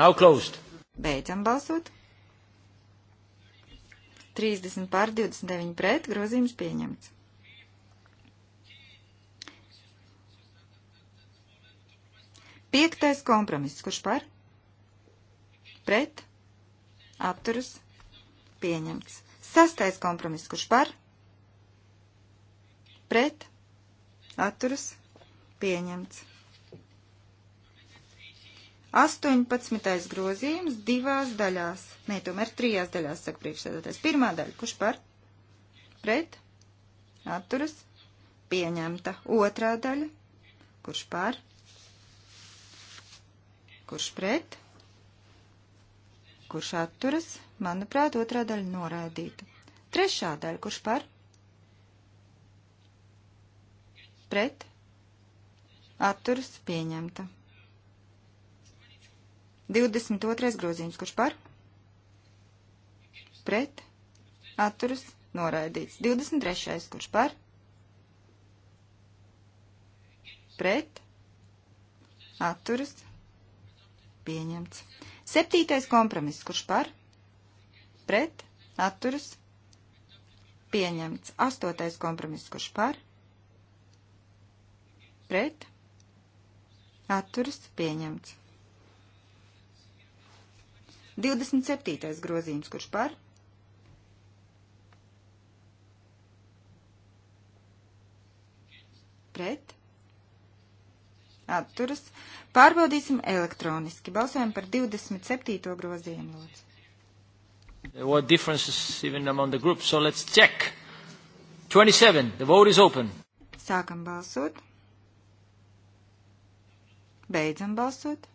Nav klaust. Beidzam balsot. 30 pār 29 pret, grozījums pieņemts. Piektais kompromiss, kurš par? Pret, apturas, pieņemts. Sastais kompromiss, kurš par? Pret, atturas, pieņemts. 18. grozījums divās daļās. Nē, tomēr trijās daļās, saka priekšsēdētājs. Pirmā daļa, kurš par? Pret? Atturas? Pieņemta. Otrā daļa, kurš par? Kurš pret? Kurš atturas? Manuprāt, otrā daļa noraidīta. Trešā daļa, kurš par? Pret? Atturas pieņemta. 22. grozījums, kurš par? Pret. Atturas noraidīts. 23. kurš par? Pret. Atturas pieņemts. 7. kompromiss, kurš par? Pret. Atturas pieņemts. 8. kompromiss, kurš par? Pret. Atturas pieņemts. 27. grozījums, kurš par? Pret? Atturas. Pārbaudīsim elektroniski. Balsojam par 27. grozījumu, lūdzu. What differences even among the groups, so let's check. 27. The vote is open. Sākam balsot. Beidzam balsot.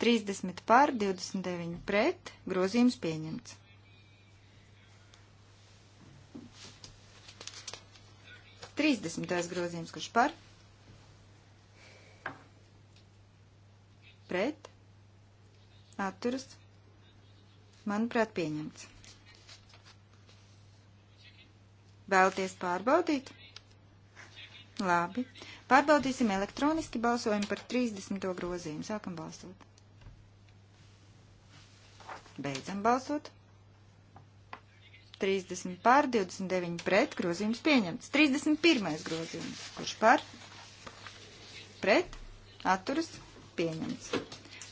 30 pār 29 pret grozījums pieņemts. 30. grozījums, kurš par? Pret? Atturas? Manuprāt, pieņemts. Vēlties pārbaudīt? Labi. Pārbaudīsim elektroniski balsojumu par 30. grozījumu. Sākam balsot. Beidzam balsot. 30 pār, 29 pret, grozījums pieņemts. 31. grozījums. Kurš par? Pret, atturas, pieņemts.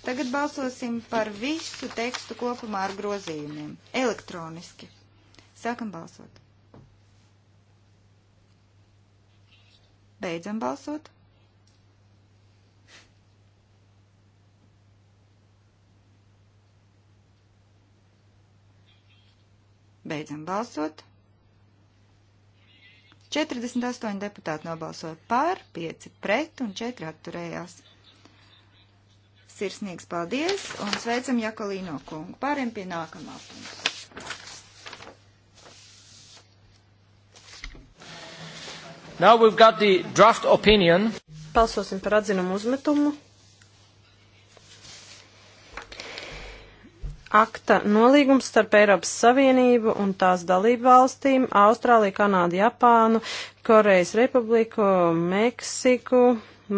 Tagad balsosim par visu tekstu kopumā ar grozījumiem. Elektroniski. Sākam balsot. Beidzam balsot. Beidzam balsot. 48 deputāti nobalsoja par, 5 pret un 4 atturējās. Sirsnīgs paldies un sveicam Jakolīno kungu. Pāriem pie nākamā punkta. Now we've got the draft opinion. Balsosim par atzinumu uzmetumu. akta nolīgums starp Eiropas Savienību un tās dalību valstīm - Austrāliju, Kanādu, Japānu, Korejas Republiku, Meksiku,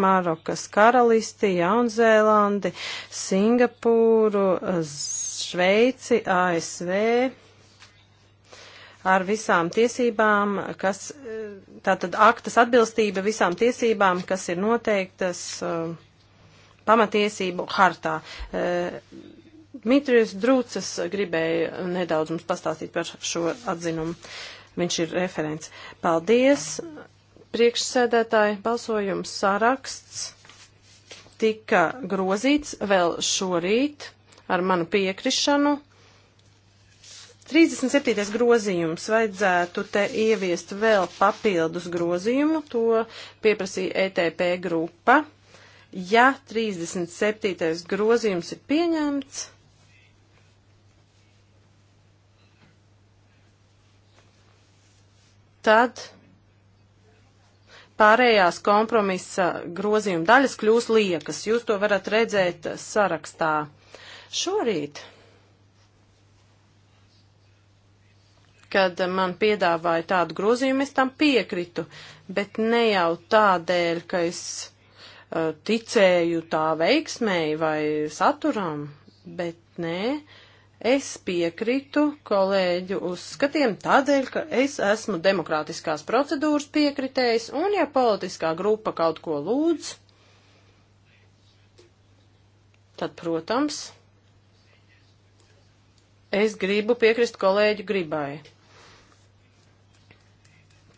Marokas karalisti, Jaunzēlandi, Singapūru, Šveici, ASV ar visām tiesībām, kas, tātad aktas atbilstība visām tiesībām, kas ir noteiktas uh, pamatiesību hartā. Uh, Dmitrijs Drūcas gribēja nedaudz mums pastāstīt par šo atzinumu. Viņš ir referents. Paldies! Priekšsēdētāji balsojums saraksts tika grozīts vēl šorīt ar manu piekrišanu. 37. grozījums vajadzētu te ieviest vēl papildus grozījumu, to pieprasīja ETP grupa. Ja 37. grozījums ir pieņemts, tad pārējās kompromisa grozījuma daļas kļūs liekas. Jūs to varat redzēt sarakstā. Šorīt, kad man piedāvāja tādu grozījumu, es tam piekritu, bet ne jau tādēļ, ka es uh, ticēju tā veiksmēji vai saturam, bet nē, uh, Es piekrītu kolēģu uzskatiem tādēļ, ka es esmu demokrātiskās procedūras piekritējis, un ja politiskā grupa kaut ko lūdz, tad, protams, es gribu piekrist kolēģu gribai.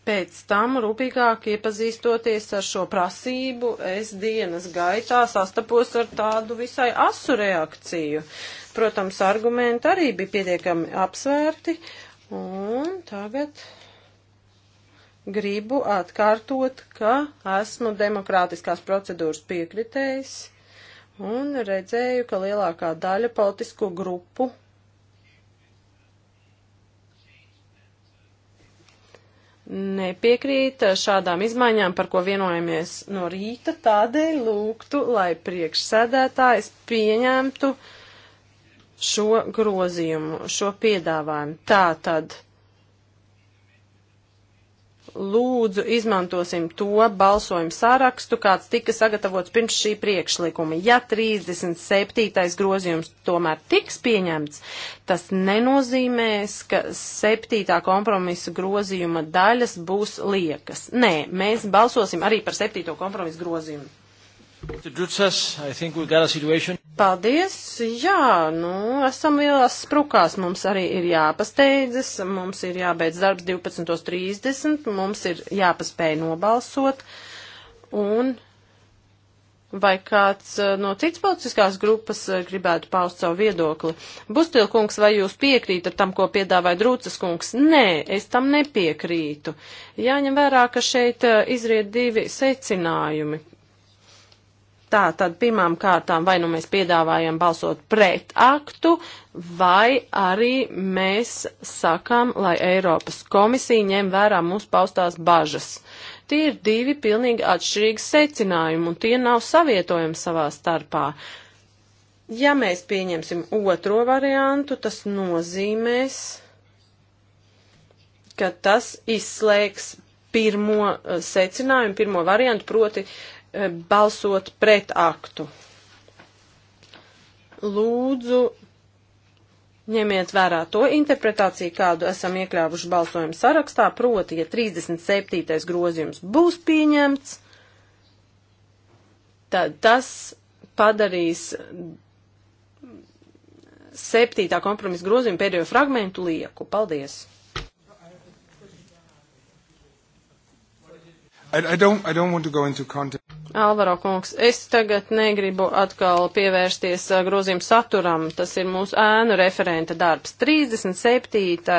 Pēc tam, rūpīgāk iepazīstoties ar šo prasību, es dienas gaitā sastapos ar tādu visai asu reakciju. Uh, Protams, argumenti arī bija pietiekami apsvērti, un tagad gribu atkārtot, ka esmu demokrātiskās procedūras piekritējis, un redzēju, ka lielākā daļa politisko grupu nepiekrīt šādām izmaiņām, par ko vienojamies no rīta, tādēļ lūgtu, lai priekšsēdētājs pieņemtu uh, šo grozījumu, šo piedāvājumu. Tā tad lūdzu izmantosim to balsojumu sarakstu, kāds tika sagatavots pirms šī priekšlikuma. Ja 37. grozījums tomēr tiks pieņemts, tas nenozīmēs, ka 7. kompromisa grozījuma daļas būs liekas. Nē, mēs balsosim arī par 7. kompromisa grozījumu. Paldies! Jā, nu, esam lielās sprukās. Mums arī ir jāpasteidzas, mums ir jābeidz darbs 12.30, mums ir jāpaspēj nobalsot. Un vai kāds eh, no cits politiskās grupas eh, gribētu paust savu viedokli? Bustilkungs, vai jūs piekrītat tam, ko piedāvāja Drūcas kungs? Nē, es tam nepiekrītu. Jāņem vērā, ka šeit eh, izriet divi secinājumi. Tā tad pirmām kārtām vai nu mēs piedāvājam balsot pret aktu, vai arī mēs sakam, lai Eiropas komisija ņem vērā mūsu paustās bažas. Tie ir divi pilnīgi atšķirīgi secinājumi, un tie nav savietojami savā starpā. Ja mēs pieņemsim otro variantu, tas nozīmēs, ka tas izslēgs pirmo eh, secinājumu, pirmo variantu, proti uh, Eh, balsot pret aktu. Lūdzu, ņemiet vērā to interpretāciju, kādu esam iekļāvuši balsojuma sarakstā, proti, ja 37. grozījums būs pieņemts, tad tas padarīs septītā kompromisa grozījuma pēdējo fragmentu lieku. Paldies! I, I don't, I don't want to go into content. Alvaro kungs, es tagad negribu atkal pievērsties uh, grozījuma saturam. Tas ir mūsu ēnu referenta darbs. 37.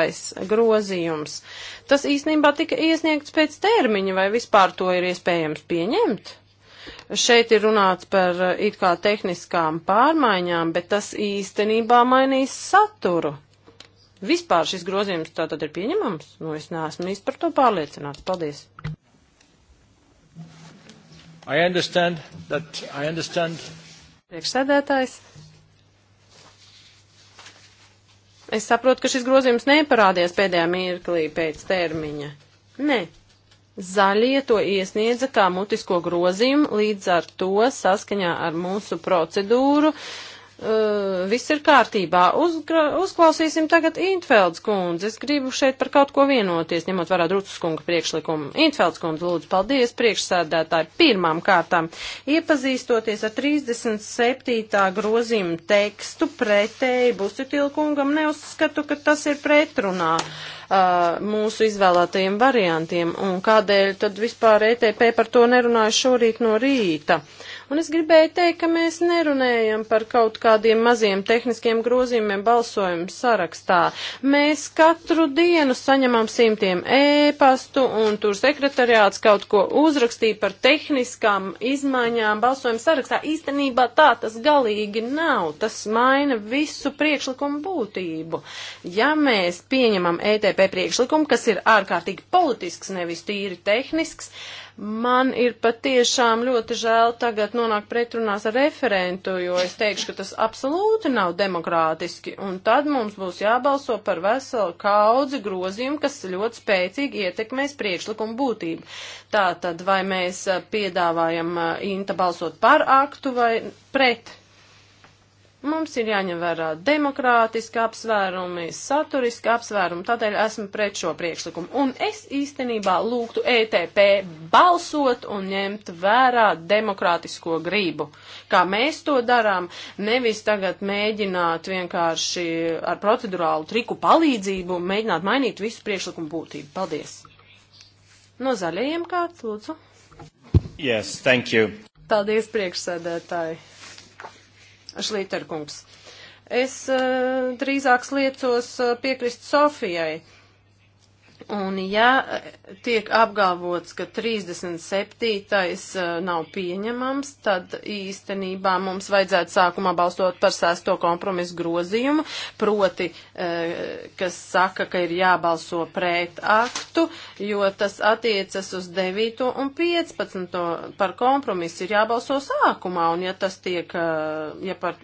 grozījums. Tas īstenībā tika iesniegts pēc termiņa, vai vispār to ir iespējams pieņemt? Šeit ir runāts par uh, it kā tehniskām pārmaiņām, bet tas īstenībā mainīs saturu. Vispār šis grozījums tātad ir pieņemams? Nu, es neesmu īsti par to pārliecināts. Paldies! I understand that I understand. Priekšsēdētājs. Es saprotu, ka šis grozījums neparādījās pēdējā mirklī pēc termiņa. Nē. Zaļie to iesniedza kā mutisko grozījumu, līdz ar to saskaņā ar mūsu procedūru uh, uh, viss ir kārtībā. Uzgra, uzklausīsim tagad Intfelds kundzi. Es gribu šeit par kaut ko vienoties, ņemot vērā Drucas kunga priekšlikumu. Intfelds kundze, lūdzu, paldies priekšsēdētāji pirmām kārtām. Iepazīstoties ar 37. grozījumu tekstu pretēji Busutilkungam, neuzskatu, ka tas ir pretrunā. Uh, mūsu izvēlētajiem variantiem un kādēļ tad vispār ETP par to nerunāja šorīt no rīta. Uh, Un es gribēju teikt, ka mēs nerunējam par kaut kādiem maziem tehniskiem grozījumiem balsojumu sarakstā. Mēs katru dienu saņemam simtiem ēpastu, e un tur sekretariāts kaut ko uzrakstīja par tehniskām izmaiņām balsojumu sarakstā. Īstenībā tā tas galīgi nav. Tas maina visu priekšlikumu būtību. Ja mēs pieņemam ETP priekšlikumu, kas ir ārkārtīgi politisks, nevis tīri tehnisks, uh, Man ir patiešām ļoti žēl tagad nonākt pretrunās ar referentu, jo es teikšu, ka tas absolūti nav demokrātiski, un tad mums būs jābalso par veselu kaudzi grozījumu, kas ļoti spēcīgi ietekmēs priekšlikumu būtību. Tātad, vai mēs eh, piedāvājam eh, Inta balsot par aktu vai pret? Mums ir jāņem vērā demokrātiski apsvērumi, saturiski apsvērumi, tādēļ esmu pret šo priekšlikumu. Un es īstenībā lūgtu ETP balsot un ņemt vērā demokrātisko grību, kā mēs to darām, nevis tagad mēģināt vienkārši ar procedurālu triku palīdzību mēģināt mainīt visu priekšlikumu būtību. Paldies! No zaļajiem kāds, lūdzu. Yes, thank you. Paldies, priekšsēdētāji. Šlīterkungs. Es uh, drīzāk sliecos uh, piekrist Sofijai. Un ja eh, tiek apgalvots, ka 37. Eh, nav pieņemams, tad īstenībā mums vajadzētu sākumā balstot par sesto kompromisu grozījumu, proti, eh, kas saka, ka ir jābalso pret aktu, jo tas attiecas uz 9. un 15. par kompromisu ir jābalso sākumā, un ja tas tiek, ja, par,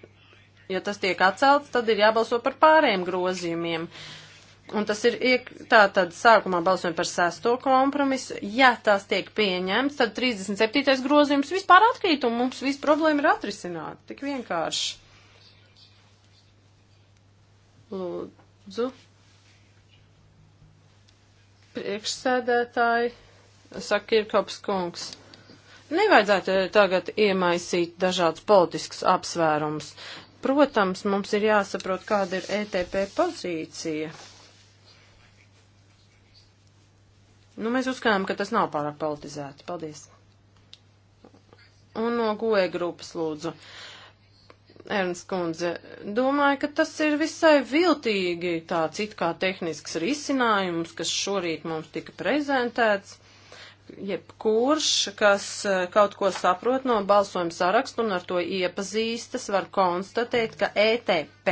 ja tas tiek atcelts, tad ir jābalso par pārējiem grozījumiem. Uh, Un tas ir iek, tā tad sākumā balsojam par sesto kompromisu. Ja tās tiek pieņemts, tad 37. grozījums vispār atkrīt un mums viss problēma ir atrisināta. Tik vienkārši. Lūdzu. Priekšsēdētāji, saka Irkops kungs. Nevajadzētu tagad iemaisīt dažādas politiskas apsvērumus. Protams, mums ir jāsaprot, kāda ir ETP pozīcija. Nu, mēs uzskatām, ka tas nav pārāk politizēts. Paldies. Un no goja grupas lūdzu. Ernst kundze, domāju, ka tas ir visai viltīgi tāds it kā tehnisks risinājums, kas šorīt mums tika prezentēts jebkurš, kas e, kaut ko saprot no balsojuma sarakstu un ar to iepazīstas, var konstatēt, ka ETP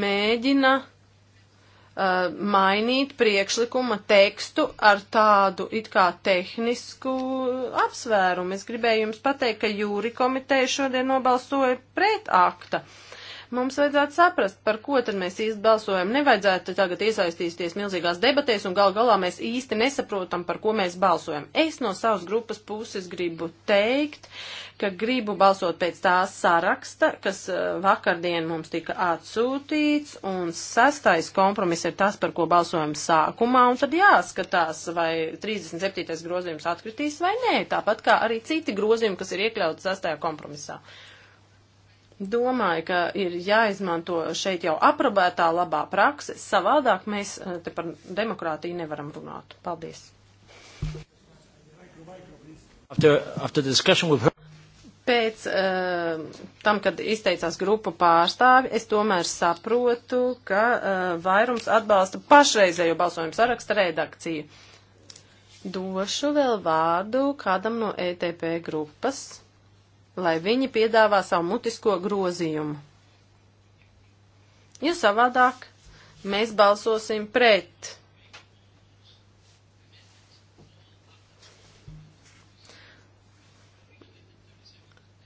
mēģina uh, mainīt priekšlikuma tekstu ar tādu it kā tehnisku apsvērumu. Es gribēju jums pateikt, ka jūri komiteja šodien nobalsoja pret akta. Uh, Mums vajadzētu saprast, par ko tad mēs īsti balsojam. Nevajadzētu tagad iesaistīties milzīgās debatēs un gal galā mēs īsti nesaprotam, par ko mēs balsojam. Es no savas grupas puses gribu teikt, ka gribu balsot pēc tā saraksta, kas eh, vakardien mums tika atsūtīts, un sastais kompromiss ir tas, par ko balsojam sākumā, un tad jāskatās, vai 37. grozījums atkritīs vai nē, tāpat kā arī citi grozījumi, kas ir iekļauti sastajā kompromisā. Uh, Domāju, ka ir jāizmanto šeit jau aprobētā labā prakse, savādāk mēs eh, te par demokrātiju nevaram runāt. Paldies! After, after discussion with her pēc uh, tam, kad izteicās grupu pārstāvi, es tomēr saprotu, ka uh, vairums atbalsta pašreizējo balsojumu saraksta redakciju. Došu vēl vārdu kādam no ETP grupas lai viņi piedāvā savu mutisko grozījumu. Jo savādāk mēs balsosim pret.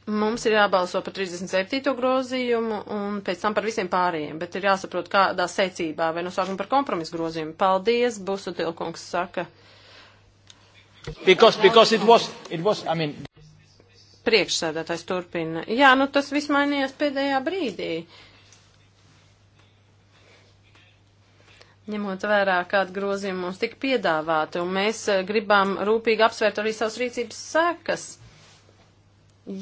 Mums ir jābalso par 37. grozījumu un pēc tam par visiem pārējiem, bet ir jāsaprot, kādā secībā, vai nu sākam par kompromisu grozījumu. Paldies, Busutilkungs saka. Because, because it was, it was, I mean... Priekšsēdētājs turpina. Jā, nu tas viss mainījās pēdējā brīdī. ņemot vērā, kādu grozījumu mums tika piedāvāti, un mēs eh, gribam rūpīgi apsvērt arī savas rīcības sekas.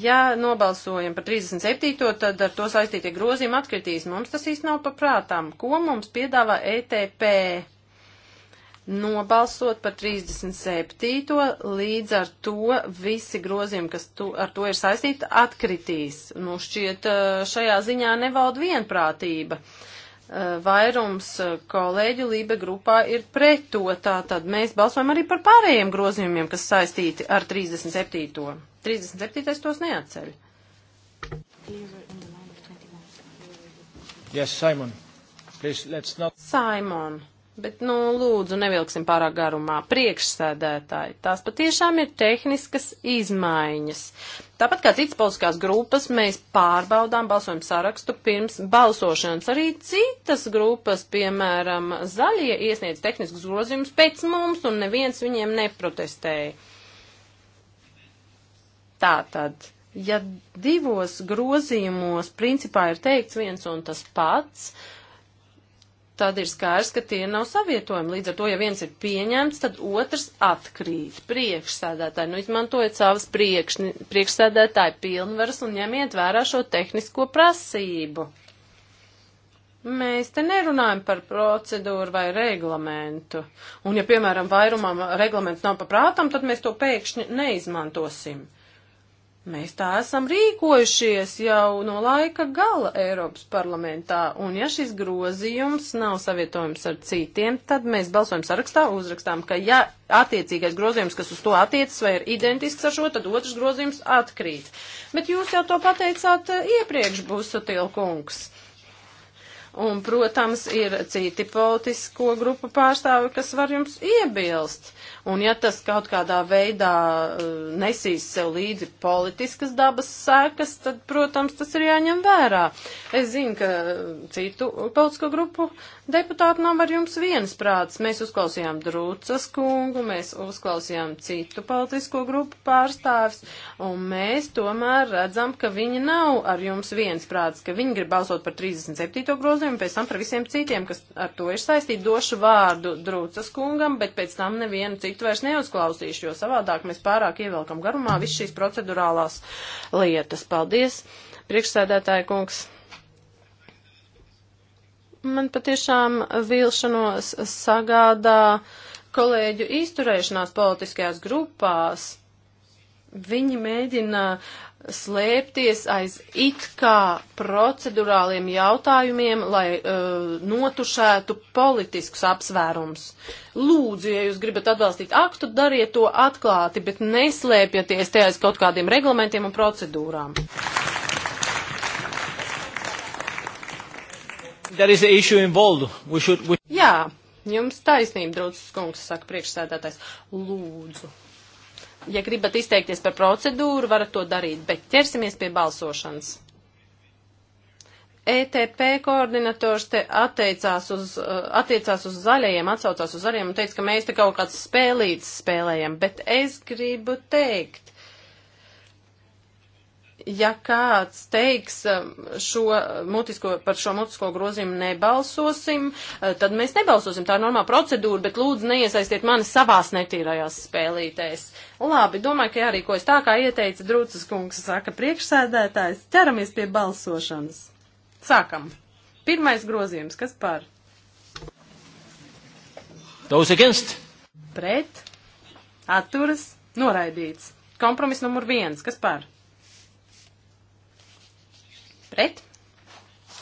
Ja nobalsojam par 37. tad ar to saistītie grozījumi atkritīs. Mums tas īsti nav paprātām. Ko mums piedāvā ETP? nobalsot par 37. līdz ar to visi grozījumi, kas tu, ar to ir saistīti, atkritīs. Nu, šķiet, šajā ziņā nevalda vienprātība. Vairums kolēģu Lībe grupā ir pret to, tātad mēs balsojam arī par pārējiem grozījumiem, kas saistīti ar 37. 37. tos neatceļ. Yes, Simon. Please, let's not... Simon. Bet, nu, lūdzu, nevilksim pārāk garumā. Priekšsēdētāji, tās patiešām ir tehniskas izmaiņas. Tāpat kā citas politiskās grupas, mēs pārbaudām balsojumu sarakstu pirms balsošanas. Arī citas grupas, piemēram, zaļie iesniedz tehniskus grozījumus pēc mums, un neviens viņiem neprotestēja. Tātad, ja divos grozījumos principā ir teikts viens un tas pats, uh, tad ir skaidrs, ka tie nav savietojami. Līdz ar to, ja viens ir pieņemts, tad otrs atkrīt. Priekšsēdētāji, nu izmantojiet savas priekš, priekšsēdētāju pilnvaras un ņemiet vērā šo tehnisko prasību. Mēs te nerunājam par procedūru vai reglamentu. Un ja, piemēram, vairumam reglaments nav paprātam, tad mēs to pēkšņi neizmantosim. Mēs tā esam rīkojušies jau no laika gala Eiropas parlamentā, un ja šis grozījums nav savietojums ar citiem, tad mēs balsojam sarakstā, uzrakstām, ka ja attiecīgais grozījums, kas uz to attiecas vai ir identisks ar šo, tad otrs grozījums atkrīt. Bet jūs jau to pateicāt eh, iepriekš, Busotilkungs. Un, protams, ir citi politisko grupu pārstāvi, kas var jums iebilst. Un ja tas kaut kādā veidā uh, nesīs sev līdzi politiskas dabas sēkas, tad, protams, tas ir jāņem vērā. Es zinu, ka citu politisko grupu Deputāti nav ar jums vienas prātas. Mēs uzklausījām Drūcas kungu, mēs uzklausījām citu politisko grupu pārstāvis, un mēs tomēr redzam, ka viņi nav ar jums vienas prātas, ka viņi grib balsot par 37. grozījumu, pēc tam par visiem citiem, kas ar to ir saistīti. Došu vārdu Drūcas kungam, bet pēc tam nevienu citu vairs neuzklausīšu, jo savādāk mēs pārāk ievelkam garumā visu šīs procedurālās lietas. Paldies, priekšsēdētāja kungs! Man patiešām vilšanos sagādā kolēģu izturēšanās politiskajās grupās. Viņi mēģina slēpties aiz it kā procedurāliem jautājumiem, lai uh, notušētu politiskus apsvērums. Lūdzu, ja jūs gribat atbalstīt aktu, dariet to atklāti, bet neslēpieties te aiz kaut kādiem reglamentiem un procedūrām. there is an issue involved. We should, we... Jā, jums taisnība, draudzes kungs, saka priekšsēdētājs. Lūdzu. Ja gribat izteikties par procedūru, varat to darīt, bet ķersimies pie balsošanas. ETP koordinators te atteicās uz, uh, attiecās uz zaļajiem, atsaucās uz zaļajiem un teica, ka mēs te kaut kāds spēlīts spēlējam, bet es gribu teikt, ja kāds teiks um, šo mutisko, par šo mutisko grozījumu nebalsosim, uh, tad mēs nebalsosim. Tā ir normāla procedūra, bet lūdzu neiesaistiet mani savās netīrajās spēlītēs. Labi, domāju, ka jārīkojas tā, kā ieteica Drūcas kungs, saka priekšsēdētājs. Ķeramies pie balsošanas. Sākam. Pirmais grozījums, kas par? Those against? Pret. Atturas. Noraidīts. Kompromiss numur viens. Kas par? pret,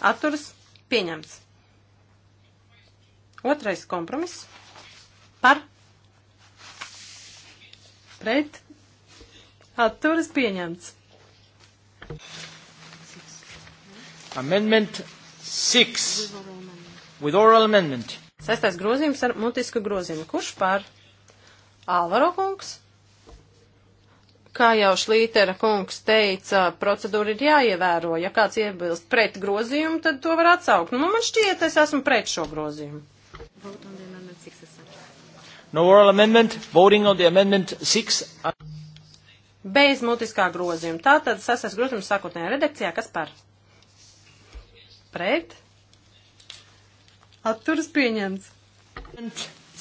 atturas pieņemts. Otrais kompromiss par pret atturas pieņemts. Amendment 6 with oral amendment. Sestais grozījums ar mutisku grozījumu. Kurš par? Alvaro kungs Kā jau Šlītera kungs teica, procedūra ir jāievēro. Ja kāds iebilst pret grozījumu, tad to var atsaukt. Nu, nu man šķiet, es esmu pret šo grozījumu. No oral amendment, voting on the amendment 6. Bez mutiskā grozījuma. Tātad sasais grozījums sākotnējā redakcijā, kas par? Pret? Atturas pieņemts.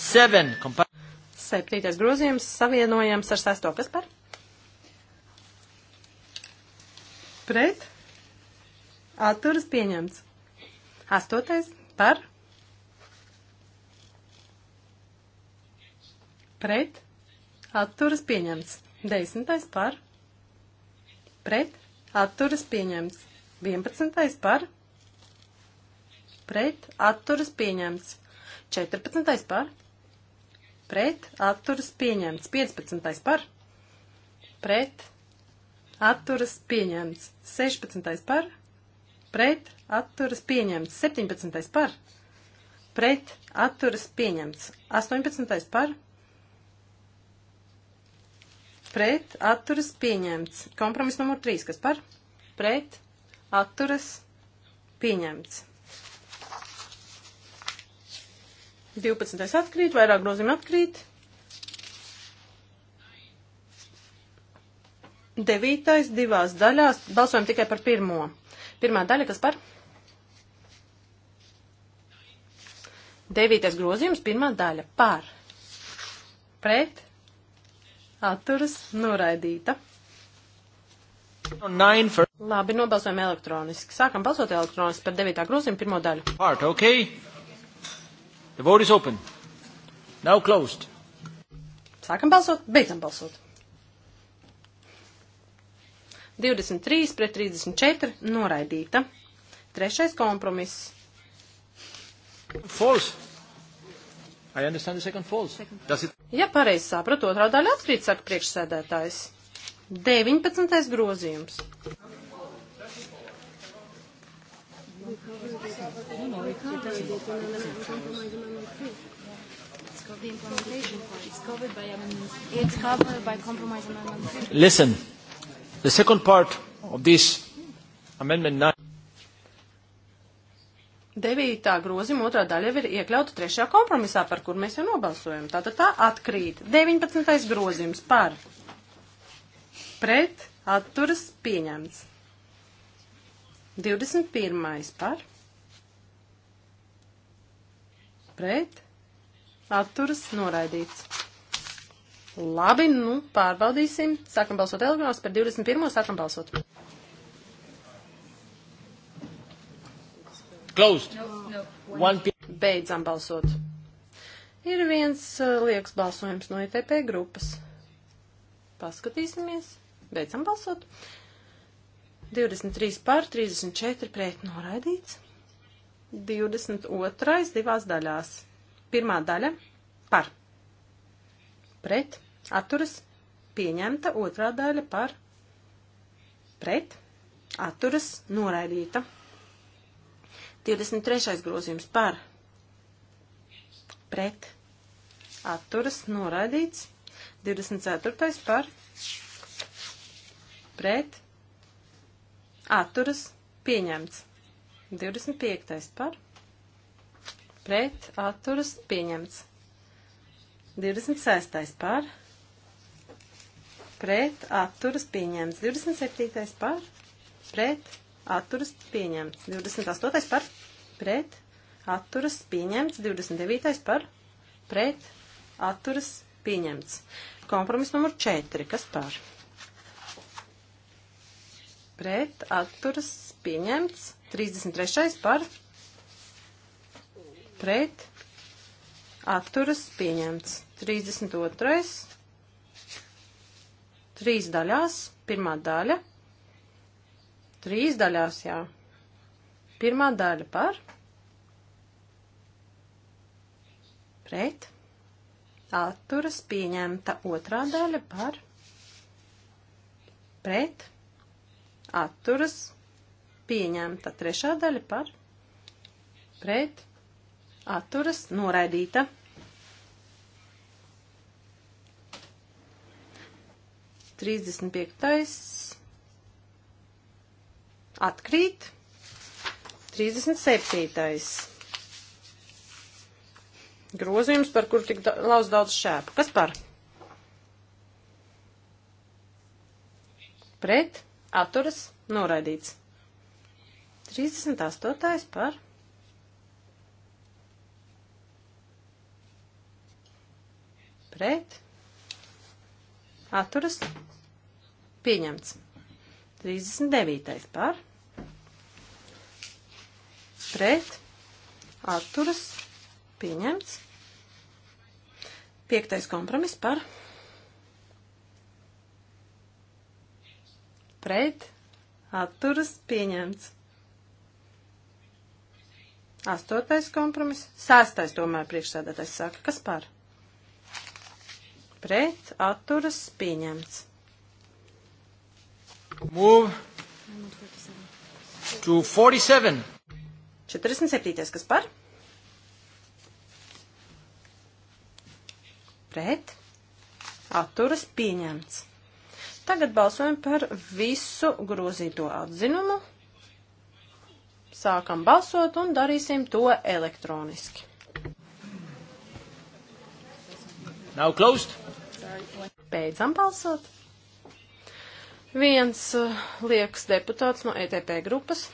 7. Septītais grozījums savienojams ar sesto, kas par? pret, atturas pieņemts. Astotais par, pret, atturas pieņemts. Desmitais par, pret, atturas pieņemts. Vienpadsmitais par, pret, atturas pieņemts. Četrpadsmitais par, pret, atturas pieņemts. Piecpadsmitais par, pret, atturas pieņemts. 16. par, pret, atturas pieņemts. 17. par, pret, atturas pieņemts. 18. par, pret, atturas pieņemts. Kompromiss numur 3, kas par, pret, atturas pieņemts. 12. atkrīt, vairāk grozījumi atkrīt. Devītais divās daļās. Balsojam tikai par pirmo. Pirmā daļa, kas par? Devītais grozījums, pirmā daļa par. Pret. Atturas noraidīta. For... Labi, nobalsojam elektroniski. Sākam balsot elektroniski par devītā grozījuma pirmo daļu. Part, okay. The vote is open. Now closed. Sākam balsot, beidzam balsot. 23 pret 34 noraidīta. Trešais kompromiss. False. I understand the second false. Second. Does it... Ja pareizi sapratu, otrā daļa atkrīt, saka priekšsēdētājs. 19. grozījums. No, no, we can't do it. It's covered by compromise amendment 3. Listen. The second part of this amendment 9. Devītā grozījuma otrā daļa ir iekļauta trešajā kompromisā, par kur mēs jau nobalsojam. Tātad tā atkrīt. 19. grozījums par pret atturas pieņemts. 21. par pret atturas noraidīts. Labi, nu pārbaudīsim. Sākam balsot elektronos par 21. Sākam balsot. Closed. No, no. Beidzam balsot. Ir viens uh, liekas balsojums no ITP e grupas. Paskatīsimies. Beidzam balsot. 23 pār, 34 pret noraidīts. 22. divās daļās. Pirmā daļa par pret atturas pieņemta, otrā daļa par pret atturas noraidīta. 23. grozījums par pret atturas noraidīts. 24. par pret atturas pieņemts. 25. par pret atturas pieņemts. 26. par pret pret atturas pieņemts. 27. par pret atturas pieņemts. 28. par pret atturas pieņemts. 29. par pret atturas pieņemts. Kompromis numur 4. Kas par? Pret atturas pieņemts. 33. par pret atturas pieņemts. 32 trīs daļās. Pirmā daļa. Trīs daļās, jā. Pirmā daļa par. Pret. Atturas pieņemta. Otrā daļa par. Pret. Atturas pieņemta. Trešā daļa par. Pret. Atturas noraidīta. 35. Atkrīt. 37. Grozījums, par kur tik da lauz daudz šēpu. Kas par? Pret. Atturas. Noraidīts. 38. par. Pret atturas pieņemts. 39. par pret atturas pieņemts. 5. kompromiss par pret atturas pieņemts. 8. kompromiss. 6. tomēr priekšsēdētājs saka, kas par? pret, atturas, pieņemts. Move to 47. 47. kas par? Pret, atturas, pieņemts. Tagad balsojam par visu grozīto atzinumu. Sākam balsot un darīsim to elektroniski. Nav klaust! Beidzam balsot. Viens eh, liekas deputāts no ETP grupas.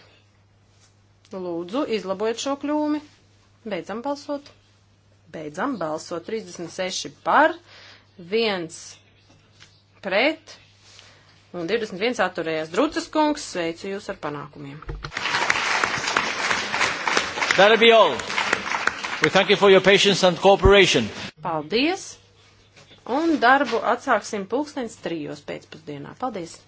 Lūdzu, izlabojiet šo kļūmi. Beidzam balsot. Beidzam balsot. 36 par, 1 pret un 21 atturējās. Drucas kungs, sveicu jūs ar panākumiem. That'll be all. We thank you for your patience and cooperation. Paldies. Un darbu atsāksim pulkstens trijos pēcpusdienā. Paldies!